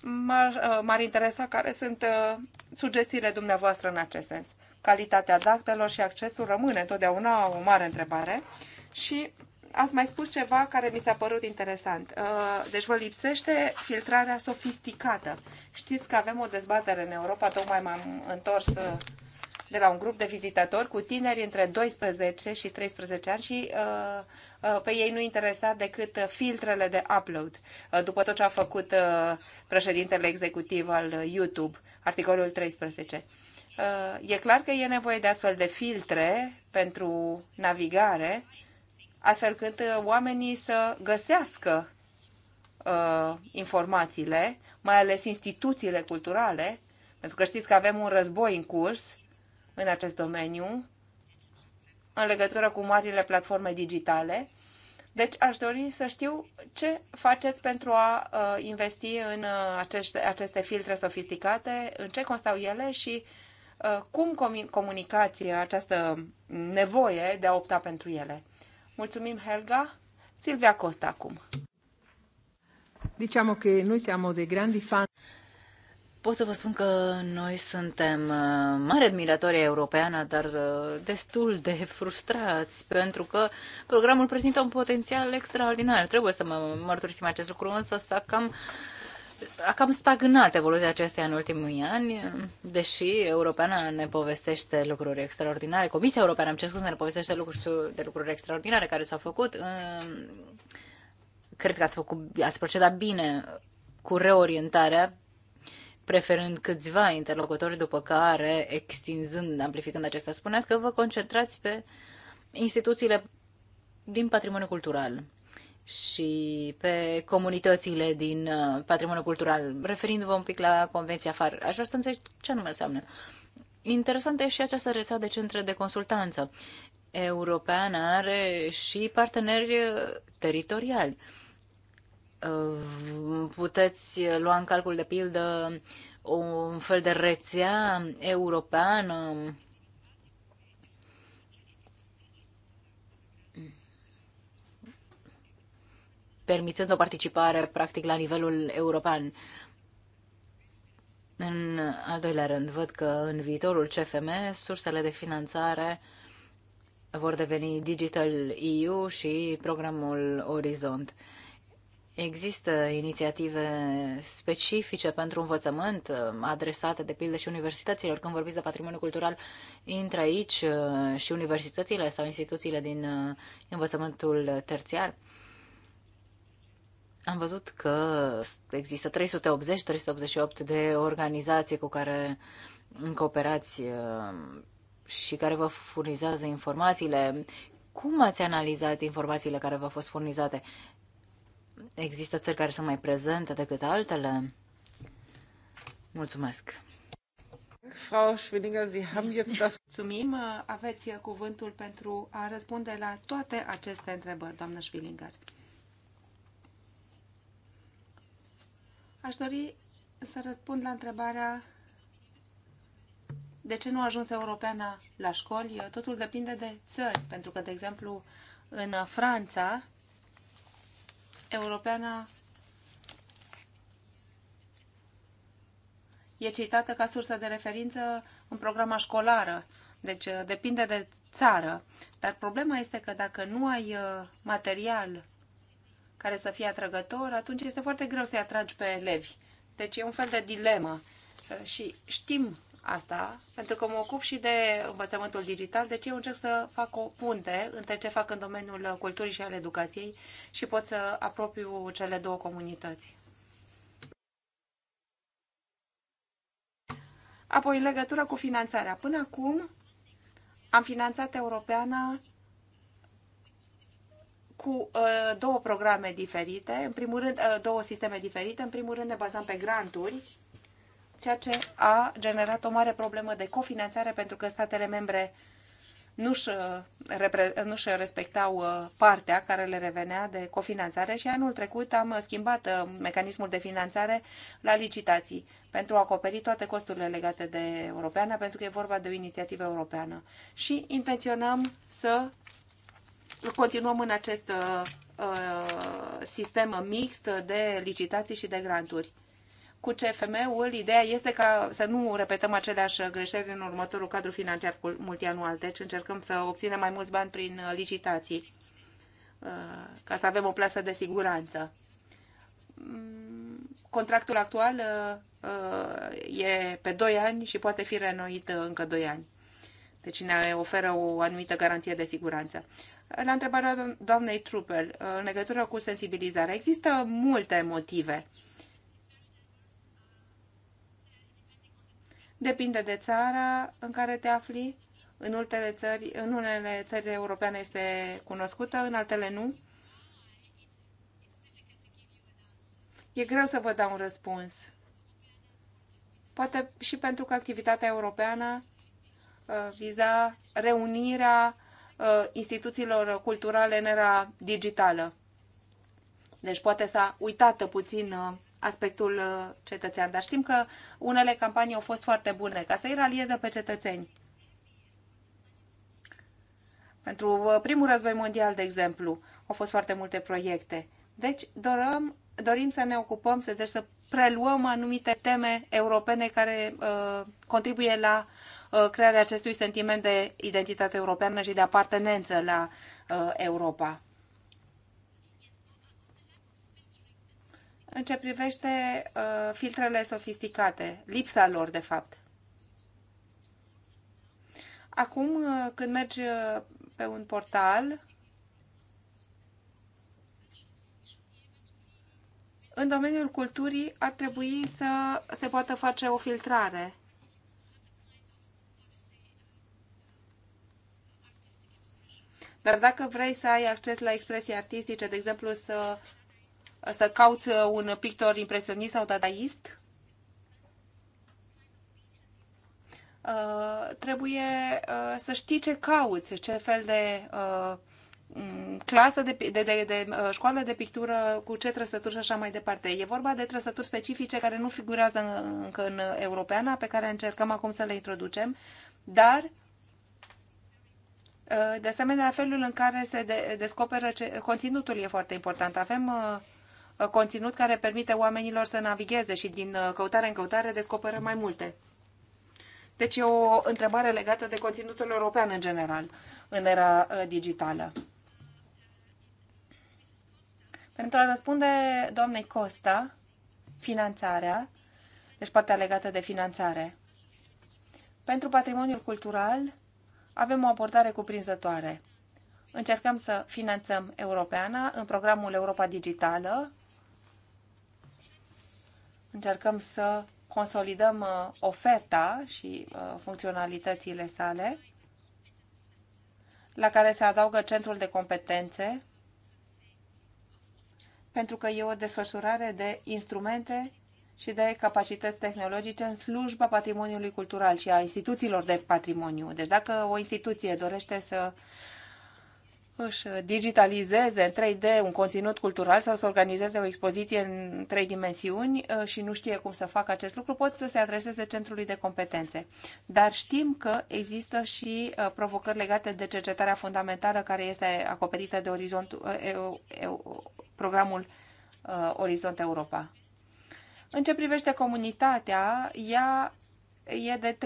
m-ar, uh, interesa care sunt uh, sugestiile dumneavoastră în acest sens. Calitatea datelor și accesul rămâne întotdeauna o mare întrebare și ați mai spus ceva care mi s-a părut interesant. Uh, deci vă lipsește filtrarea sofisticată. Știți că avem o dezbatere în Europa, tocmai m-am întors uh, de la un grup de vizitatori cu tineri între 12 și 13 ani și uh, pe ei nu interesa decât filtrele de upload. după tot ce a făcut președintele executiv al YouTube, articolul 13. e clar că e nevoie de astfel de filtre pentru navigare uh, astfel încât uh, oamenii să găsească uh, informațiile, mai ales instituțiile culturale, pentru că știți că avem un război în curs în acest domeniu, în legătură cu marile platforme digitale. Deci aș dori să știu ce faceți pentru a uh, investi în uh, aceste, aceste filtre sofisticate, în ce constau ele și uh, cum comunicați această nevoie de a opta pentru ele. Mulțumim, Helga. Silvia Costa acum. Diciamo că noi siamo de grandi fan. Pot să vă spun că noi suntem uh, mari admiratori europeană, dar uh, destul de frustrați, pentru că programul prezintă un potențial extraordinar. Trebuie să mă mărturisim acest lucru, însă s-a cam uh, a cam stagnat evoluția acesteia în ultimii ani, deși Europeana ne povestește lucruri extraordinare, Comisia Europeană, am cer să ne povestește lucruri, de lucruri extraordinare care s-au făcut. Cred că ați, făcut, ați procedat bine cu reorientarea, preferând câțiva interlocutori, după care, extinzând, amplificând acestea, spuneați că vă concentrați pe instituțiile din patrimoniu cultural și pe comunitățile din uh, patrimoniul cultural. Referindu-vă un pic la Convenția FAR, aș vrea să înțeleg ce anume înseamnă. Interesantă e și această rețea de centre de consultanță. Europeană are și parteneri uh, teritoriali. Uh, puteți lua în calcul, de pildă, un fel de rețea europeană permițând o participare practic la nivelul european. În al doilea rând, văd că în viitorul CFM sursele de finanțare vor deveni Digital EU și programul Orizont. Există inițiative specifice pentru învățământ, uh, adresate de pildă și universităților. Când vorbiți de patrimoniu cultural, intră aici uh, și universitățile sau instituțiile din uh, învățământul terțiar. Am văzut că există 380-388 de organizații cu care cooperați uh, și care vă furnizează informațiile. Cum ați analizat informațiile care v-au fost furnizate? Există țări care sunt mai prezente decât altele? Mulțumesc! Frau Schwinninger, Sie haben jetzt das... Mulțumim, aveți cuvântul pentru a răspunde la toate aceste întrebări, doamnă Schwillinger. Aș dori să răspund la întrebarea de ce nu a ajuns europeana la școli. Totul depinde de țări, pentru că, de exemplu, în Franța, europeana e citată ca sursă de referință în programa școlară. Deci depinde de țară. Dar problema este că dacă nu ai uh, material care să fie atrăgător, atunci este foarte greu să-i atragi pe elevi. Deci e un fel de dilemă uh, și știm asta, pentru că mă ocup și de învățământul digital, deci eu încerc să fac o punte între ce fac în domeniul culturii și al educației și pot să apropiu cele două comunități. Apoi, în legătură cu finanțarea. Până acum am finanțat Europeana cu uh, două programe diferite, în primul rând, uh, două sisteme diferite. În primul rând ne bazăm pe granturi, ceea ce a generat o mare problemă de cofinanțare pentru că statele membre nu își uh, nu respectau uh, partea care le revenea de cofinanțare și anul trecut am schimbat uh, mecanismul de finanțare la licitații pentru a acoperi toate costurile legate de europeană, pentru că e vorba de o inițiativă europeană. Și intenționăm să continuăm în acest uh, uh, sistem mixt de licitații și de granturi. Cu CFM-ul, ideea este ca să nu repetăm aceleași greșeli în următorul cadru financiar multianual, deci încercăm să obținem mai mulți bani prin uh, licitații, ca să avem o plasă de siguranță. Mm, contractul actual e pe 2 ani și poate fi renoit încă 2 ani. Deci ne oferă o anumită garanție de siguranță la întrebarea doamnei Trupel în legătură cu sensibilizarea. Există multe motive. Depinde de țara în care te afli. În, ultele țări, în unele țări europene este cunoscută, în altele nu. E greu să vă dau un răspuns. Poate și pentru că activitatea europeană uh, viza reunirea Uh, instituțiilor culturale în era digitală. Deci poate s-a uitat puțin uh, aspectul uh, cetățean, dar știm că unele campanii au fost foarte bune ca să-i ralieze pe cetățeni. Pentru primul război mondial, de exemplu, au fost foarte multe proiecte. Deci dorăm, dorim să ne ocupăm, să, deci să preluăm anumite teme europene care uh, contribuie la Uh, crearea acestui sentiment de identitate europeană și de apartenență la uh, Europa. În ce privește uh, filtrele sofisticate, lipsa lor, de fapt. Acum, când mergi pe un portal, în domeniul culturii ar trebui să se poată face o filtrare. Dar dacă vrei să ai acces la expresii artistice, de exemplu să, să cauți un pictor impresionist sau dadaist, uh, trebuie uh, să știi ce cauți, ce fel de uh, clasă de, de, de, de școală de pictură, cu ce trăsături și așa mai departe. E vorba de trăsături specifice care nu figurează încă în europeana, pe care încercăm acum să le introducem, dar Uh, de asemenea, felul în care se de descoperă ce... conținutul e foarte important. Avem uh, uh, conținut care permite oamenilor să navigheze și din căutare în căutare descoperă mai multe. Deci e o întrebare legată de conținutul european în general, în era digitală. Pentru a răspunde doamnei Costa, finanțarea, deci partea legată de finanțare. Pentru patrimoniul cultural, avem o abordare cuprinzătoare. Încercăm să finanțăm Europeana în programul Europa Digitală. Încercăm să consolidăm uh, oferta și uh, funcționalitățile sale, la care se adaugă centrul de competențe, pentru că e o desfășurare de instrumente și de capacități tehnologice în slujba patrimoniului cultural și a instituțiilor de patrimoniu. Deci dacă o instituție dorește să își digitalizeze în 3D un conținut cultural sau să organizeze o expoziție în trei dimensiuni uh, și nu știe cum să facă acest lucru, pot să se adreseze centrului de competențe. Dar știm că există și uh, provocări legate de cercetarea fundamentală care este acoperită de orizont, uh, eu, eu, programul Orizont Europa. În ce privește comunitatea, ea e de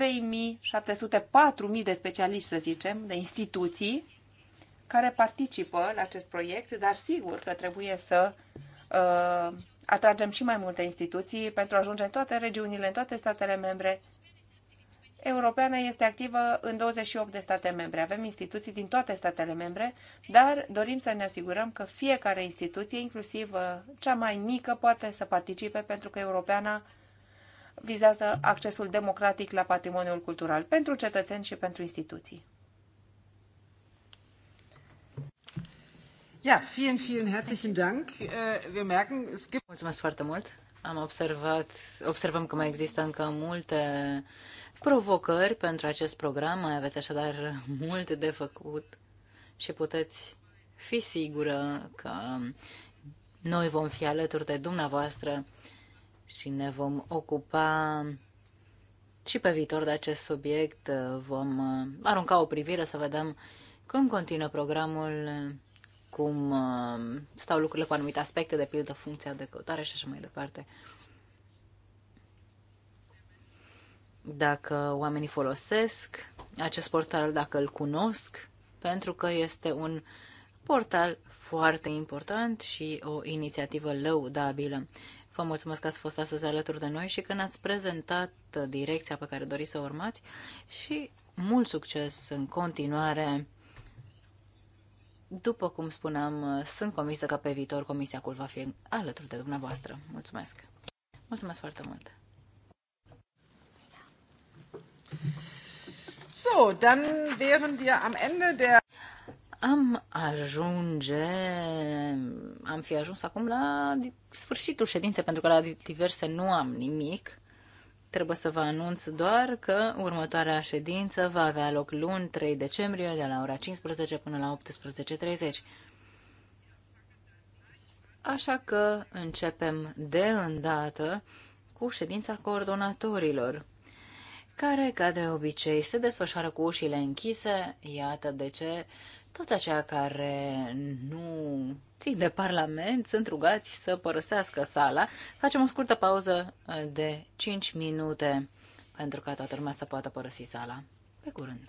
3.704.000 de specialiști, să zicem, de instituții care participă la acest proiect, dar sigur că trebuie să uh, atragem și mai multe instituții pentru a ajunge în toate regiunile, în toate statele membre Europeană este activă în 28 de state membre. Avem instituții din toate statele membre, dar dorim să ne asigurăm că fiecare instituție, inclusiv uh, cea mai mică, poate să participe pentru că Europeana vizează accesul democratic la patrimoniul cultural pentru cetățeni și pentru instituții. Ja, vielen, vielen herzlichen Dank. Äh, wir merken, es gibt... Mulțumesc foarte mult. Am observat, observăm că mai există încă multe provocări pentru acest program. Mai aveți așadar mult de făcut și puteți fi sigură că noi vom fi alături de dumneavoastră și ne vom ocupa și pe viitor de acest subiect. Vom arunca o privire să vedem cum continuă programul, cum uh, stau lucrurile cu anumite aspecte, de pildă funcția de căutare și așa mai departe. dacă oamenii folosesc acest portal, dacă îl cunosc, pentru că este un portal foarte important și o inițiativă lăudabilă. Vă mulțumesc că ați fost astăzi alături de noi și că ne-ați prezentat direcția pe care doriți să urmați și mult succes în continuare. După cum spuneam, sunt convinsă că pe viitor Comisia Cul va fi alături de dumneavoastră. Mulțumesc! Mulțumesc foarte mult! So, dann wären wir am Ende der am ajunge, am fi ajuns acum la sfârșitul ședinței, pentru că la diverse nu am nimic. Trebuie să vă anunț doar că următoarea ședință va avea loc luni 3 decembrie de la ora 15 până la 18.30. Așa că începem de îndată cu ședința coordonatorilor care, ca de obicei, se desfășoară cu ușile închise. Iată de ce toți aceia care nu țin de Parlament sunt rugați să părăsească sala. Facem o scurtă pauză uh, de 5 minute pentru ca toată lumea să poată părăsi sala. Pe curând!